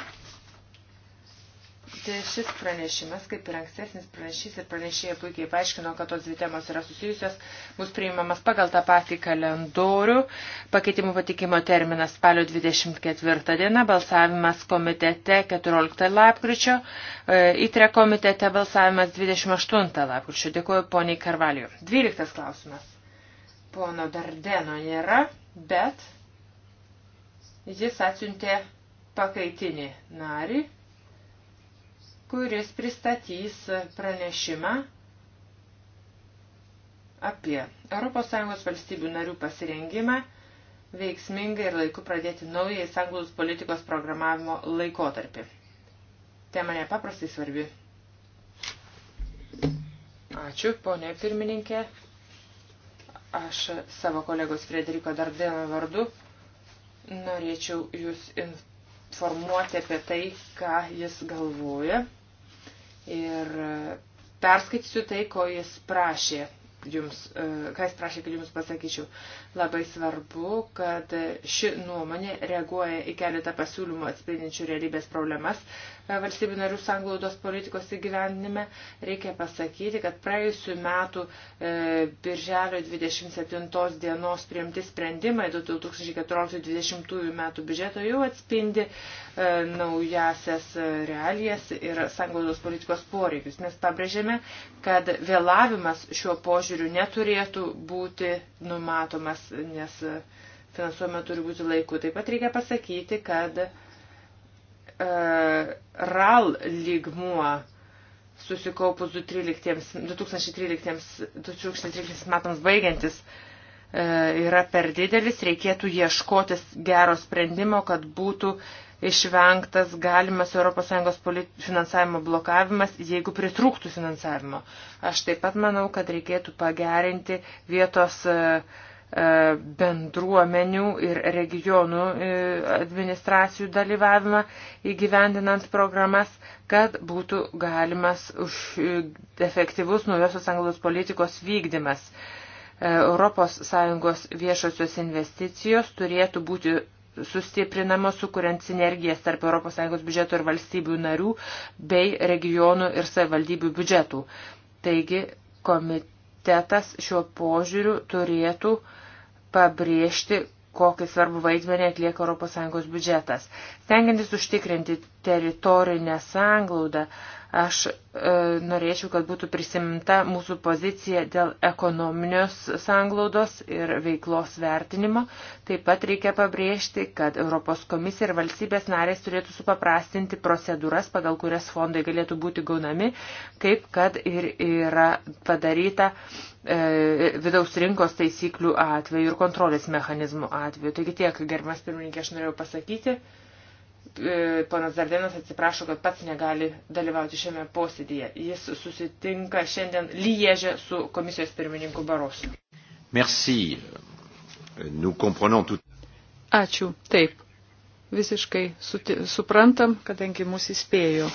[SPEAKER 2] kad šis pranešimas, kaip ir ankstesnis pranešys ir pranešėjai puikiai paaiškino, kad tos dvi temos yra susijusios, bus priimamas pagal tą patį kalendorių. Pakeitimų patikimo terminas spalio 24 diena, balsavimas komitete 14 lapkričio, įtre e, komitete balsavimas 28 lapkričio. Dėkuoju poniai Karvaliu. 12 klausimas. Pono Dardeno nėra, bet jis atsiuntė pakaitinį narį kuris pristatys pranešimą apie ES valstybių narių pasirengimą veiksmingai ir laiku pradėti naują įsanglus politikos programavimo laikotarpį. Tema nepaprastai svarbi. Ačiū, ponė pirmininkė. Aš savo kolegos Frederiko Dardeno vardu norėčiau jūs informuoti apie tai, ką jis galvoja ir e, perskaitysiu tai, ko jis prašė jums, e, ką jis prašė, kad jums pasakyčiau. Labai svarbu, kad ši nuomonė reaguoja į keletą pasiūlymų atspindinčių realybės problemas e, valstybių narių sanglaudos politikos įgyvendinime. Reikia pasakyti, kad praėjusiu metu e, birželio 27 dienos priimti sprendimai 2014-2020 metų biudžeto jau atspindi E, naujasias e, realijas ir sanglaudos politikos poreikius. Mes pabrėžėme, kad vėlavimas šiuo požiūriu neturėtų būti numatomas, nes e, finansuojama turi būti laiku. Taip pat reikia pasakyti, kad e, RAL lygmuo susikaupus 2013, 2013, 2013 metams baigiantis e, yra per didelis, reikėtų ieškotis gero sprendimo, kad būtų išvengtas galimas ES finansavimo blokavimas, jeigu pritrūktų finansavimo. Aš taip pat manau, kad reikėtų pagerinti vietos e, e, bendruomenių ir regionų e, administracijų dalyvavimą įgyvendinant programas, kad būtų galimas už efektyvus naujosios anglos politikos vykdymas. ES viešosios investicijos turėtų būti sustiprinamos, sukuriant sinergijas tarp ES biudžeto ir valstybių narių bei regionų ir savivaldybių biudžetų. Taigi komitetas šiuo požiūriu turėtų pabrėžti, kokį svarbų vaidmenį atlieka ES biudžetas. Stengiantis užtikrinti teritorinę sanglaudą, uh, Aš e, norėčiau, kad būtų prisimta mūsų pozicija dėl ekonominios sanglaudos ir veiklos vertinimo. Taip pat reikia pabrėžti, kad Europos komisija ir valstybės narės turėtų supaprastinti procedūras, pagal kurias fondai galėtų būti gaunami, kaip kad ir yra padaryta e, vidaus rinkos taisyklių atveju ir kontrolės mechanizmų atveju. Taigi tiek, gerbimas pirmininkė, aš norėjau pasakyti. E, ponas Dardenas atsiprašo, kad pats negali dalyvauti šiame posėdėje. Jis susitinka šiandien Liežė su komisijos pirmininku Barosu.
[SPEAKER 1] Merci. Nous comprenons tout.
[SPEAKER 3] Ačiū. Taip. Visiškai suti, suprantam, kadangi mūsų įspėjo.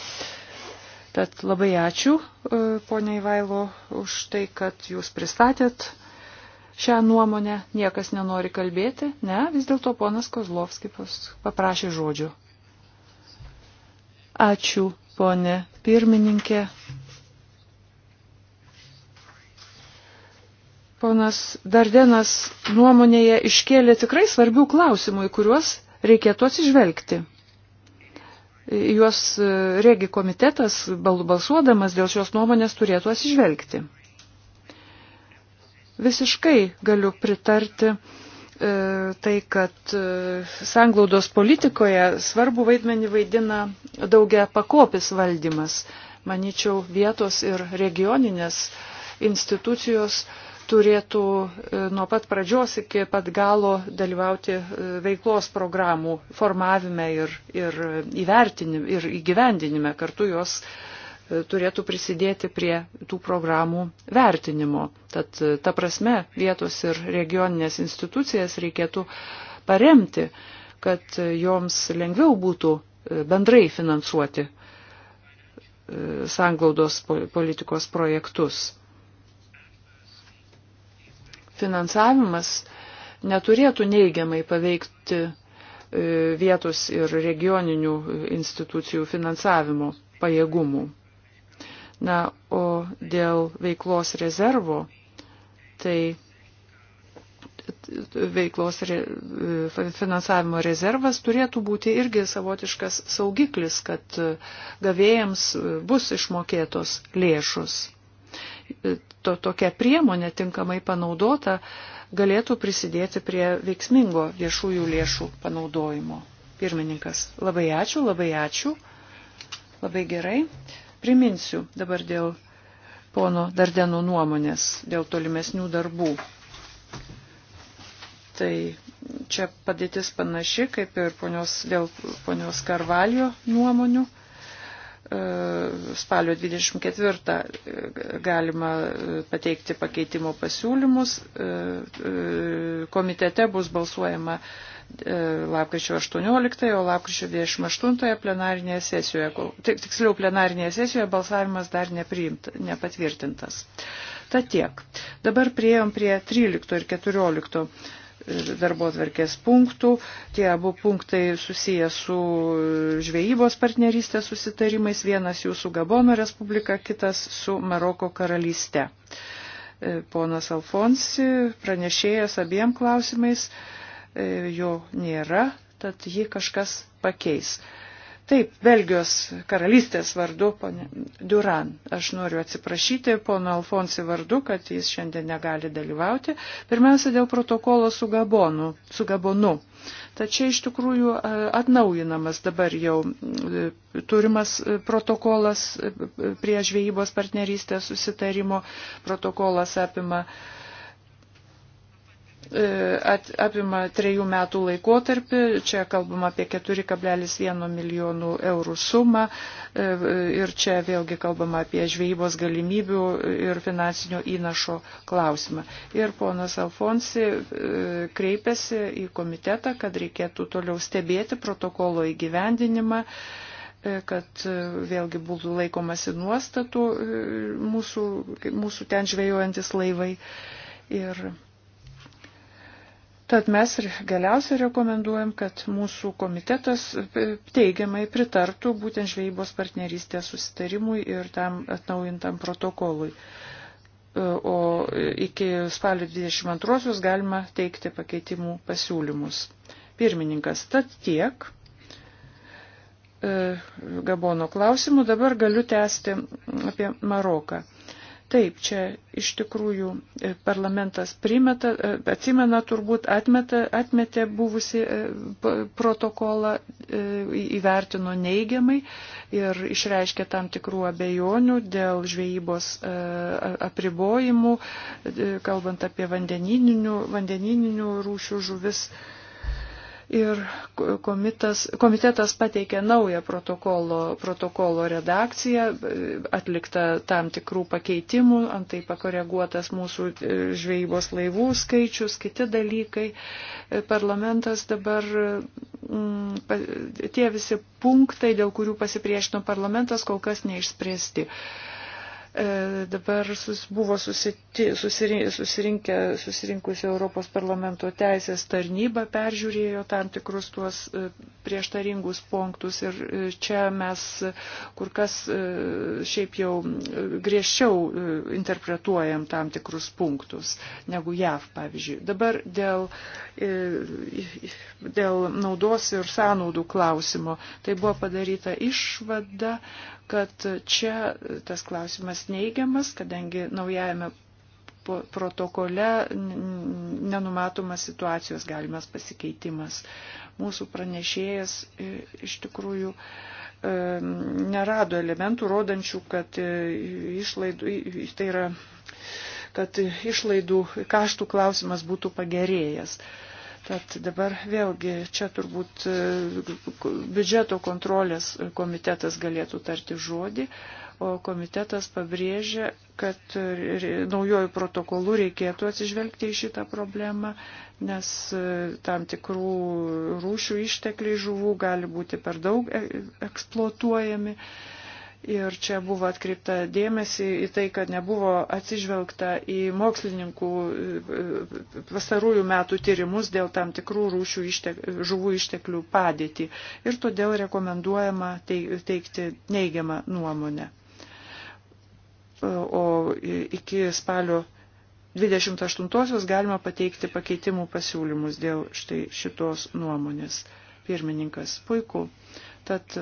[SPEAKER 3] Tad labai ačiū, e, ponia Ivailo, už tai, kad jūs pristatėt šią nuomonę niekas nenori kalbėti, ne, vis dėlto ponas Kozlovskis paprašė žodžio. Ačiū, ponė pirmininkė. Ponas Dardenas nuomonėje iškėlė tikrai svarbių klausimų, į kuriuos reikėtų atsižvelgti. Juos e, regi komitetas, balsuodamas dėl šios nuomonės, turėtų atsižvelgti. Visiškai galiu pritarti uh, E, tai, kad e, sanglaudos politikoje svarbu vaidmenį vaidina daugia pakopis valdymas. Maničiau, vietos ir regioninės institucijos turėtų e, nuo pat pradžios iki pat galo dalyvauti veiklos programų formavime ir, ir, įvertinime, ir įgyvendinime, kartu jos turėtų prisidėti prie tų programų vertinimo. Tad e, ta prasme vietos ir regioninės institucijas reikėtų paremti, kad e, joms lengviau būtų e, bendrai finansuoti sanglaudos politikos projektus. Finansavimas neturėtų neigiamai paveikti vietos ir regioninių institucijų finansavimo pajėgumų. Na, o dėl veiklos rezervo, tai veiklos re, finansavimo rezervas turėtų būti irgi savotiškas saugiklis, kad gavėjams bus išmokėtos lėšus. To, tokia priemonė tinkamai panaudota galėtų prisidėti prie veiksmingo viešųjų lėšų panaudojimo. Pirmininkas, labai ačiū, labai ačiū, labai gerai. Priminsiu dabar dėl pono Dardeno nuomonės, dėl tolimesnių darbų. Tai čia padėtis panaši, kaip ir ponios, dėl ponios Karvalio nuomonių. E, spalio 24 e, galima e, pateikti pakeitimo pasiūlymus. Komitete bus balsuojama E, lapkričio 18, o lapkričio 28 plenarinėje sesijoje, tiksliau plenarinėje sesijoje balsavimas dar nepriimt, nepatvirtintas. Ta tiek. Dabar prieėm prie 13 ir 14 e, darbo atverkės punktų. Tie abu punktai susiję su žvejybos partnerystės susitarimais, vienas jų su Gabono Respublika, kitas su Maroko karalyste. E, ponas Alfonsi, pranešėjas abiem klausimais, E, jo nėra, tad jį kažkas pakeis. Taip, Belgijos karalystės vardu, ponė Duran, aš noriu atsiprašyti pono Alfonsi vardu, kad jis šiandien negali dalyvauti. Pirmiausia, dėl protokolo su, Gabonu, su Gabonu. Tačiau iš tikrųjų e, atnaujinamas dabar jau e, turimas protokolas prie žvejybos partnerystės susitarimo. Protokolas apima E, at, apima trejų metų laikotarpį, čia kalbama apie 4,1 milijonų eurų sumą e, ir čia vėlgi kalbama apie žvejybos galimybių ir finansinio įnašo klausimą. Ir ponas Alfonsi e, kreipėsi į komitetą, kad reikėtų toliau stebėti protokolo įgyvendinimą kad vėlgi būtų laikomasi nuostatų mūsų, mūsų ten žvejojantis laivai. Ir Tad mes ir galiausiai rekomenduojam, kad mūsų komitetas teigiamai pritartų būtent žvejybos partnerystės susitarimui ir tam atnaujintam protokolui. O iki spalio 22-osios galima teikti pakeitimų pasiūlymus. Pirmininkas, tad tiek. E, Gabono klausimų dabar galiu tęsti apie Maroką. Taip, čia iš tikrųjų e, parlamentas primeta, e, atsimena turbūt, atmeta, atmetė buvusi e, protokolą, įvertino neigiamai ir išreiškė tam tikrų abejonių dėl žvejybos apribojimų, kalbant apie vandenininių, vandenininių rūšių žuvis ir komitas, komitetas pateikė naują protokolo, protokolo redakciją, atlikta tam tikrų pakeitimų, antai pakoreguotas mūsų e, žvejybos laivų skaičius, kiti dalykai. E, parlamentas dabar, mm, tie visi punktai, dėl kurių pasipriešino parlamentas, kol kas neišspręsti. E, dabar sus, buvo susiti, susirin, susirinkę, susirinkusi Europos parlamento teisės tarnyba, peržiūrėjo tam tikrus tuos e, prieštaringus punktus ir e, čia mes kur kas šiaip jau griežčiau interpretuojam tam tikrus punktus negu JAV, pavyzdžiui. Dabar dėl, dėl naudos ir sąnaudų klausimo tai buvo padaryta išvada, kad čia tas klausimas neigiamas, kadangi naujajame protokole nenumatomas situacijos galimas pasikeitimas. Mūsų pranešėjas e, iš tikrųjų e, nerado elementų rodančių, kad e, išlaidų, tai yra, kad išlaidų kaštų klausimas būtų pagerėjęs. Tad dabar vėlgi čia turbūt e, biudžeto kontrolės komitetas galėtų tarti žodį, o komitetas pabrėžia, kad naujojų protokolų reikėtų atsižvelgti į šitą problemą, nes e, tam tikrų rūšių ištekliai žuvų gali būti per daug e, eksploatuojami. E Ir čia buvo atkreipta dėmesį į tai, kad nebuvo atsižvelgta į mokslininkų e, pastarųjų metų tyrimus dėl tam tikrų rūšių ištek, žuvų išteklių padėtį. Ir todėl rekomenduojama teikti neigiamą nuomonę. E, o iki spalio 28-osios galima pateikti pakeitimų pasiūlymus dėl štai šitos nuomonės. Pirmininkas, puiku. Tad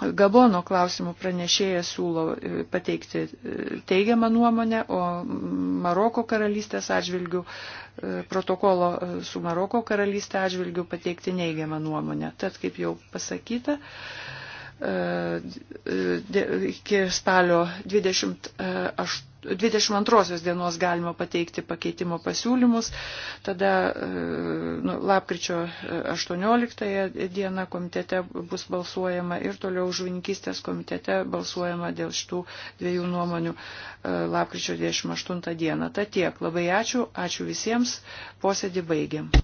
[SPEAKER 3] Gabono klausimų pranešėjas siūlo e, pateikti e, teigiamą nuomonę, o Maroko karalystės atžvilgių e, protokolo su Maroko karalystė atžvilgių pateikti neigiamą nuomonę. Tad, kaip jau pasakyta, iki spalio 28 22 dienos galima pateikti pakeitimo pasiūlymus, tada e, nu, lapkričio 18 e, dieną komitete bus balsuojama ir toliau žuvininkystės komitete balsuojama dėl šitų dviejų nuomonių e, lapkričio 28 dieną. Ta tiek, labai ačiū, ačiū visiems, posėdį baigiam.